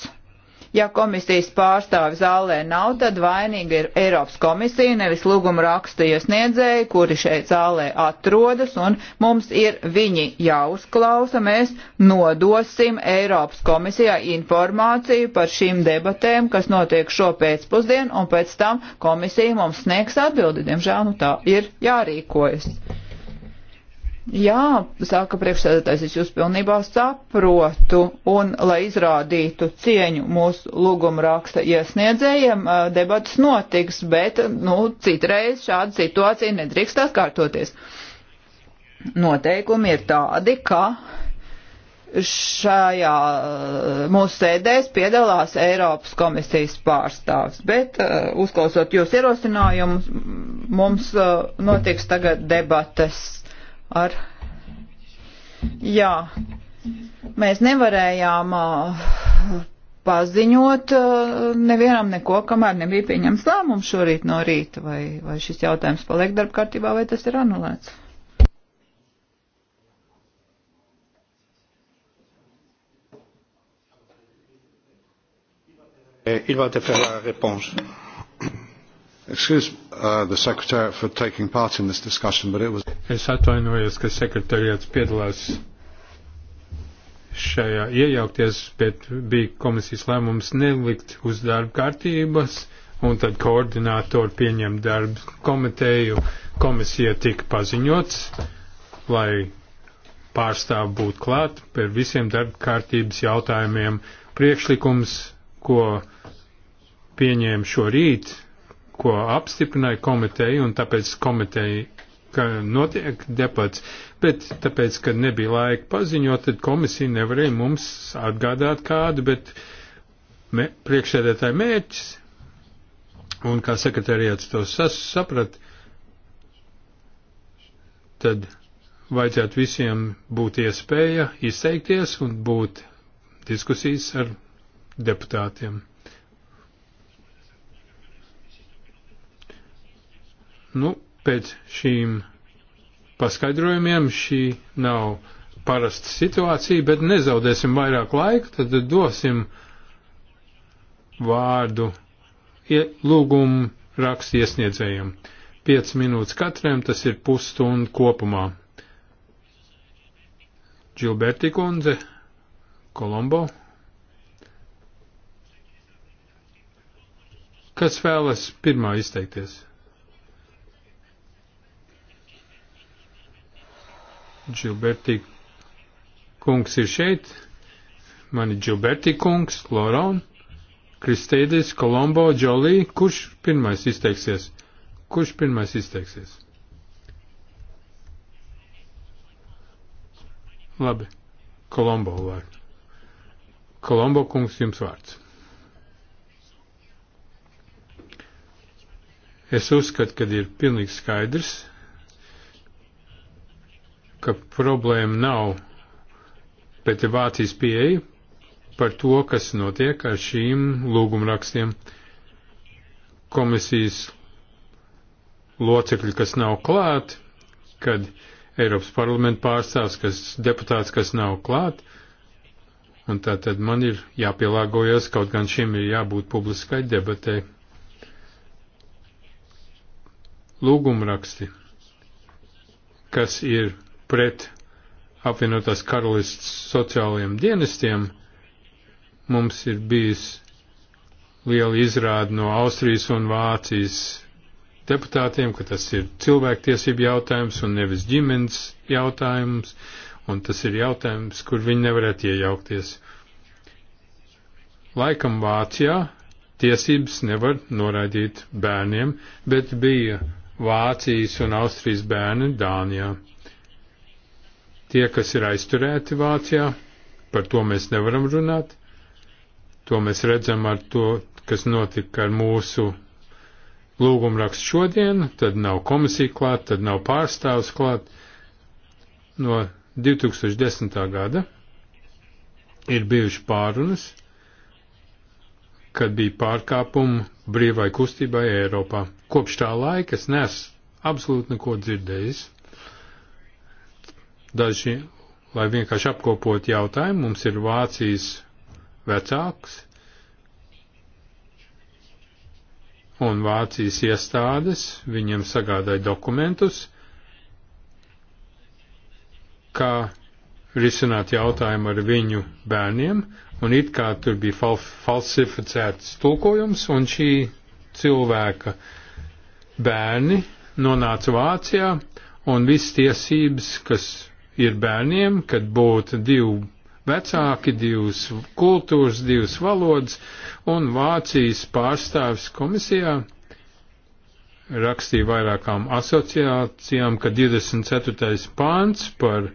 Ja komisijas pārstāvis zālē nav, tad vainīga ir Eiropas komisija, nevis lūguma raksta iesniedzēji, kuri šeit zālē atrodas, un mums ir viņi jāuzklausa. Mēs nodosim Eiropas komisijā informāciju par šīm debatēm, kas notiek šo pēcpusdienu, un pēc tam komisija mums sniegs atbildi. Diemžēl nu tā ir jārīkojas. Jā, saka priekšsēdētājs, es jūs pilnībā saprotu, un, lai izrādītu cieņu mūsu lūguma raksta iesniedzējiem, debats notiks, bet, nu, citreiz šāda situācija nedrīkst atkārtoties. Noteikumi ir tādi, ka šajā mūsu sēdēs piedalās Eiropas komisijas pārstāvs, bet, uzklausot jūs ierosinājumus, mums notiks tagad debates ar. Jā, mēs nevarējām uh, paziņot uh, nevienam neko, kamēr nebija pieņemts lēmums šorīt no rīta, vai, vai šis jautājums paliek darbkārtībā, vai tas ir anulēts. Eh, il va te faire la réponse. Excuse uh, the secretary for taking part in this discussion, but it was. Es atvainojos, ka sekretariāts piedalās šajā iejaukties, bet bija komisijas lēmums nelikt uz darba kārtības, un tad koordinātori pieņem darbu komiteju. Komisija tika paziņots, lai pārstāv būt klāt par visiem darba kārtības jautājumiem. Priekšlikums, ko pieņēma šorīt, ko apstiprināja komiteja, un tāpēc komiteja, ka notiek debats, bet tāpēc, ka nebija laika paziņot, tad komisija nevarēja mums atgādāt kādu, bet me, priekšsēdētāji mērķis, un kā sekretariāts to sas, saprat, tad vajadzētu visiem būt iespēja izteikties un būt diskusijas ar deputātiem. Nu, pēc šīm paskaidrojumiem šī nav parasta situācija, bet nezaudēsim vairāk laika, tad dosim vārdu lūgumu rakstu iesniedzējiem. 5 minūtes katram, tas ir pusstunda kopumā. Džilberti kundze, Kolombo. Kas vēlas pirmā izteikties? Džilberti kungs ir šeit, mani Džilberti kungs, Loron, Kristēdis, Kolombo, Džolī, kurš pirmais izteiksies? Kurš pirmais izteiksies? Labi, Kolombo vārds. Kolombo kungs jums vārds. Es uzskatu, ka ir pilnīgi skaidrs, ka problēma nav pēc Vācijas pieeja par to, kas notiek ar šīm lūgumrakstiem. Komisijas locekļi, kas nav klāt, kad Eiropas parlamenta pārstāvs, kas deputāts, kas nav klāt, un tā tad man ir jāpielāgojas, kaut gan šim ir jābūt publiskai debatē. Lūgumraksti, kas ir pret apvienotās karalists sociālajiem dienestiem, mums ir bijis liela izrāda no Austrijas un Vācijas deputātiem, ka tas ir cilvēktiesība jautājums un nevis ģimenes jautājums, un tas ir jautājums, kur viņi nevarētu iejaukties. Laikam Vācijā tiesības nevar noraidīt bērniem, bet bija Vācijas un Austrijas bērni Dānijā. Tie, kas ir aizturēti Vācijā, par to mēs nevaram runāt. To mēs redzam ar to, kas notika ar mūsu lūgumrakstu šodien, tad nav komisija klāt, tad nav pārstāvs klāt. No 2010. gada ir bijuši pārunas, kad bija pārkāpumi brīvai kustībai Eiropā. Kopš tā laika es nesu absolūti neko dzirdējis. Daži, lai vienkārši apkopot jautājumu, mums ir Vācijas vecāks un Vācijas iestādes, viņiem sagādāja dokumentus, kā risināt jautājumu ar viņu bērniem, un it kā tur bija fal falsificēts tulkojums, un šī cilvēka bērni nonāca Vācijā, un visas tiesības, kas ir bērniem, kad būtu divi vecāki, divas kultūras, divas valodas, un Vācijas pārstāvis komisijā rakstīja vairākām asociācijām, ka 24. pāns par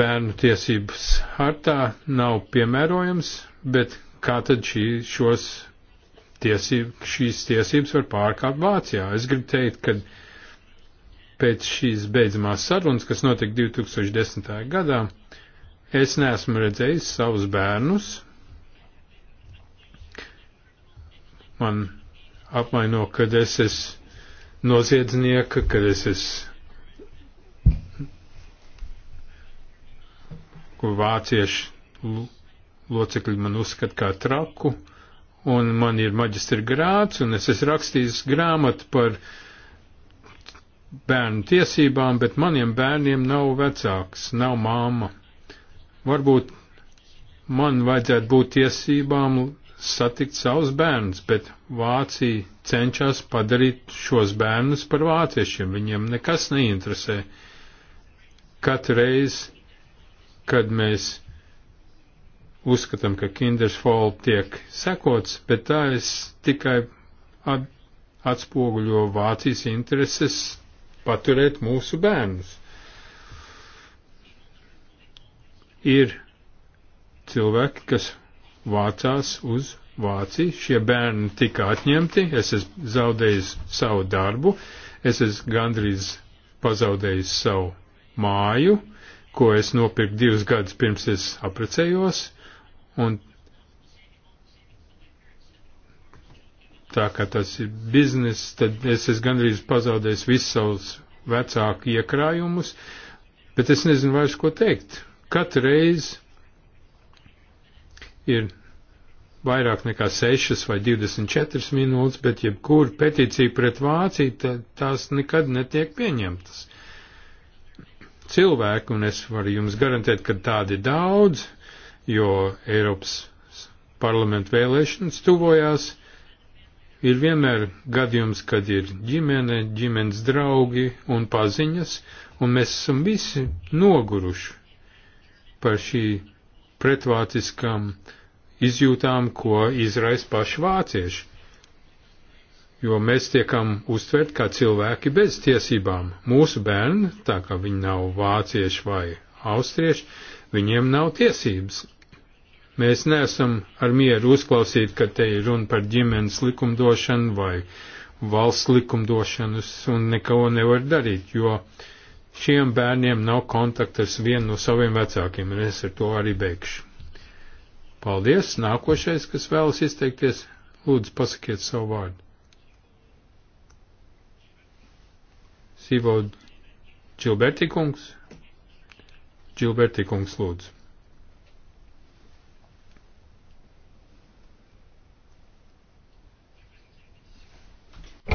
bērnu tiesības hartā nav piemērojams, bet kā tad šī, šos tiesību, šīs tiesības var pārkāpt Vācijā? Es gribu teikt, ka pēc šīs beidzamās sarunas, kas notika 2010. gadā, es neesmu redzējis savus bērnus. Man apmaino, kad es esmu noziedznieka, kad es esmu vāciešu locekļi man uzskata kā traku, un man ir maģistra grāts, un es esmu rakstījis grāmatu par uh, bērnu tiesībām, bet maniem bērniem nav vecāks, nav māma. Varbūt man vajadzētu būt tiesībām satikt savus bērnus, bet Vācija cenšas padarīt šos bērnus par vāciešiem. Viņiem nekas neinteresē. Katru reizi, kad mēs uzskatām, ka Kindersfall tiek sekots, bet tā es tikai at atspoguļo Vācijas intereses paturēt mūsu bērnus. Ir cilvēki, kas vācās uz Vāciju, šie bērni tika atņemti, es esmu zaudējis savu darbu, es esmu gandrīz pazaudējis savu māju, ko es nopirku divus gadus pirms es aprecējos, un tā kā tas ir biznes, tad es esmu gandrīz pazaudējis visus savus vecāku iekrājumus, bet es nezinu vairs, ko teikt. Katru reizi ir vairāk nekā 6 vai 24 minūtes, bet jebkura petīcija pret Vāciju, tā, tās nekad netiek pieņemtas. Cilvēki, un es varu jums garantēt, ka tādi daudz, jo Eiropas parlamentu vēlēšanas tuvojās, Ir vienmēr gadījums, kad ir ģimene, ģimenes draugi un paziņas, un mēs esam visi noguruši par šī pretvāciskām izjūtām, ko izraisa paši vācieši jo mēs tiekam uztvert kā cilvēki bez tiesībām. Mūsu bērni, tā kā viņi nav vācieši vai austrieši, viņiem nav tiesības. Mēs neesam ar mieru uzklausīt, ka te ir runa par ģimenes likumdošanu vai valsts likumdošanas un neko nevar darīt, jo šiem bērniem nav kontakta ar vienu no saviem vecākiem, un es ar to arī beigšu. Paldies! Nākošais, kas vēlas izteikties, lūdzu pasakiet savu vārdu. Sīvod Čilbertikungs? Čilbertikungs lūdzu.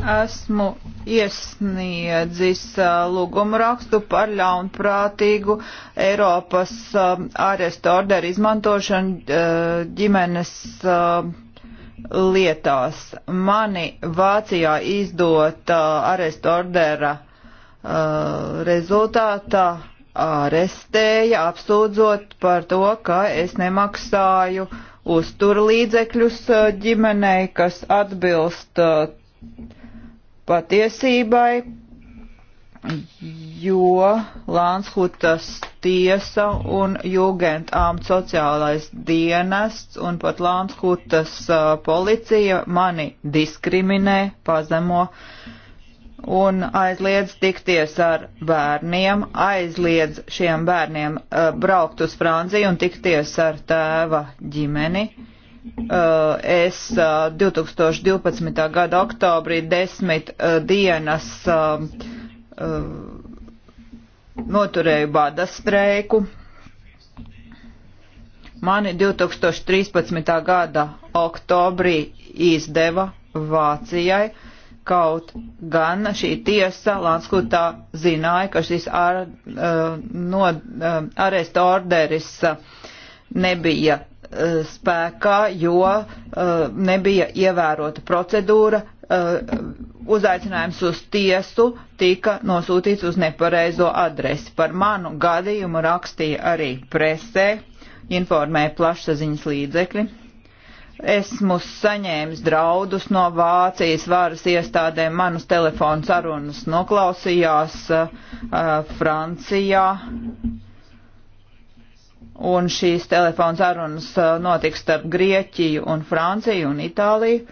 Esmu iesniedzis uh, lūgumu rakstu par ļaunprātīgu Eiropas ārestu um, orderu izmantošanu uh, ģimenes uh, lietās. Mani Vācijā izdota arestu ordera rezultātā arestēja apsūdzot par to, ka es nemaksāju uzturlīdzekļus ģimenei, kas atbilst uh, patiesībai, jo Lānshutas tiesa un Jūgendāmt sociālais dienests un pat Lānshutas policija mani diskriminē, pazemo un aizliedz tikties ar bērniem, aizliedz šiem bērniem braukt uz Franciju un tikties ar tēva ģimeni. Uh, Eh, es 2012. Eh, gada oktobrī desmit eh, dienas noturēju bada streiku. Mani 2013. gada oktobrī izdeva Vācijai, kaut gan šī tiesa Lanskutā zināja, ka šis ar, no, arest orderis nebija Eh, spēkā, jo eh, nebija ievērota procedūra, eh, uzaicinājums uz tiesu tika nosūtīts uz nepareizo adresi. Par manu gadījumu rakstīja arī presē, informēja plašsaziņas līdzekļi. Esmu saņēmis draudus no Vācijas varas iestādēm, manus telefonu sarunas noklausījās uh, Francijā. Uh, un šīs telefons arunas uh, notiks starp Grieķiju un Franciju un Itāliju.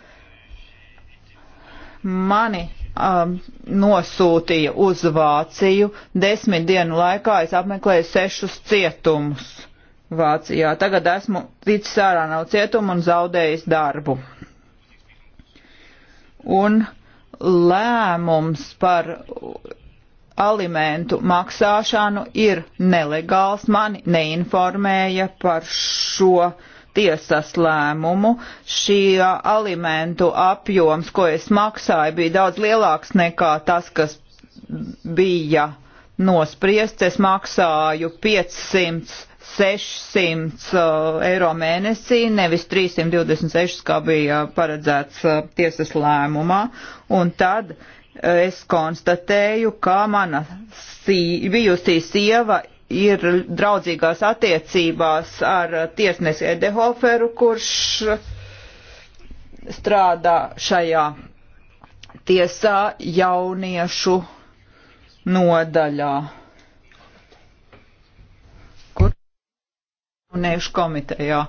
Mani um, nosūtīja uz Vāciju. Desmit dienu laikā es apmeklēju sešus cietumus Vācijā. Tagad esmu ticis ārā no cietuma un zaudējis darbu. Un lēmums par alimentu maksāšanu ir nelegāls. Mani neinformēja par šo tiesas lēmumu. Šī alimentu apjoms, ko es maksāju, bija daudz lielāks nekā tas, kas bija nospriests. Es maksāju 500 600 uh, eiro mēnesī, nevis 326, kā bija paredzēts uh, tiesas lēmumā. Un tad es konstatēju, ka mana sī, bijusī sieva ir draudzīgās attiecībās ar tiesnesi Edehoferu, kurš strādā šajā tiesā jauniešu nodaļā. Kur? Jauniešu komitejā.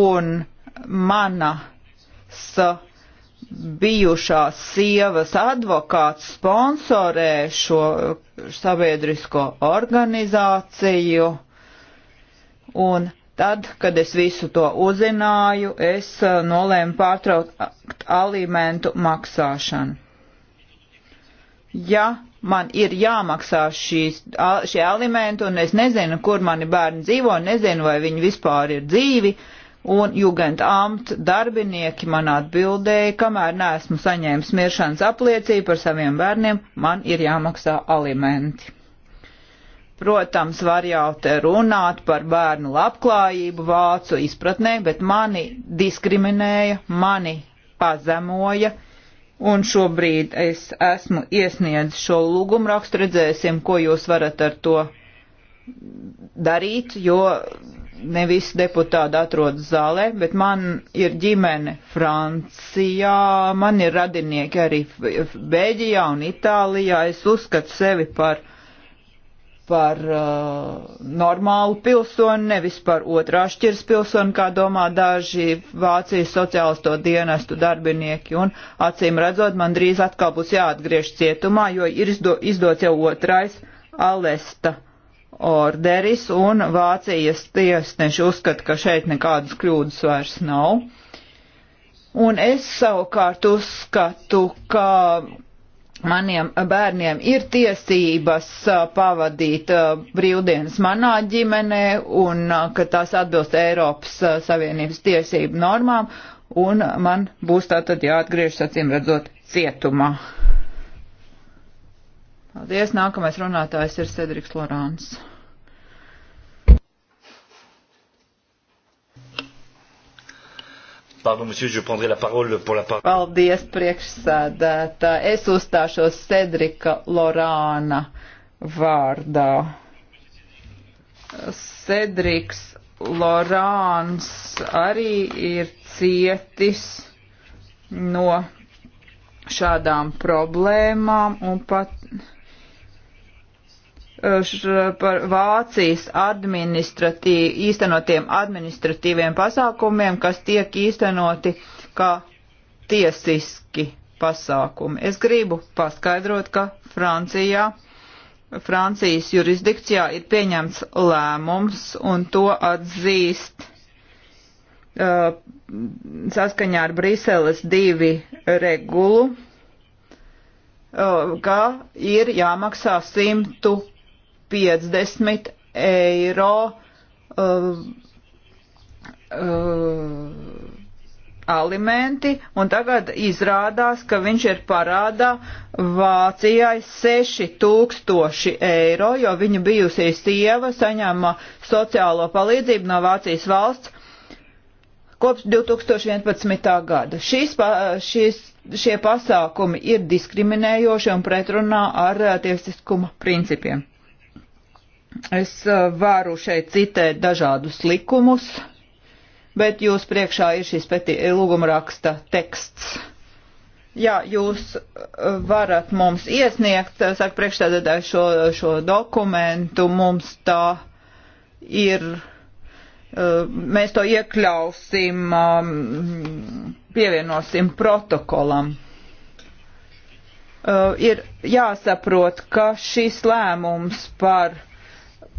Un mana sa bijušās sievas advokāts sponsorē šo sabiedrisko organizāciju. Un tad, kad es visu to uzzināju, es uh, nolēmu pārtraukt alimentu maksāšanu. Ja man ir jāmaksā šīs, šie alimenti, un es nezinu, kur mani bērni dzīvo, nezinu, vai viņi vispār ir dzīvi, uh, un Jugendamt darbinieki man atbildēja, kamēr neesmu saņēmis miršanas apliecību par saviem bērniem, man ir jāmaksā alimenti. Protams, var jau te runāt par bērnu labklājību vācu izpratnē, bet mani diskriminēja, mani pazemoja, un šobrīd es esmu iesniedzis šo lūgumrakstu, redzēsim, ko jūs varat ar to darīt, jo ne visi deputāti atrodas zālē, bet man ir ģimene Francijā, man ir radinieki arī Beļģijā un Itālijā. Es uzskatu sevi par, par uh, normālu pilsoni, nevis par otrā šķirs pilsoni, kā domā daži Vācijas sociālisto dienestu darbinieki. Un acīm redzot, man drīz atkal būs jāatgriež cietumā, jo ir izdo, izdots jau otrais Alesta orderis, un Vācijas tiesneši uzskata, ka šeit nekādas kļūdas vairs nav. Un es savukārt uzskatu, ka maniem bērniem ir tiesības pavadīt brīvdienas manā ģimenē, un ka tās atbilst Eiropas Savienības tiesību normām, un man būs tātad jāatgriežas acīm redzot cietumā. Paldies. Nākamais runātājs ir Sedriks Lorāns. Pardon, monsieur, je prendrai la parole pour la parole. Paldies, priekšsēdētā. Es uzstāšos Sedrika Lorāna vārdā. Sedriks Lorāns arī ir cietis no šādām problēmām un pat Eh, par Vācijas administratī, īstenotiem administratīviem pasākumiem, kas tiek īstenoti kā tiesiski pasākumi. Es gribu paskaidrot, ka Francijā, Francijas jurisdikcijā ir pieņemts lēmums un to atzīst uh, saskaņā ar Briseles divi regulu, uh, ka ir jāmaksā simtu 50 eiro uh, uh, alimenti, un tagad izrādās, ka viņš ir parādā Vācijai 6000 eiro, jo viņa bijusī sieva saņēma sociālo palīdzību no Vācijas valsts kopš 2011. gada. Šis, šis, šie pasākumi ir diskriminējoši un pretrunā ar uh, tiesiskuma principiem. Es eh, varu šeit citēt dažādus likumus, bet jūs priekšā ir šis lūguma raksta teksts. Jā, jūs eh, varat mums iesniegt, eh, saka priekšstādātāju, šo, šo dokumentu, mums tā ir, mēs to iekļausim, um, pievienosim protokolam. Ir jāsaprot, ka šis lēmums par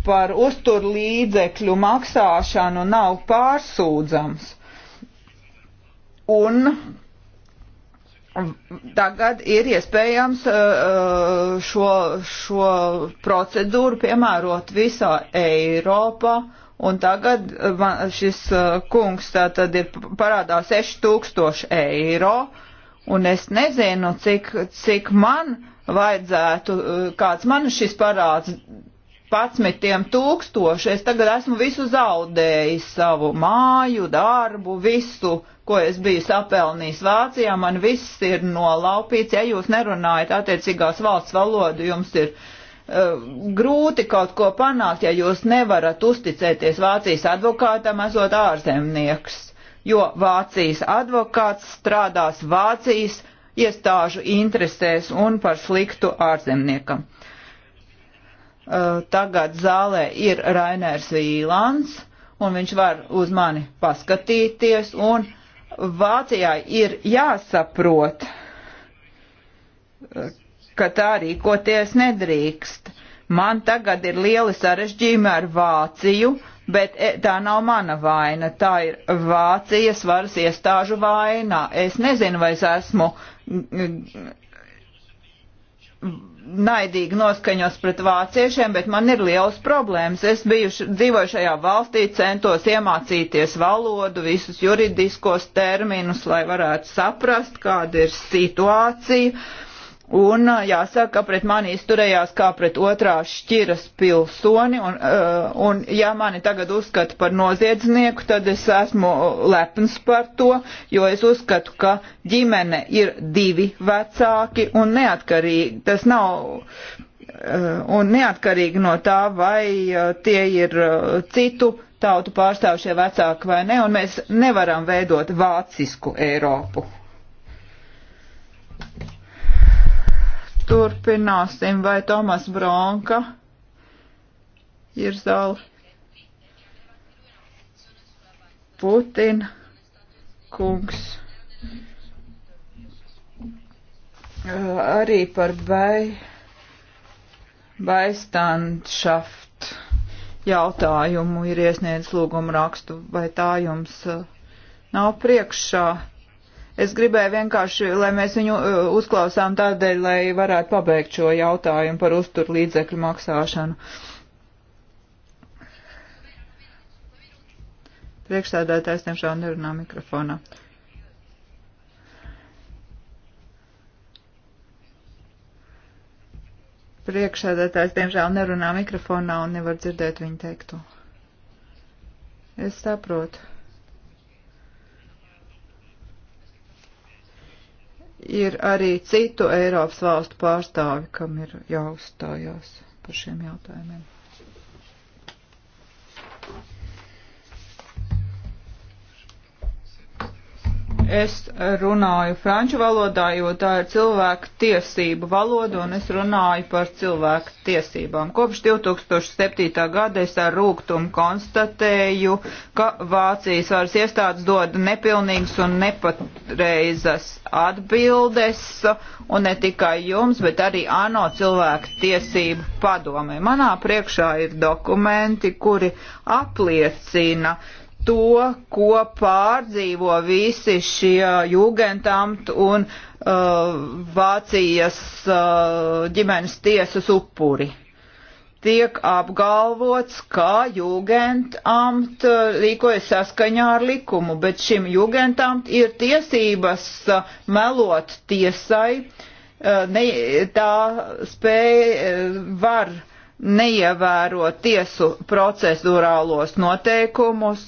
par uzturlīdzekļu maksāšanu nav pārsūdzams. Un tagad ir iespējams uh, uh, šo, šo procedūru piemērot visā Eiropā. Un tagad uh, šis kungs tā tad ir parādā 6000 eiro, un es nezinu, cik, cik man vajadzētu, kāds man šis parāds 11 tūkstoši. Es tagad esmu visu zaudējis savu māju, darbu, visu, ko es biju sapelnījis Vācijā. Man viss ir nolaupīts. Ja jūs nerunājat attiecīgās valsts valodu, jums ir uh, grūti kaut ko panākt, ja jūs nevarat uzticēties Vācijas advokātam, esot ārzemnieks, jo Vācijas advokāts strādās Vācijas iestāžu interesēs un par sliktu ārzemniekam. Eh, tagad zālē ir Rainērs Vīlāns, un viņš var uz mani paskatīties, un Vācijā ir jāsaprot, eh, ka tā rīkoties nedrīkst. Man tagad ir lieli sarežģījumi ar Vāciju, bet eh, tā nav mana vaina, tā ir Vācijas varas iestāžu vaina. Es nezinu, vai es esmu mm, mm, naidīgi noskaņos pret vāciešiem, bet man ir liels problēmas. Es biju, dzīvoju šajā valstī, centos iemācīties valodu, visus juridiskos terminus, lai varētu saprast, kāda ir situācija. Uh, Un jāsaka, ka pret mani izturējās kā pret otrā šķiras pilsoni, un, un ja mani tagad uzskata par noziedznieku, tad es esmu lepns par to, jo es uzskatu, ka ģimene ir divi vecāki un neatkarīgi. Tas nav un neatkarīgi no tā, vai tie ir citu tautu pārstāvšie vecāki vai ne, un mēs nevaram veidot vācisku Eiropu. Turpināsim, vai Tomas Bronka ir zāli. Putina kungs arī par bai, baistandšaft jautājumu ir iesniedz lūgumu rakstu, vai tā jums nav priekšā. Es gribēju vienkārši, lai mēs viņu e, uzklausām tādēļ, lai varētu pabeigt šo jautājumu par uztur līdzekļu maksāšanu. Priekšsēdētājs tiemžēl nerunā mikrofonā. Priekšsēdētājs diemžēl nerunā mikrofonā un nevar dzirdēt viņu teikto. Es saprotu. ir arī citu Eiropas valstu pārstāvi, kam ir jāuzstājās par šiem jautājumiem. Es runāju franču valodā, jo tā ir cilvēku tiesību valoda, un es runāju par cilvēku tiesībām. Kopš 2007. gada es ar rūgtumu konstatēju, ka Vācijas varas iestādes dod nepilnīgas un nepatreizas atbildes, un ne tikai jums, bet arī ANO cilvēku tiesību padomē. Manā priekšā ir dokumenti, kuri apliecina, to, ko pārdzīvo visi šie jūgentamt un uh, Vācijas uh, ģimenes tiesas upuri. Tiek apgalvots, ka jūgentamt uh, rīkojas saskaņā ar likumu, bet šim jūgentamt ir tiesības uh, melot tiesai, uh, ne, tā spēja uh, var neievēro tiesu procedurālos noteikumus,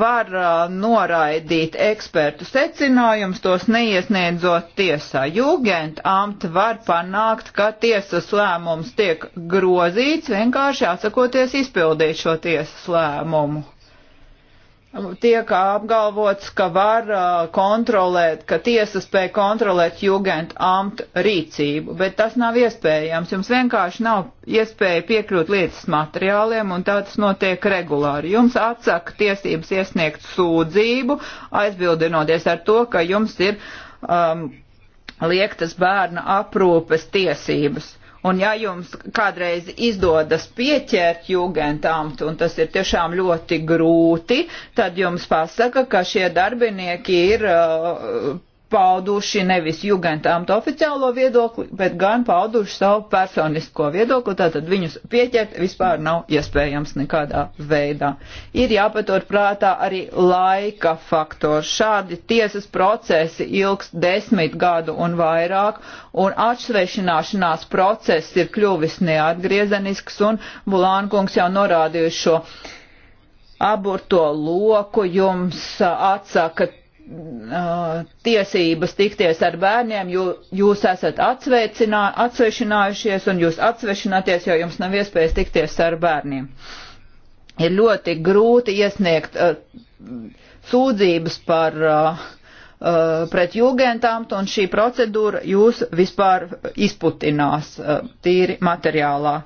var uh, noraidīt ekspertu secinājumus, tos neiesniedzot tiesā. Jūgent amt var panākt, ka tiesas lēmums tiek grozīts, vienkārši atsakoties izpildīt šo tiesas lēmumu tiek apgalvots, ka var uh, kontrolēt, ka tiesa spēja kontrolēt jugend amt rīcību, bet tas nav iespējams. Jums vienkārši nav iespēja piekļūt lietas materiāliem, un tā tas notiek regulāri. Jums atsaka tiesības iesniegt sūdzību, aizbildinoties ar to, ka jums ir um, liektas bērna aprūpes tiesības. Un ja jums kādreiz izdodas pieķert jugendamtu, un tas ir tiešām ļoti grūti, tad jums pasaka, ka šie darbinieki ir uh, pauduši nevis jugentāmta oficiālo viedokli, bet gan pauduši savu personisko viedokli, tātad viņus pieķert vispār nav iespējams nekādā veidā. Ir jāpatur prātā arī laika faktors. Šādi tiesas procesi ilgs desmit gadu un vairāk, un atšvešināšanās process ir kļuvis neatgriezenisks, un Bulānkungs jau norādījuši šo aburto loku, jums atsaka tiesības tikties ar bērniem, jo jūs esat atsvešinājušies un jūs atsvešināties, jo jums nav iespējas tikties ar bērniem. Ir ļoti grūti iesniegt uh, sūdzības par uh, uh, pret jūgentāmt, un šī procedūra jūs vispār izputinās uh, tīri materiālā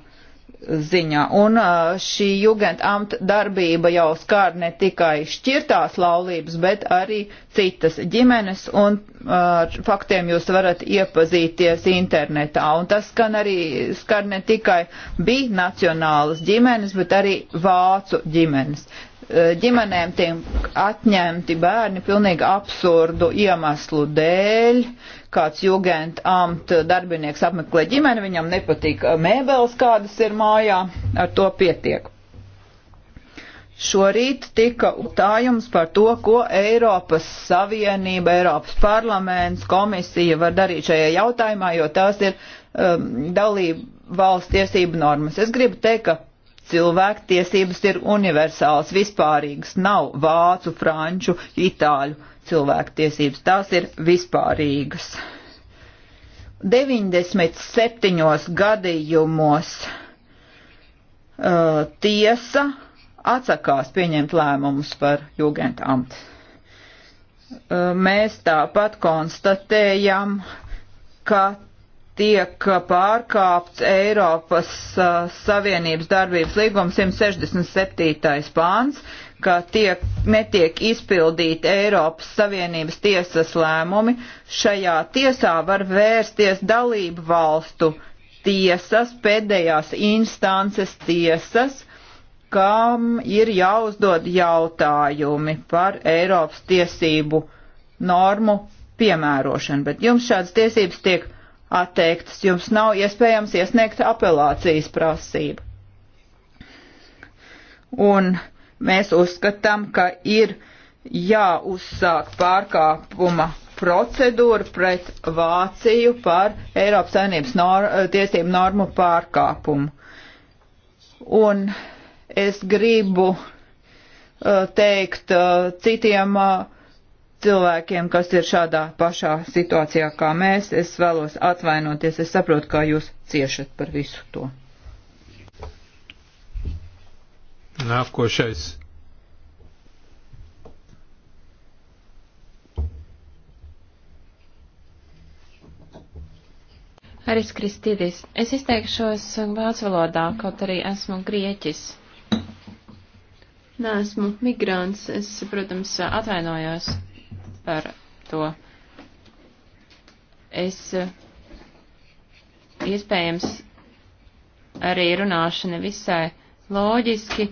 ziņā. Un šī jugendamta darbība jau skār ne tikai šķirtās laulības, bet arī citas ģimenes, un ar faktiem jūs varat iepazīties internetā. Un tas skan arī, skar ne tikai binacionālas ģimenes, bet arī vācu ģimenes. Ģimenēm tiek atņemti bērni pilnīgi absurdu iemeslu dēļ. Uh, kāds jūgent amt darbinieks apmeklē ģimeni, viņam nepatīk mēbeles, kādas ir mājā, ar to pietiek. Šorīt tika utājums par to, ko Eiropas Savienība, Eiropas parlaments, komisija var darīt šajā jautājumā, jo tās ir um, dalība valsts tiesību normas. Es gribu teikt, ka cilvēku tiesības ir universāls, vispārīgs, nav vācu, franču, itāļu cilvēktiesības. Tās ir vispārīgas. 97 gadījumos uh, tiesa atsakās pieņemt lēmumus par jūgentāmt. Uh, mēs tāpat konstatējam, ka tiek pārkāpts Eiropas uh, Savienības darbības līgums 167. pāns, ka tiek, netiek izpildīti Eiropas Savienības tiesas lēmumi, šajā tiesā var vērsties dalību valstu tiesas, pēdējās instances tiesas, kam ir jāuzdod jautājumi par Eiropas tiesību normu piemērošanu, bet jums šādas tiesības tiek atteiktas, jums nav iespējams iesniegt apelācijas prasību. Un mēs uzskatām, ka ir jāuzsāk pārkāpuma procedūra pret Vāciju par Eiropas Savienības nor tiesību normu pārkāpumu. Un es gribu uh, teikt uh, citiem uh, cilvēkiem, kas ir šādā pašā situācijā kā mēs, es vēlos atvainoties, es saprotu, kā jūs ciešat par visu to. Nākošais. Haris Kristidis. Es izteikšos vācu valodā, kaut arī esmu grieķis. Nē, esmu migrants. Es, protams, atvainojos par to. Es iespējams arī runāšu nevisai loģiski,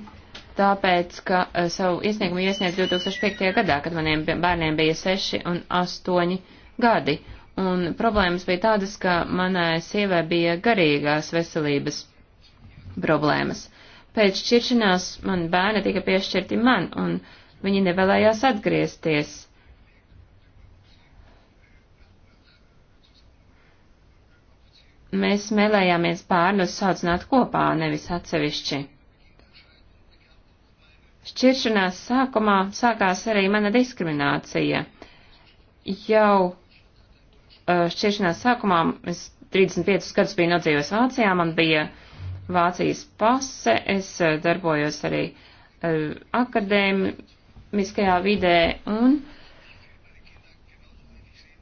tāpēc, ka e, savu iesniegumu iesniedz 2005. gadā, kad maniem bērniem bija 6 un 8 gadi. Un problēmas bija tādas, ka manai sievai bija garīgās veselības problēmas. Pēc šķiršanās man bērni tika piešķirti man, un viņi nevēlējās atgriezties. Mēs mēlējāmies bērnus saucināt kopā, nevis atsevišķi. Šķiršanās sākumā sākās arī mana diskriminācija. Jau šķiršanās sākumā es 35 gadus biju nodzīvojis Vācijā, man bija Vācijas pase, es darbojos arī akadēmiskajā vidē un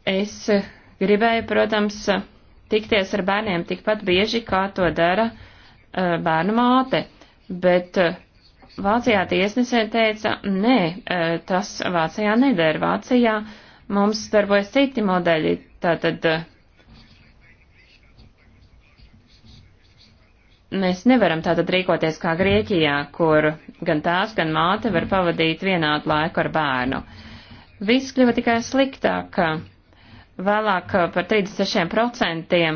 es gribēju, protams, tikties ar bērniem tikpat bieži, kā to dara bērnu māte, bet uh, Vācijā tiesnesē teica, nē, e, tas Vācijā neder. Vācijā mums darbojas citi modeļi. Tātad e, mēs nevaram tātad rīkoties kā Grieķijā, kur gan tēvs, gan māte var pavadīt vienādu laiku ar bērnu. Viss kļuva tikai sliktāk. Vēlāk par 36% e,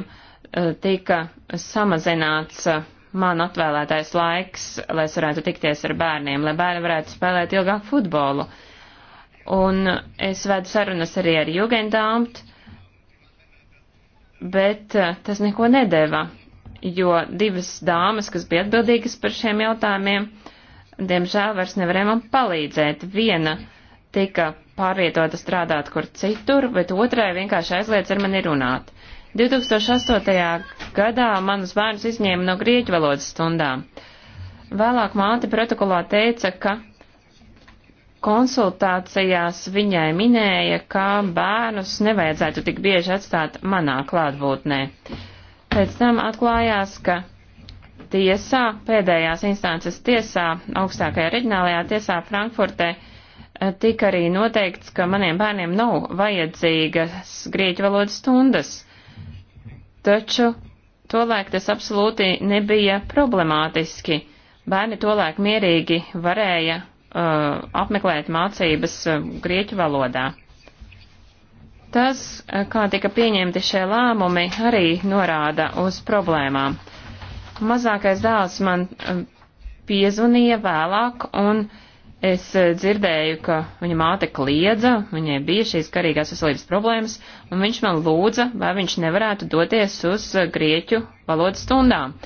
tika samazināts man atvēlētais laiks, lai es varētu tikties ar bērniem, lai bērni varētu spēlēt ilgāk futbolu. Un es vedu sarunas arī ar Jugendamt, bet eh, tas neko nedēva, jo divas dāmas, kas bija atbildīgas par šiem jautājumiem, diemžēl vairs nevarēja man palīdzēt. Viena tika pārvietota strādāt kur citur, bet otrai vienkārši aizliedz ar mani runāt. 2008. gadā manus bērnus izņēma no grieķu valodas stundām. Vēlāk māte protokolā teica, ka konsultācijās viņai minēja, ka bērnus nevajadzētu tik bieži atstāt manā klātbūtnē. Pēc tam atklājās, ka tiesā, pēdējās instances tiesā, augstākajā reģionālajā tiesā Frankfurtē, eh, tika arī noteikts, ka maniem bērniem nav vajadzīgas grieķu valodas stundas. Taču tolaik tas absolūti nebija problemātiski. Bērni tolaik mierīgi varēja uh, apmeklēt mācības uh, grieķu valodā. Tas, uh, kā tika pieņemti šie lēmumi, arī norāda uz problēmām. Mazākais dēls man uh, piezvanīja vēlāk un uh, Es eh, dzirdēju, ka viņa māte kliedza, viņai bija šīs karīgās veselības problēmas, un viņš man lūdza, vai viņš nevarētu doties uz eh, grieķu valodas stundām.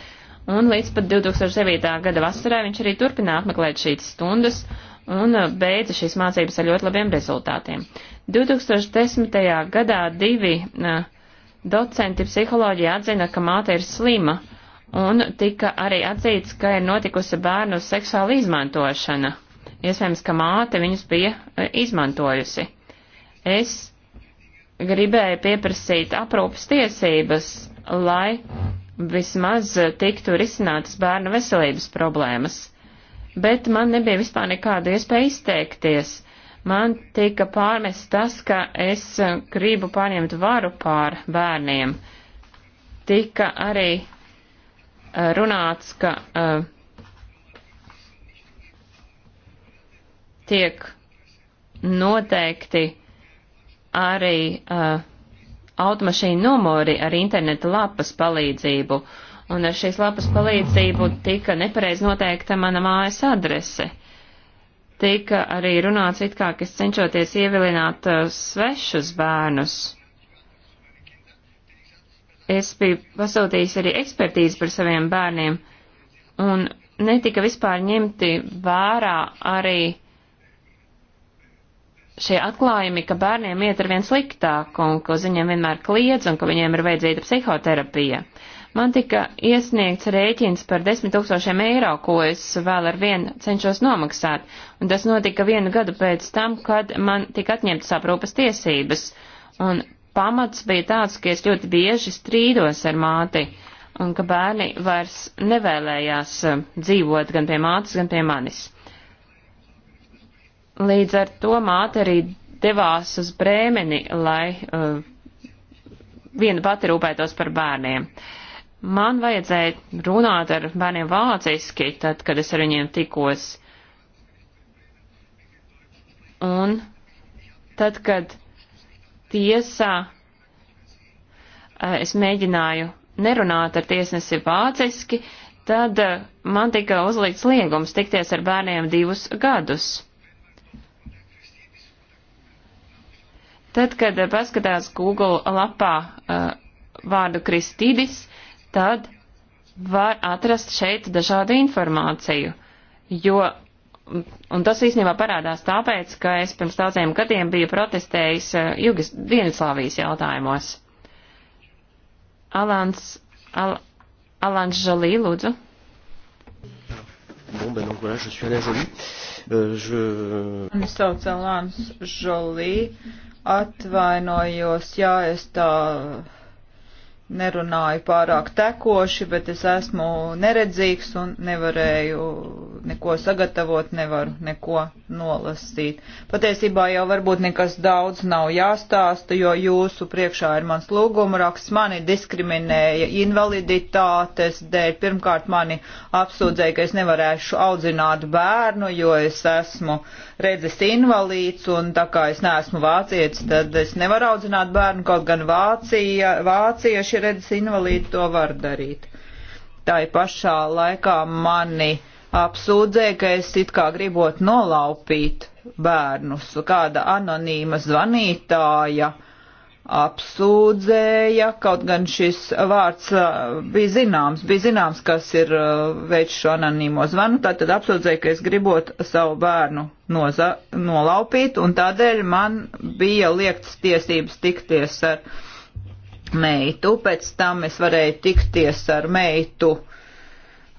Un līdz pat 2009. gada vasarai viņš arī turpināja apmeklēt šīs stundas un eh, beidza šīs mācības ar ļoti labiem rezultātiem. 2010. gadā divi docenti psiholoģija atzina, ka māte ir slima, un tika arī atzīts, ka ir notikusi bērnu seksuāla izmantošana Iespējams, ka māte viņus bija e, izmantojusi. Es gribēju pieprasīt aprūpas tiesības, lai vismaz tiktu risinātas bērnu veselības problēmas. Bet man nebija vispār nekāda iespēja izteikties. Man tika pārmests tas, ka es e, gribu pārņemt varu pār bērniem. Tika arī e, runāts, ka uh, tiek noteikti arī uh, automašīnu numuri ar interneta lapas palīdzību, un ar šīs lapas palīdzību tika nepareiz noteikta mana mājas adrese. Tika arī runāts it kā, ka es cenšoties ievilināt uh, svešus bērnus. Es biju pasūtījis arī ekspertīzi par saviem bērniem, un netika vispār ņemti vērā arī šie atklājumi, ka bērniem iet ar vien sliktāk un ka uz viņiem vienmēr kliedz un ka viņiem ir vajadzīga psihoterapija. Man tika iesniegts rēķins par desmit tūkstošiem eiro, ko es vēl ar vienu cenšos nomaksāt, un tas notika vienu gadu pēc tam, kad man tika atņemtas aprūpas tiesības, un pamats bija tāds, ka es ļoti bieži strīdos ar māti, un ka bērni vairs nevēlējās eh, dzīvot gan pie mātes, gan pie manis. Līdz ar to māte arī devās uz brēmeni, lai uh, viena pati rūpētos par bērniem. Man vajadzēja runāt ar bērniem vāciski, tad, kad es ar viņiem tikos. Un tad, kad tiesā uh, es mēģināju nerunāt ar tiesnesi vāciski, tad uh, man tika uzlikts liegums tikties ar bērniem divus gadus. Tad, kad paskatās Google lapā uh, vārdu Kristīdis, tad var atrast šeit dažādu informāciju, jo, un tas īstenībā parādās tāpēc, ka es pirms daudziem gadiem biju protestējis uh, Jugas Dienvidslāvijas jautājumos. Alans, Al, Alans Žalī, lūdzu. Bon, ben donc voilà, je suis Alain Joly. Euh, je... Sauc Alans Joly. Atvainojos, jā, es tā nerunāju pārāk tekoši, bet es esmu neredzīgs un nevarēju neko sagatavot, nevaru neko nolasīt. Patiesībā jau varbūt nekas daudz nav jāstāsta, jo jūsu priekšā ir mans lūguma raksts. Mani diskriminēja invaliditātes dēļ. Pirmkārt, mani apsūdzēja, ka es nevarēšu audzināt bērnu, jo es esmu redzes invalīds un tā kā es neesmu vācietis, tad es nevaru audzināt bērnu, kaut gan Vācija, vācieši redzes invalīdi to var darīt. Tā ir pašā laikā mani apsūdzēja, ka es it kā gribot nolaupīt bērnus. Kāda anonīma zvanītāja apsūdzēja, kaut gan šis vārds uh, bija zināms, bija zināms, kas ir uh, veids šo anonīmo zvanu, tātad apsūdzēja, ka es gribot savu bērnu noza, nolaupīt, un tādēļ man bija liektas tiesības tikties ar meitu, pēc tam es varēju tikties ar meitu uh,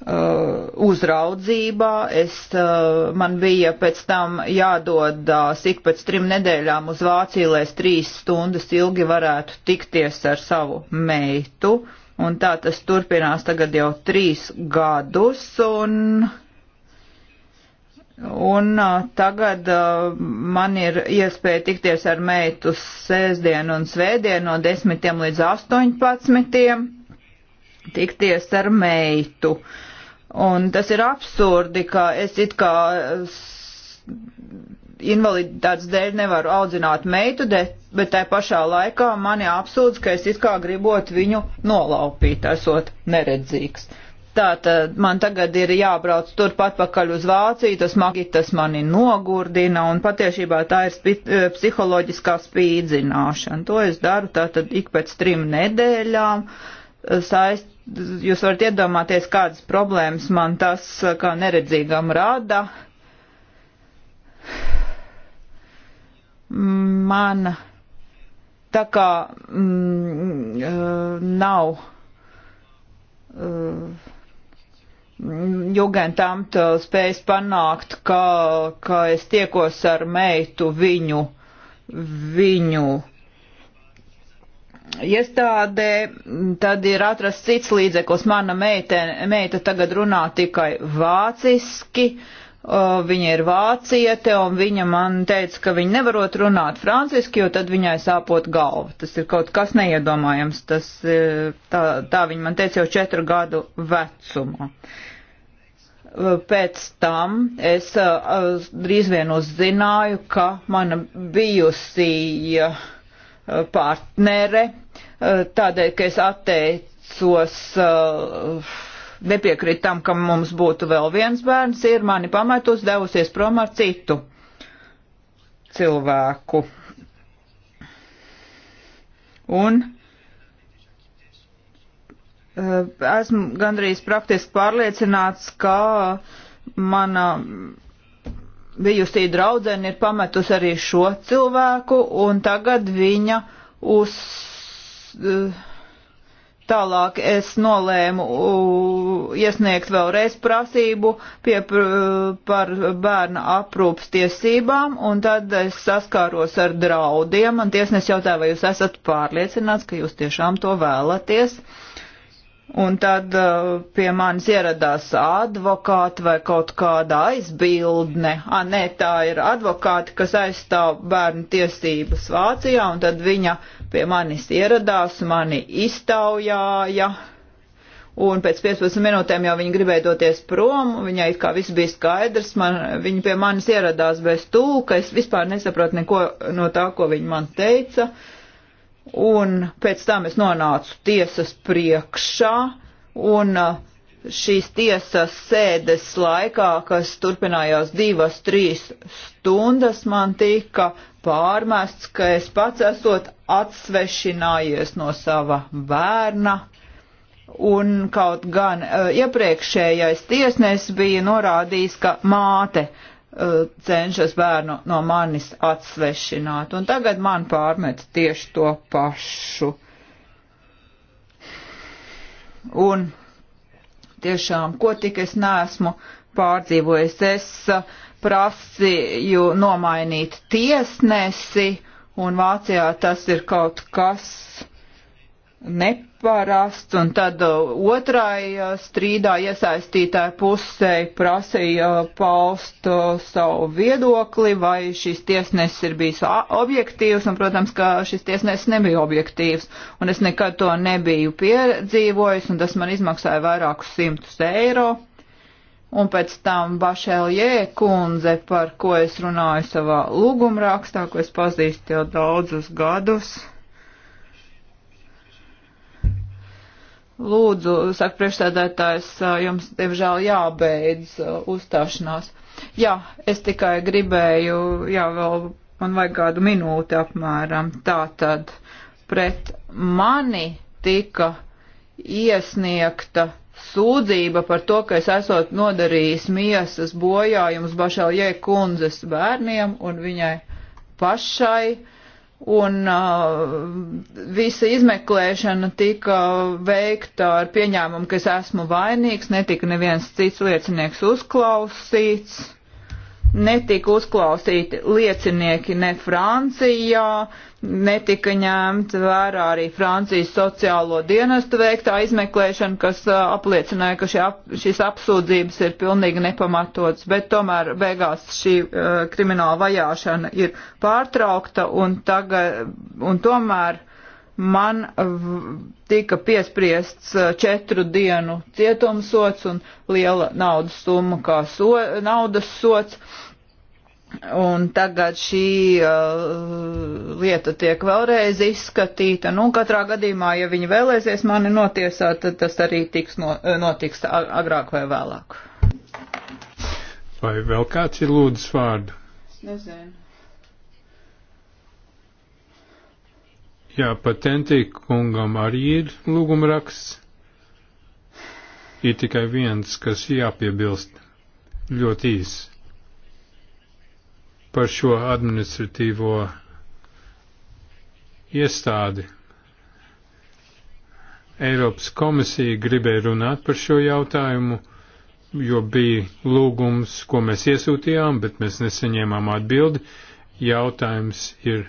Uh, uzraudzībā. Es, uh, man bija pēc tam jādodās uh, ik pēc trim nedēļām uz Vāciju, lai es trīs stundas ilgi varētu tikties ar savu meitu. Un tā tas turpinās tagad jau trīs gadus, un, un tagad man ir iespēja tikties ar meitu sēsdienu un svētdienu no 10 līdz 18. Tikties ar meitu. Uh, Un tas ir absurdi, ka es it kā invaliditātes dēļ nevaru audzināt meitu, bet tā pašā laikā mani apsūdz, ka es it kā gribot viņu nolaupīt, esot neredzīgs. Tātad man tagad ir jābrauc turpat pakaļ uz Vāciju, tas magi tas mani nogurdina, un patiešībā tā ir spi e, psiholoģiskā spīdzināšana. To es daru tātad ik pēc trim nedēļām, e, saist Jūs varat iedomāties, kādas problēmas man tas eh, kā neredzīgam rada. Man tā kā mm, eh, nav uh, Jugendamt spējas panākt, ka, ka es tiekos ar meitu viņu, viņu uh, iestādē, tad ir atrasts cits līdzeklis. Mana meite, meita tagad runā tikai vāciski. Uh, viņa ir vāciete, un viņa man teica, ka viņa nevarot runāt franciski, jo tad viņai sāpot galva. Tas ir kaut kas neiedomājams. Tas, e, tā, tā viņa man teica jau četru gadu vecumā. Pēc tam es uh, drīz vien uzzināju, ka mana bijusī uh, partnere, eh, tādēļ, ka es atteicos eh, nepiekrīt tam, ka mums būtu vēl viens bērns, ir mani pametus devusies prom ar citu cilvēku. Un eh, esmu gandrīz praktiski pārliecināts, ka mana bijusī draudzene ir pametus arī šo cilvēku, un tagad viņa uz. Eh, tālāk es nolēmu iesniegt vēlreiz prasību pie, par bērna aprūpas tiesībām, un tad es saskāros ar draudiem, un tiesnes jautāja, vai jūs esat pārliecināts, ka jūs tiešām to vēlaties. Uh, Un tad uh, pie manis ieradās advokāti vai kaut kāda aizbildne. Ā, nē, tā ir advokāti, kas aizstāv bērnu tiesības Vācijā, un tad viņa pie manis ieradās, mani iztaujāja. Un pēc 15 minūtēm jau viņa gribēja doties prom, viņai it kā viss bija skaidrs, man, viņa pie manis ieradās bez tūka, es vispār nesapratu neko no tā, ko viņa man teica. Uh, un pēc tam es nonācu tiesas priekšā, un uh, šīs tiesas sēdes laikā, kas turpinājās divas, trīs stundas, man tika pārmests, ka es pats esot atsvešinājies no sava bērna, un kaut gan uh, iepriekšējais tiesnes bija norādījis, ka māte cenšas bērnu no manis atsvešināt. Un tagad man pārmet tieši to pašu. Un tiešām, ko tik es neesmu pārdzīvojis, es uh, prasīju nomainīt tiesnesi, un Vācijā tas ir kaut kas, uh, neparasts, un tad uh, otrai uh, strīdā iesaistītāja pusē prasīja uh, paust savu viedokli, vai šis tiesnesis ir bijis objektīvs, un, protams, ka šis tiesnesis nebija objektīvs, un es nekad to nebiju pieredzīvojis, un tas man izmaksāja vairākus simtus eiro. Un pēc tam Bašēljē kundze, par ko es runāju savā lūgumrakstā, ko es pazīstu jau daudzus gadus Lūdzu, saka priekšsēdētājs, jums, diemžēl, jābeidz uzstāšanās. Jā, es tikai gribēju, jā, vēl man vajag kādu minūti apmēram. Tā tad pret mani tika iesniegta sūdzība par to, ka es esot nodarījis miesas bojājumus Bašaljē kundzes bērniem un viņai pašai un uh, visa izmeklēšana tika veikta ar pieņēmumu, ka es esmu vainīgs, netika neviens cits liecinieks uzklausīts netika uzklausīti liecinieki ne Francijā, netika ņemt vērā arī Francijas sociālo dienestu veiktā izmeklēšana, kas apliecināja, ka ap, šīs apsūdzības ir pilnīgi nepamatotas, bet tomēr beigās šī uh, krimināla vajāšana ir pārtraukta un, tagad, un tomēr man tika piespriests četru dienu cietumsots un liela naudas summa kā so, naudas sots. Uh, Un tagad šī uh, lieta tiek vēlreiz izskatīta. Nu, katrā gadījumā, ja viņi vēlēsies mani notiesāt, tad tas arī tiks no, eh, notiks agrāk vai vēlāk. Vai vēl kāds ir lūdzis vārdu? Nezinu. Jā, patentī kungam arī ir lūguma raksts. Ir tikai viens, kas jāpiebilst. Ļoti īsi par šo administratīvo iestādi. Eiropas komisija gribēja runāt par šo jautājumu, jo bija lūgums, ko mēs iesūtījām, bet mēs nesaņēmām atbildi. Jautājums ir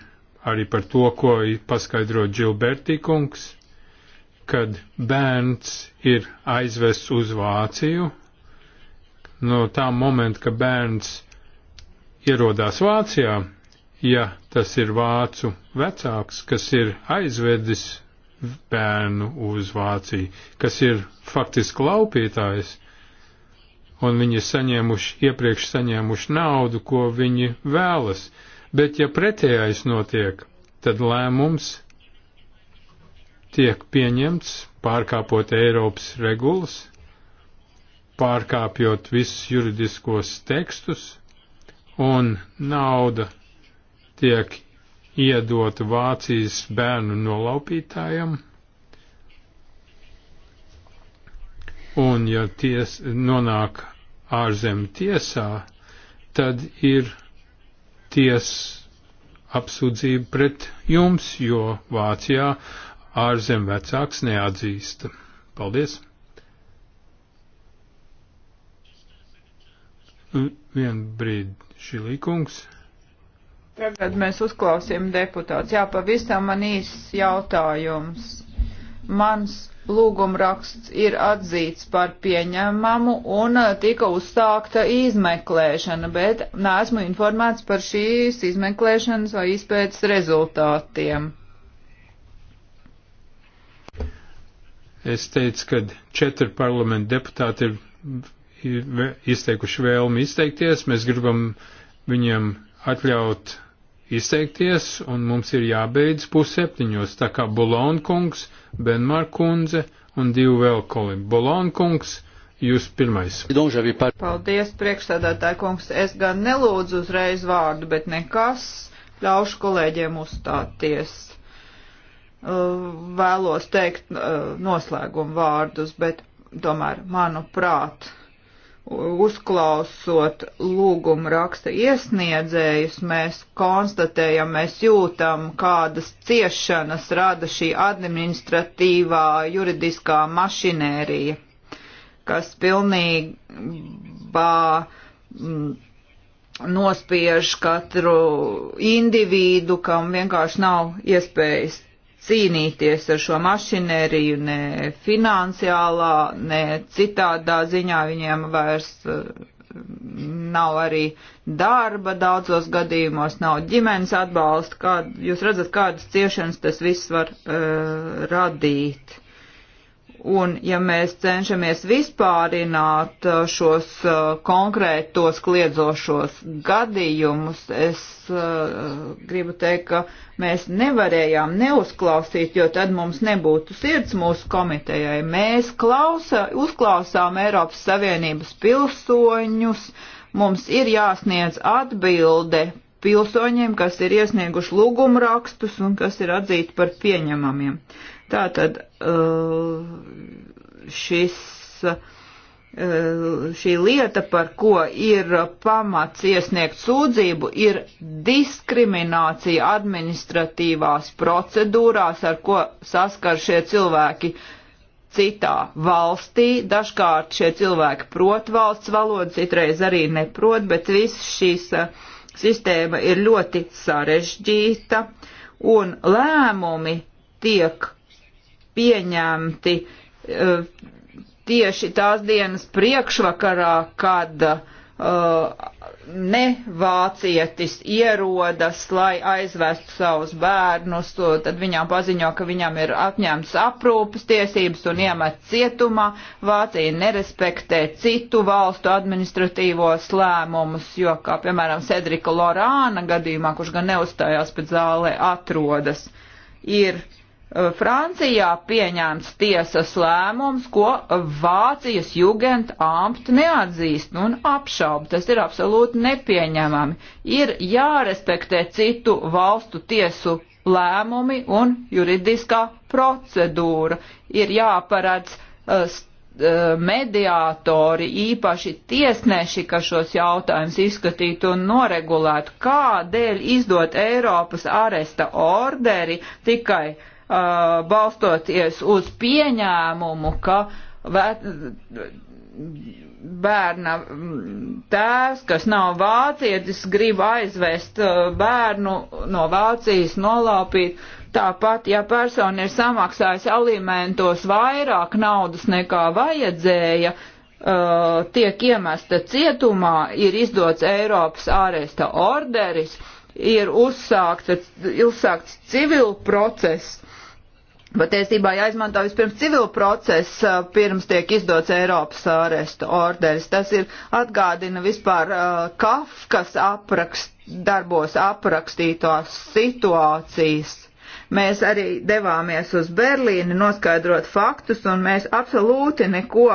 arī par to, ko paskaidro Džilbertī kungs, kad bērns ir aizvests uz Vāciju. No tā momenta, ka bērns ierodās Vācijā, ja tas ir vācu vecāks, kas ir aizvedis bērnu uz Vāciju, kas ir faktiski laupītājs, un viņi saņēmuši, iepriekš saņēmuši naudu, ko viņi vēlas, bet ja pretējais notiek, tad lēmums tiek pieņemts pārkāpot Eiropas regulas, pārkāpjot visus juridiskos tekstus, un nauda tiek iedota Vācijas bērnu nolaupītājam, un ja ties, nonāk ārzem tiesā, tad ir ties apsūdzība pret jums, jo Vācijā ārzem vecāks neatzīst. Paldies! Vienu brīdi. Šilī kungs. Tagad mēs uzklausīsim deputāts. Jā, pavisam man īsts jautājums. Mans lūgumraksts ir atzīts par pieņemamu un tika uzsākta izmeklēšana, bet neesmu informēts par šīs izmeklēšanas vai izpētes rezultātiem. Es teicu, ka četri parlamenta deputāti ir izteikuši vēlmi izteikties, mēs gribam viņiem atļaut izteikties, un mums ir jābeidz pusseptiņos, tā kā Bolonkungs, Benmarkundze un divi vēl kolēģi. Bolonkungs, Jūs pirmais. Paldies, priekšsēdētāji kungs. Es gan nelūdzu uzreiz vārdu, bet nekas. Ļaušu kolēģiem uzstāties. Vēlos teikt eh, noslēgumu vārdus, bet tomēr, manuprāt, uzklausot lūgumu raksta iesniedzējus, mēs konstatējam, mēs jūtam, kādas ciešanas rada šī administratīvā juridiskā mašinērija, kas pilnībā mm, nospiež katru individu, kam vienkārši nav iespējas cīnīties ar šo mašinēriju, ne finansiālā, ne citādā ziņā viņiem vairs eh, nav arī darba, daudzos gadījumos nav ģimenes atbalsta, kā, jūs redzat, kādas ciešanas tas viss var uh, radīt. Un ja mēs cenšamies vispārināt uh, šos uh, konkrētos kliedzošos gadījumus, es uh, gribu teikt, ka mēs nevarējām neuzklausīt, jo tad mums nebūtu sirds mūsu komitejai. Mēs klausa, uzklausām Eiropas Savienības pilsoņus, mums ir jāsniedz atbilde pilsoņiem, kas ir iesnieguši lūgumrakstus un kas ir atzīti par pieņemamiem. Uh, Tātad eh, šis, eh, šī lieta, par ko ir pamats iesniegt sūdzību, ir diskriminācija administratīvās procedūrās, ar ko saskar šie cilvēki citā valstī. Dažkārt šie cilvēki prot valsts valodu, citreiz arī neprot, bet viss šīs eh, sistēma ir ļoti sarežģīta un lēmumi tiek pieņemti e, tieši tās dienas priekšvakarā, kad e, ne vācietis ierodas, lai aizvestu savus bērnus, tad viņām paziņo, ka viņam ir atņemts aprūpas tiesības un iemet cietumā. Vācija nerespektē citu valstu administratīvos lēmumus, jo, kā piemēram, Sedrika Lorāna gadījumā, kurš gan neuzstājās pēc zālē, atrodas, ir Eh, Francijā pieņēmts tiesas lēmums, ko Vācijas jugend ampt neatzīst un apšaub. Tas ir absolūti nepieņemami. Ir jārespektē citu valstu tiesu lēmumi un juridiskā procedūra. Ir jāparāds uh, eh, eh, mediātori, īpaši tiesneši, kas šos jautājumus izskatītu un noregulētu, kādēļ izdot Eiropas aresta orderi tikai uh, Uh, balstoties uz pieņēmumu, ka bērna mm, tēvs, kas nav vācietis, grib aizvest uh, bērnu no Vācijas nolaupīt. Tāpat, ja persona ir samaksājusi alimentos vairāk naudas nekā vajadzēja, uh, tiek iemesta cietumā, ir izdots Eiropas āresta orderis, ir uzsākts, uzsākts civil process Patiesībā jāizmanto vispirms civil process, uh, pirms tiek izdots Eiropas ārestu orders. Tas ir atgādina vispār uh, Kafkas aprakst, darbos aprakstītās situācijas. Mēs arī devāmies uz Berlīni noskaidrot faktus, un mēs absolūti neko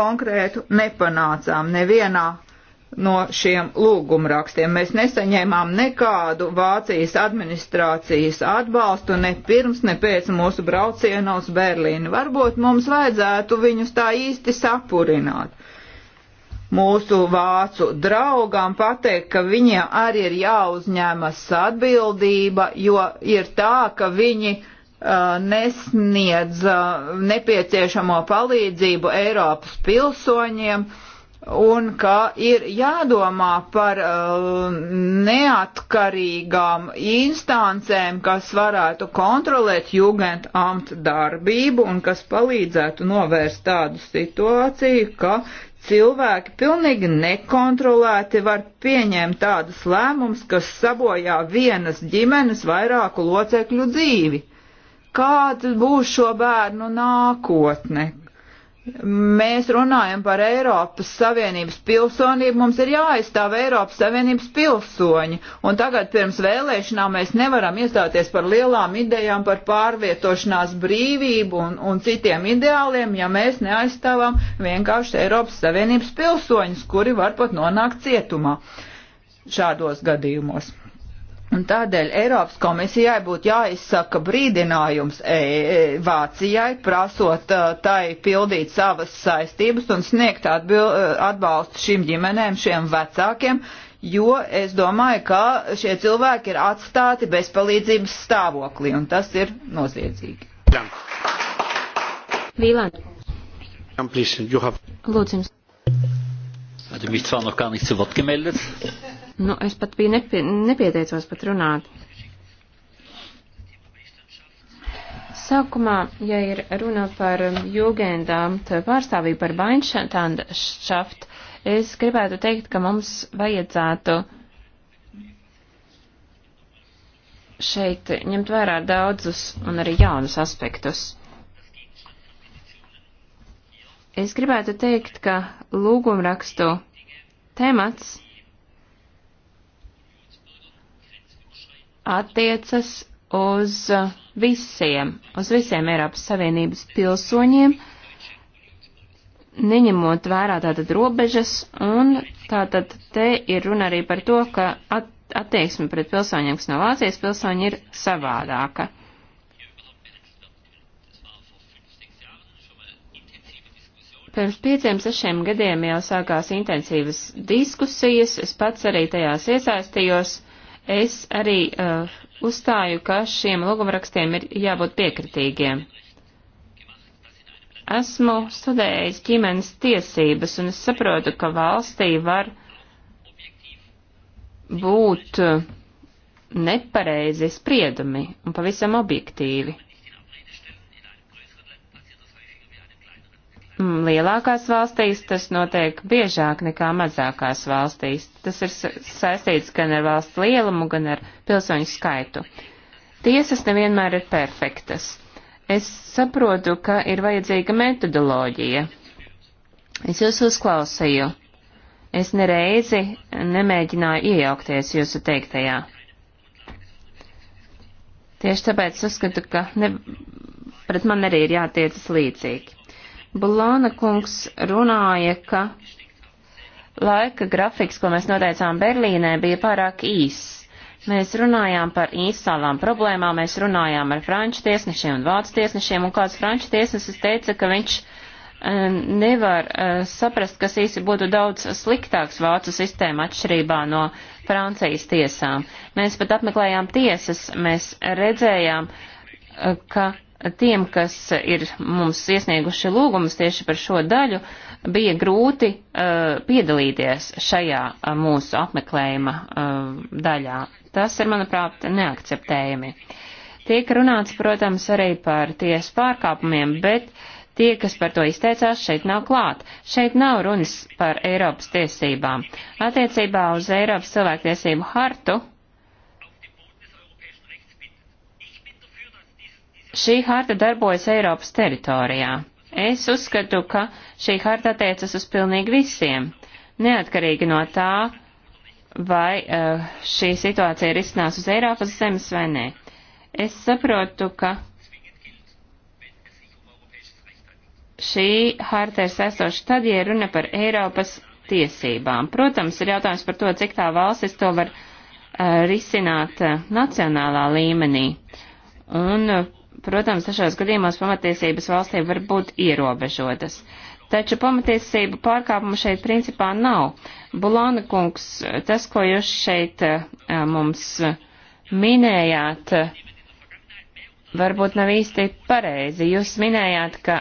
konkrētu nepanācām nevienā no šiem lūgumrakstiem. Mēs nesaņēmām nekādu Vācijas administrācijas atbalstu ne pirms, ne pēc mūsu brauciena uz Berlīnu. Varbūt mums vajadzētu viņus tā īsti sapurināt. Mūsu vācu draugām pateikt, ka viņiem arī ir jāuzņemas atbildība, jo ir tā, ka viņi uh, nesniedz uh, nepieciešamo palīdzību Eiropas pilsoņiem, uh, un ka ir jādomā par uh, neatkarīgām instancēm, kas varētu kontrolēt jugendamt darbību un kas palīdzētu novērst tādu situāciju, ka cilvēki pilnīgi nekontrolēti var pieņemt tādus lēmumus, kas sabojā vienas ģimenes vairāku locekļu dzīvi. Kāda būs šo bērnu nākotne? Mēs runājam par Eiropas Savienības pilsonību, mums ir jāaizstāv Eiropas Savienības pilsoņi. Un tagad pirms vēlēšanām mēs nevaram iestāties par lielām idejām par pārvietošanās brīvību un, un citiem ideāliem, ja mēs neaizstāvam vienkārši Eiropas Savienības pilsoņus, kuri var pat nonākt cietumā šādos gadījumos. Un tādēļ Eiropas komisijai būtu jāizsaka brīdinājums e, e Vācijai, prasot e, tai pildīt savas saistības un sniegt atbil, e, atbalstu šīm ģimenēm, šiem vecākiem, jo es domāju, ka šie cilvēki ir atstāti bezpalīdzības stāvoklī, un tas ir noziedzīgi. Vīlāna. Lūdzu jums. Hatte mich zwar noch gar nicht zu Wort gemeldet. Er? Nu, es pat biju nepie, nepieteicos pat runāt. Sākumā, ja ir runa par jūgendāmt pārstāvību par Bainštandašaft, es gribētu teikt, ka mums vajadzētu šeit ņemt vērā daudzus un arī jaunus aspektus. Es gribētu teikt, ka lūgumrakstu temats attiecas uz uh, visiem, uz visiem Eiropas Savienības pilsoņiem, neņemot vērā tātad robežas, un tātad te ir runa arī par to, ka at, attieksme pret pilsoņiem, kas no Vācijas pilsoņi, ir savādāka. Pirms pieciem, sešiem gadiem jau sākās intensīvas diskusijas, es pats arī tajās iesaistījos es arī uh, uzstāju, ka šiem logumrakstiem ir jābūt piekritīgiem. Esmu studējis ģimenes tiesības, un es saprotu, ka valstī var būt eh, nepareizi spriedumi un pavisam objektīvi. Mm, lielākās valstīs tas notiek biežāk nekā mazākās valstīs. Tas ir saistīts gan ar valsts lielumu, gan ar pilsoņu skaitu. Tiesas nevienmēr ir perfektas. Es saprotu, ka ir vajadzīga metodoloģija. Es jūs uzklausīju. Es nereizi nemēģināju iejaukties jūsu teiktajā. Tieši tāpēc uzskatu, ka ne, pret man arī ir jātiecas līdzīgi. Bulāna kungs runāja, ka laika grafiks, ko mēs noteicām Berlīnē, bija pārāk īss. Mēs runājām par īsālām problēmām, mēs runājām ar franču tiesnešiem un vācu tiesnešiem, un kāds franču tiesnesis teica, ka viņš eh, nevar uh, saprast, kas īsi būtu daudz sliktāks vācu sistēma atšķirībā no Francijas tiesām. Mēs pat apmeklējām tiesas, mēs redzējām, uh, ka tiem, kas ir mums iesnieguši lūgumus tieši par šo daļu, bija grūti uh, piedalīties šajā uh, mūsu apmeklējuma uh, daļā. Tas ir, manuprāt, neakceptējami. Tiek runāts, protams, arī par tiesu pārkāpumiem, bet tie, kas par to izteicās, šeit nav klāt. Šeit nav runas par Eiropas tiesībām. Attiecībā uz Eiropas cilvēktiesību hartu Šī harta darbojas Eiropas teritorijā. Es uzskatu, ka šī harta attiecas uz pilnīgi visiem, neatkarīgi no tā, vai uh, šī situācija ir izcinās uz Eiropas zemes vai nē. Es saprotu, ka šī harta ir saistoša tad, ja runa par Eiropas tiesībām. Protams, ir jautājums par to, cik tā valstis to var uh, risināt uh, nacionālā līmenī. Un uh, Protams, dažos gadījumos pamatiesības valstī var būt ierobežotas. Taču pamatiesību pārkāpumu šeit principā nav. Bulona kungs, tas, ko jūs šeit eh, mums minējāt, varbūt nav īsti pareizi. Jūs minējāt, ka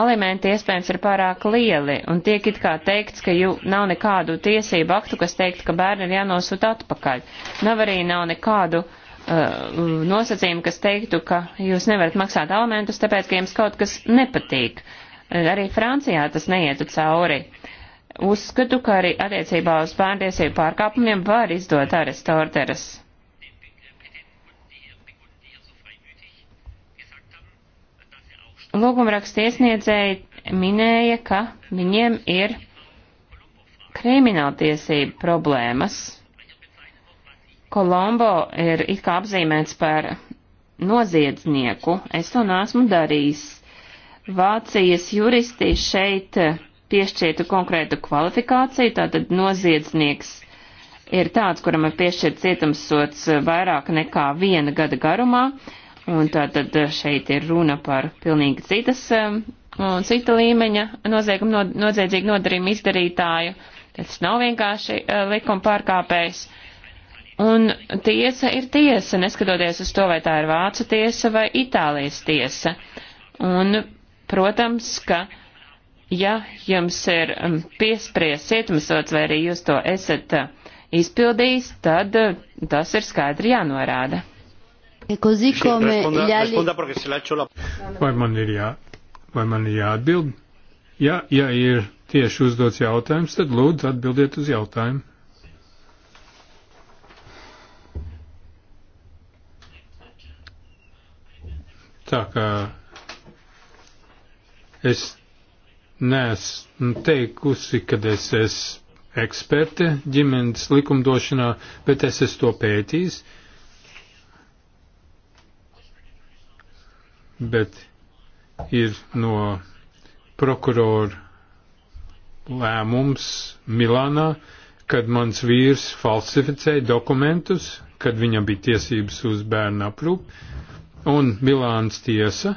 alimenti iespējams ir pārāk lieli, un tiek it kā teikts, ka jū nav nekādu tiesību aktu, kas teikt, ka bērni ir jānosūta atpakaļ. Nav arī nav nekādu uh, Uh, nosacījumi, kas teiktu, ka jūs nevarat maksāt alimentus, tāpēc, ka jums kaut kas nepatīk. Uh, arī Francijā tas neietu cauri. Uzskatu, ka arī attiecībā uz bērntiesību pārkāpumiem var izdot aresta orderes. Lūgumraksta iesniedzēji minēja, ka viņiem ir krimināltiesība problēmas Kolombo ir it kā apzīmēts par noziedznieku. Es to neesmu darījis. Vācijas juristi šeit piešķirtu konkrētu kvalifikāciju, tātad noziedznieks ir tāds, kuram ir piešķirts cietumsots vairāk nekā viena gada garumā, un tātad šeit ir runa par pilnīgi citas um, un cita līmeņa nozieguma noziedzīgu nodarījumu izdarītāju. Tas nav vienkārši uh, likuma pārkāpējs. Uh, Un tiesa ir tiesa, neskatoties uz to, vai tā ir vācu tiesa vai Itālijas tiesa. Un, protams, ka, ja jums ir um, piespriezt cietumsots vai arī jūs to esat uh, izpildījis, tad uh, tas ir skaidri jānorāda. E vai man ir, jā, vai man ir jāatbild? Ja, ja ir tieši uzdots jautājums, tad lūdzu atbildiet uz jautājumu. Tā kā es neesmu teikusi, kad es esmu eksperte ģimenes likumdošanā, bet es esmu to pētījis. Bet ir no prokurora lēmums Milānā, kad mans vīrs falsificēja dokumentus, kad viņam bija tiesības uz bērnu aprūpi Un Milāns tiesa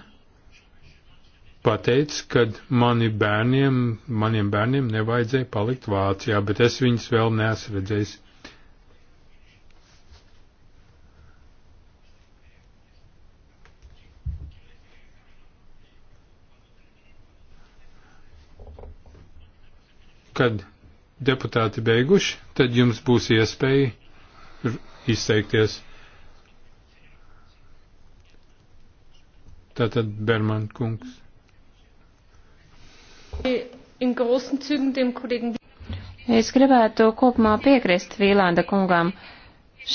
pateica, ka mani bērniem, maniem bērniem nevajadzēja palikt Vācijā, bet es viņus vēl neesmu redzējis. kad deputāti beiguši, tad jums būs iespēja izteikties. Tātad Berman kungs. Es gribētu kopumā piekrist Vīlanda kungām.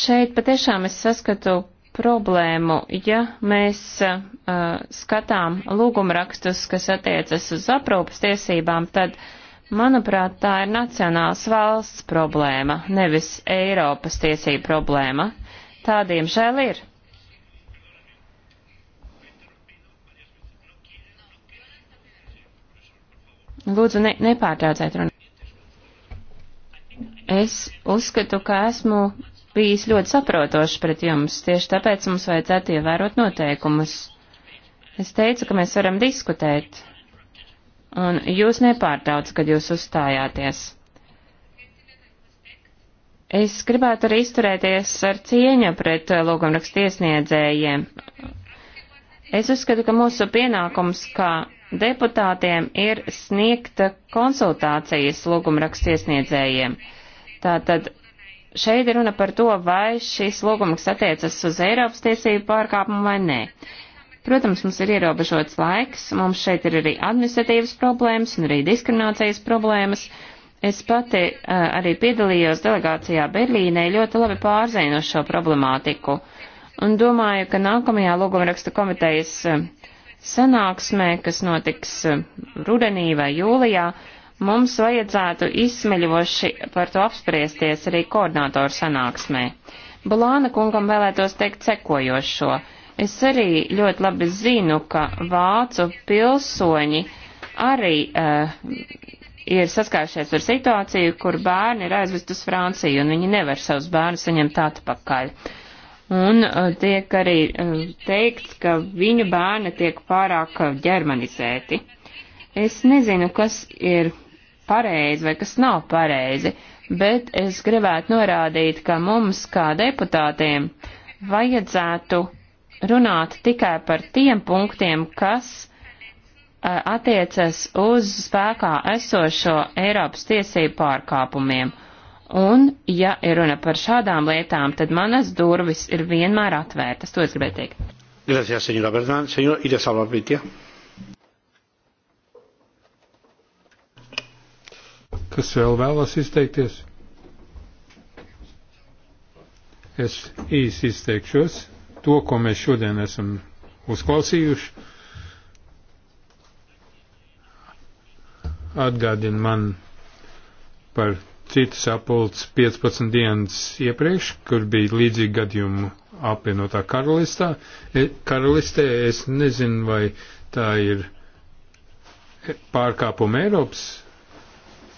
Šeit patiešām es saskatu problēmu, ja mēs uh, skatām lūgumrakstus, kas attiecas uz aprūpas tiesībām, tad, manuprāt, tā ir nacionāls valsts problēma, nevis Eiropas tiesība problēma. Tādiem žēl ir. Lūdzu, ne, nepārtrauciet runu. Es uzskatu, ka esmu bijis ļoti saprotošs pret jums, tieši tāpēc mums vajadzētu ievērot noteikumus. Es teicu, ka mēs varam diskutēt, un jūs nepārtrauc, kad jūs uzstājāties. Es gribētu arī izturēties ar cieņu pret eh, logumrakstu iesniedzējiem. Es uzskatu, ka mūsu pienākums kā deputātiem ir sniegta konsultācijas lūgumraksts iesniedzējiem. Tātad šeit ir runa par to, vai šis lūgums attiecas uz Eiropas tiesību pārkāpumu vai nē. Protams, mums ir ierobežots laiks, mums šeit ir arī administratīvas problēmas un arī diskriminācijas problēmas. Es pati uh, arī piedalījos delegācijā Berlīnē, ļoti labi pārzēnu šo problemātiku un domāju, ka nākamajā lūgumraksta komitejas uh, sanāksmē, kas notiks eh, rudenī vai jūlijā, mums vajadzētu izsmeļoši par to apspriesties arī koordinātoru sanāksmē. Bulāna kungam vēlētos teikt sekojošo. Es arī ļoti labi zinu, ka vācu pilsoņi arī uh, ir saskāršies ar situāciju, kur bērni ir aizvest uz Franciju un viņi nevar savus bērnus saņemt atpakaļ. Uh, un uh, tiek arī uh, teikts, ka viņu bērni tiek pārāk uh, ģermanizēti. Es nezinu, kas ir pareizi vai kas nav pareizi, bet es gribētu norādīt, ka mums kā deputātiem vajadzētu runāt tikai par tiem punktiem, kas attiecas uz spēkā esošo Eiropas tiesību pārkāpumiem Un, ja ir runa par šādām lietām, tad manas durvis ir vienmēr atvērtas. To es gribēju teikt. Gracias, señora Bernán. Señora Ires Alvarbitia. Kas vēl vēlas izteikties? Es īsi izteikšos to, ko mēs šodien esam uzklausījuši. Atgādina man par citu sapulci 15 dienas iepriekš, kur bija līdzīgi gadījumu apvienotā karalistā. E, karalistē es nezinu, vai tā ir pārkāpuma Eiropas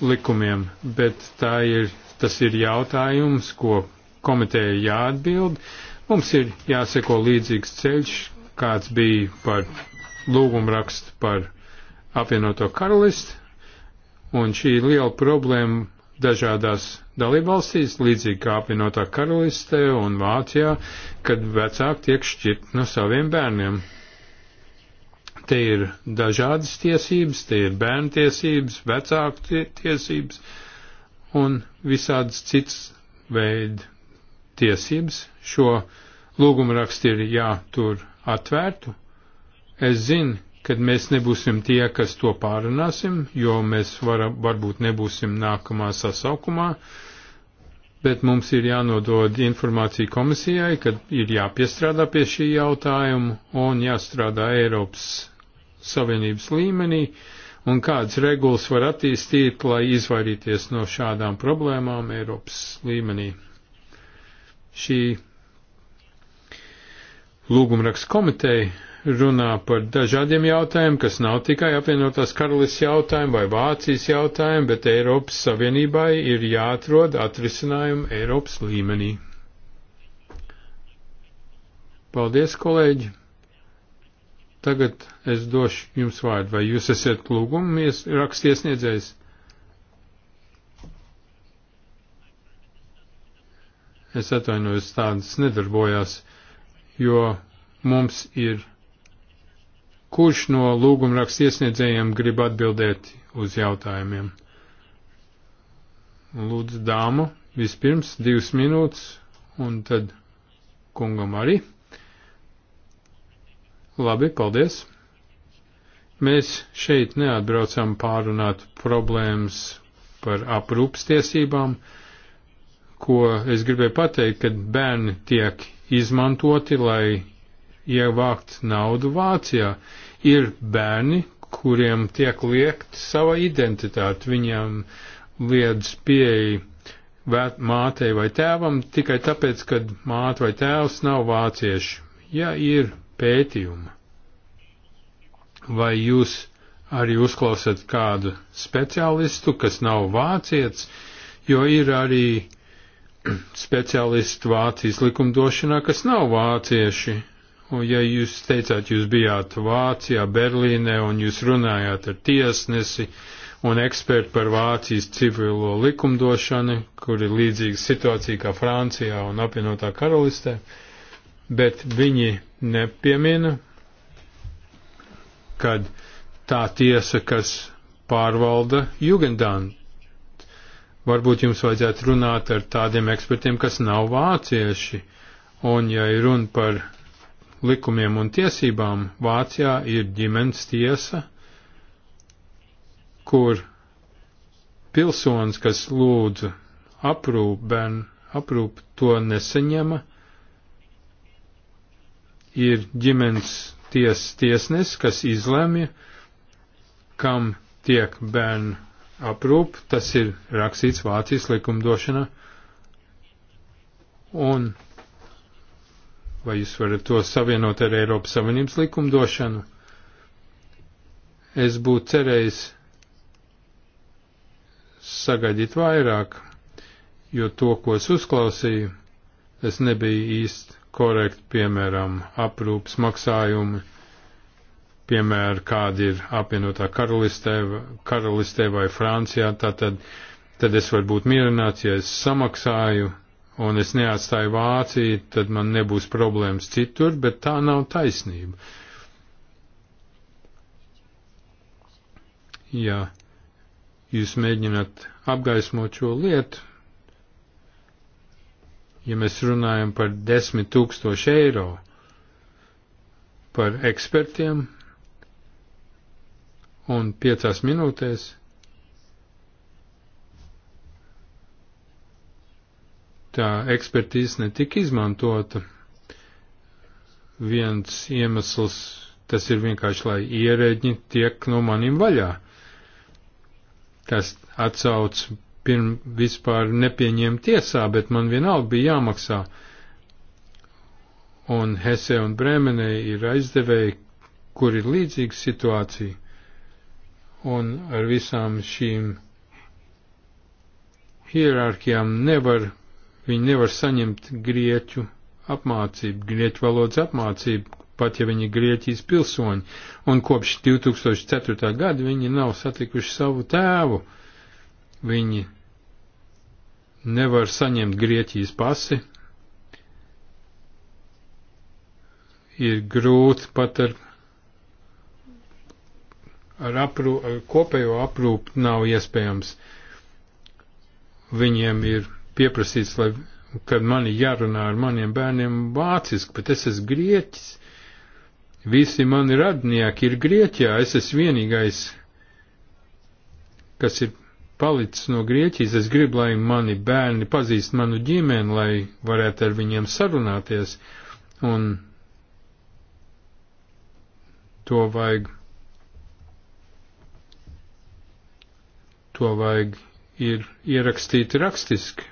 likumiem, bet tā ir, tas ir jautājums, ko komiteja jāatbild. Mums ir jāseko līdzīgs ceļš, kāds bija par lūgumrakstu par apvienoto karalistu, un šī liela problēma dažādās dalībvalstīs, līdzīgi kā apvienotā karalistē un Vācijā, kad vecāki tiek šķirt no saviem bērniem. Te ir dažādas tiesības, te ir bērnu tiesības, vecāku tiesības un visādas citas veidi tiesības. Šo lūgumu rakstu ir jātur atvērtu. Es zinu, kad mēs nebūsim tie, kas to pārunāsim, jo mēs var, varbūt nebūsim nākamā sasaukumā, bet mums ir jānodod informācija komisijai, kad ir jāpiestrādā pie šī jautājuma un jāstrādā Eiropas Savienības līmenī un kādas regulas var attīstīt, lai izvairīties no šādām problēmām Eiropas līmenī. Šī lūgumraksta komiteja runā par dažādiem jautājumiem, kas nav tikai apvienotās karalists jautājumi vai Vācijas jautājumi, bet Eiropas Savienībai ir jāatrod atrisinājumu Eiropas līmenī. Paldies, kolēģi! Tagad es došu jums vārdu, vai jūs esat lūgumies rakstiesniedzējs? Es atvainojos, tādas nedarbojās, jo mums ir Kurš no lūgumraksta iesniedzējiem grib atbildēt uz jautājumiem? Lūdzu, dāmu, vispirms divas minūtes, un tad kungam arī. Labi, paldies. Mēs šeit neatbraucam pārunāt problēmas par aprūpstiesībām, ko es gribēju pateikt, kad bērni tiek izmantoti, lai ievākt naudu Vācijā. Ir bērni, kuriem tiek liekt sava identitāte, viņam liedz pieeja mātei vai tēvam tikai tāpēc, ka māte vai tēvs nav vācieši. Ja ir pētījumi, vai jūs arī uzklausat kādu speciālistu, kas nav vācietis, jo ir arī speciālisti Vācijas likumdošanā, kas nav vācieši, Un, ja jūs teicāt, jūs bijāt Vācijā, Berlīnē, un jūs runājāt ar tiesnesi un ekspertu par Vācijas civilo likumdošanu, kur ir līdzīga situācija kā Francijā un apvienotā karalistē, bet viņi nepiemina, kad tā tiesa, kas pārvalda Jugendānu, varbūt jums vajadzētu runāt ar tādiem ekspertiem, kas nav vācieši. Un, ja ir runa par likumiem un tiesībām Vācijā ir ģimenes tiesa, kur pilsonis, kas lūdza aprūp bērnu, aprūp to neseņema, ir ģimenes ties, tiesnes, kas izlemj, kam tiek bērnu aprūp, tas ir rakstīts Vācijas likumdošanā, un Vai jūs varat to savienot ar Eiropas Savienības likumdošanu? Es būtu cerējis sagaidīt vairāk, jo to, ko es uzklausīju, es nebiju īsti korekti, piemēram, aprūpas maksājumi, piemēram, kādi ir apvienotā karalistē, karalistē vai Francijā, tātad, tad es varu būt mierināts, ja es samaksāju un es neatstāju Vāciju, tad man nebūs problēmas citur, bet tā nav taisnība. Ja jūs mēģināt apgaismot šo lietu, ja mēs runājam par desmit tūkstoši eiro, par ekspertiem, un piecās minūtēs tā ekspertīze netika izmantota. Viens iemesls tas ir vienkārši, lai ierēģi tiek no manim vaļā, kas atsauc pirm vispār nepieņēma tiesā, bet man vienalga bija jāmaksā. Un Hese un Bremenē ir aizdevēji, kur ir līdzīga situācija. Un ar visām šīm hierarkijām nevar Viņi nevar saņemt grieķu apmācību, grieķu valodas apmācību, pat ja viņi ir Grieķijas pilsoņi, un kopš 2004. gada viņi nav satikuši savu tēvu. Viņi nevar saņemt Grieķijas pasi. Ir grūti pat ar, ar, aprū, ar kopējo aprūpu nav iespējams. Viņiem ir pieprasīts, lai, kad mani jārunā ar maniem bērniem vāciski, bet es esmu grieķis. Visi mani radnieki ir Grieķijā, es esmu vienīgais, kas ir palicis no Grieķijas. Es gribu, lai mani bērni pazīst manu ģimeni, lai varētu ar viņiem sarunāties, un to vajag, to vajag ir ierakstīt rakstiski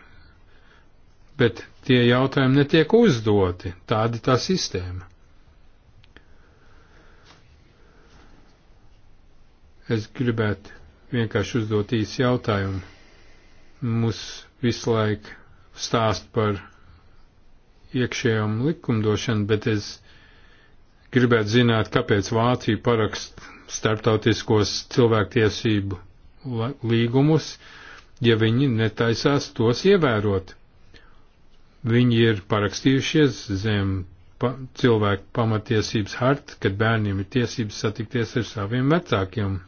bet tie jautājumi netiek uzdoti. Tāda tā sistēma. Es gribētu vienkārši uzdot īsu jautājumu. Mums visu laiku stāst par iekšējām likumdošanu, bet es gribētu zināt, kāpēc Vācija parakst starptautiskos cilvēktiesību līgumus, ja viņi netaisās tos ievērot. Viņi ir parakstījušies zem pa, cilvēku pamatiesības harta, kad bērniem ir tiesības satikties ar saviem vecākiem.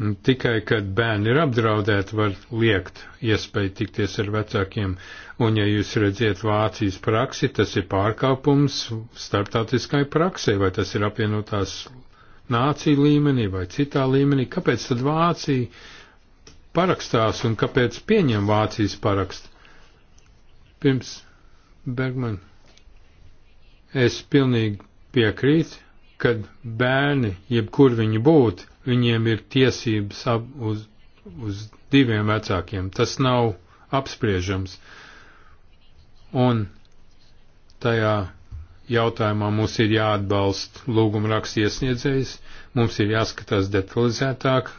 Un tikai, kad bērni ir apdraudēti, var liekt iespēju tikties ar vecākiem, un ja jūs redziet Vācijas praksi, tas ir pārkāpums starptautiskai praksē, vai tas ir apvienotās nācija līmenī vai citā līmenī, kāpēc tad Vācija parakstās un kāpēc pieņem Vācijas parakstu. Pirms Bergman, es pilnīgi piekrītu, kad bērni, jebkur viņi būtu, viņiem ir tiesības ap, uz, uz diviem vecākiem. Tas nav apspriežams. Un tajā jautājumā mums ir jāatbalsta lūguma raksts iesniedzējs, mums ir jāskatās detalizētāk,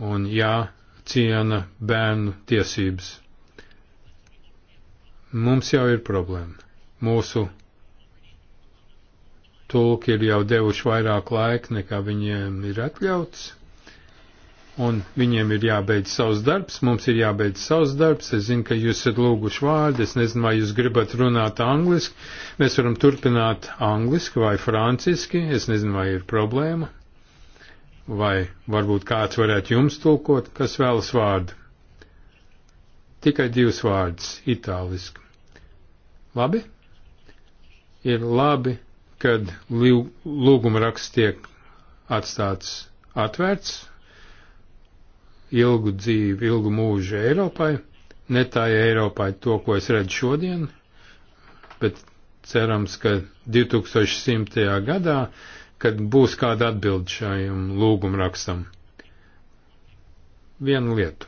un jāciena bērnu tiesības. Mums jau ir problēma. Mūsu tulki ir jau devuši vairāk laika, nekā viņiem ir atļauts, un viņiem ir jābeidz savs darbs, mums ir jābeidz savs darbs, es zinu, ka jūs esat lūguši vārdu, es nezinu, vai jūs gribat runāt angliski, mēs varam turpināt angliski vai franciski, es nezinu, vai ir problēma. Vai varbūt kāds varētu jums tulkot, kas vēlas vārdu? Tikai divas vārdas, itāliski. Labi? Ir labi, kad lūguma raksts tiek atstāts atvērts, ilgu dzīvi, ilgu mūžu Eiropai, ne tai Eiropai to, ko es redzu šodien, bet cerams, ka 2100. gadā kad būs kāda atbild šajam lūgumrakstam. Vienu lietu.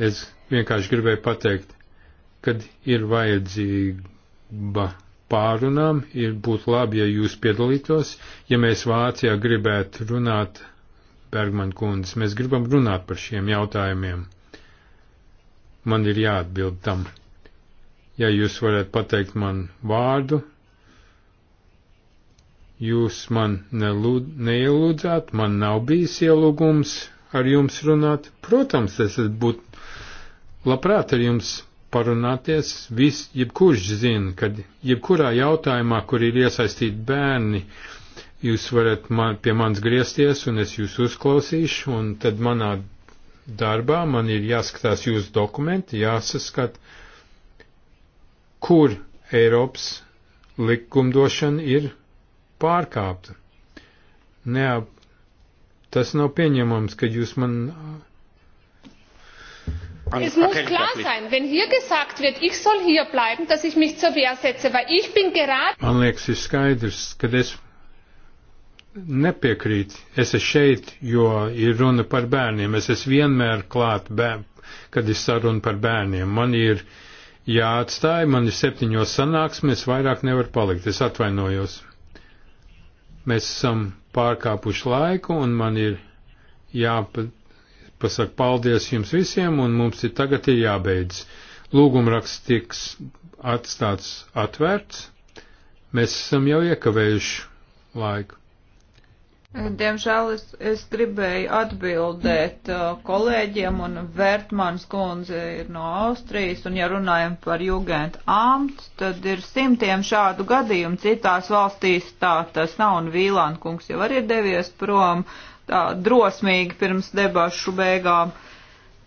Es vienkārši gribēju pateikt, kad ir vajadzība pārunām, ir būtu labi, ja jūs piedalītos, ja mēs Vācijā gribētu runāt, Bergman kundze, mēs gribam runāt par šiem jautājumiem man ir jāatbild tam. Ja jūs varat pateikt man vārdu, jūs man nelūd, neielūdzāt, man nav bijis ielūgums ar jums runāt. Protams, es būtu labprāt ar jums parunāties. Vis, jebkurš zina, ka jebkurā jautājumā, kur ir iesaistīti bērni, jūs varat man, pie manis griezties un es jūs uzklausīšu, un tad manā darbā, man ir jāskatās jūsu dokumenti, jāsaskat, kur Eiropas likumdošana ir pārkāpta. Neap, tas nav pieņemams, ka jūs man. Es muss klar sein, wenn hier gesagt wird, ich soll hier bleiben, dass ich mich zur Wehr setze, weil ich bin gerade. Man liekas, ir skaidrs, ka es nepiekrīt. Es esmu šeit, jo ir runa par bērniem. Es esmu vienmēr klāt, bēr, kad ir saruna par bērniem. Man ir jāatstāj, man ir septiņos sanāksmes, vairāk nevar palikt. Es atvainojos. Mēs esam pārkāpuši laiku un man ir jāpasaka paldies jums visiem un mums ir tagad ir jābeidz. Lūgumraksts tiks atstāts atvērts. Mēs esam jau iekavējuši laiku. Mhm. Diemžēl es, es gribēju atbildēt uh, kolēģiem un Vērtmanas kundze ir no Austrijas, un ja runājam par jugend amt, tad ir simtiem šādu gadījumu citās valstīs, tā tas nav, un Vīlāna kungs jau arī ir devies prom tā drosmīgi pirms debašu beigām,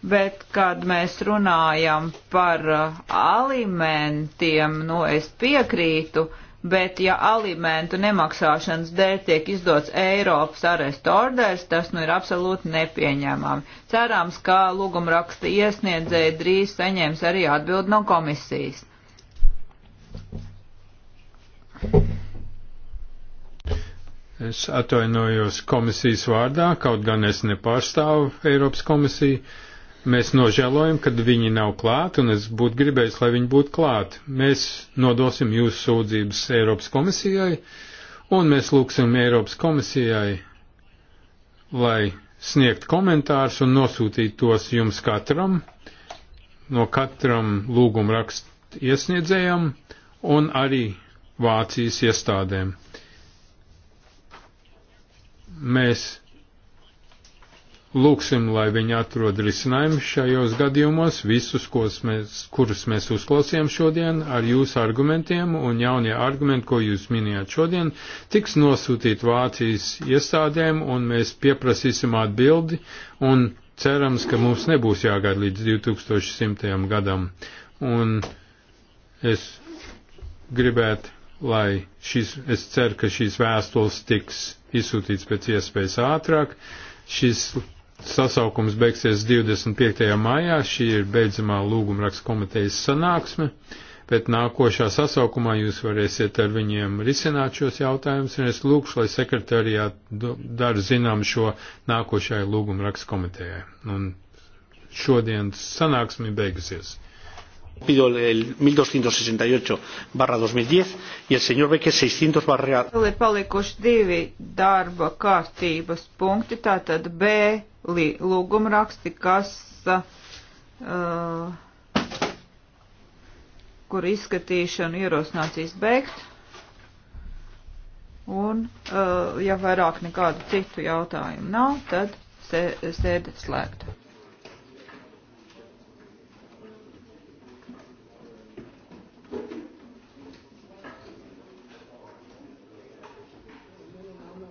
bet kad mēs runājam par uh, alimentiem, nu es piekrītu, uh, bet ja alimentu nemaksāšanas dēļ tiek izdots Eiropas arestu orders, tas nu ir absolūti nepieņēmami. Cerams, ka lūgumraksta iesniedzēji drīz saņems arī atbildi no komisijas. Es atvainojos komisijas vārdā, kaut gan es nepārstāvu Eiropas komisiju. Mēs nožēlojam, kad viņi nav klāt, un es būtu gribējis, lai viņi būtu klāt. Mēs nodosim jūsu sūdzības Eiropas komisijai, un mēs lūksim Eiropas komisijai, lai sniegt komentārus un nosūtīt tos jums katram, no katram lūguma rakstu iesniedzējam un arī Vācijas iestādēm. Mēs Lūksim, lai viņi atrod risinājumu šajos gadījumos, visus, mēs, kurus mēs uzklausījām šodien, ar jūsu argumentiem, un jaunie argumenti, ko jūs minējāt šodien, tiks nosūtīt Vācijas iestādēm, un mēs pieprasīsim atbildi, un cerams, ka mums nebūs jāgaida līdz 2100. gadam. Un es gribētu, lai šis, es ceru, ka šīs vēstules tiks izsūtīts pēc iespējas ātrāk. Šis sasaukums beigsies 25. maijā, šī ir beidzamā lūgumraksta komitejas sanāksme, bet nākošā sasaukumā jūs varēsiet ar viņiem risināt šos jautājumus, un es lūkšu, lai sekretariā dara zinām šo nākošajai lūgumraksta komitejai. Un šodien sanāksme beigusies. Pido el 1268 barra 2010 y el señor Beke 600 barra. Vēl ir palikuši divi darba kārtības punkti, tātad B lūgumraksti, kas, uh, kur izskatīšanu ierosinācijas beigt. Un, uh, ja vairāk nekādu citu jautājumu nav, tad sēde slēgta.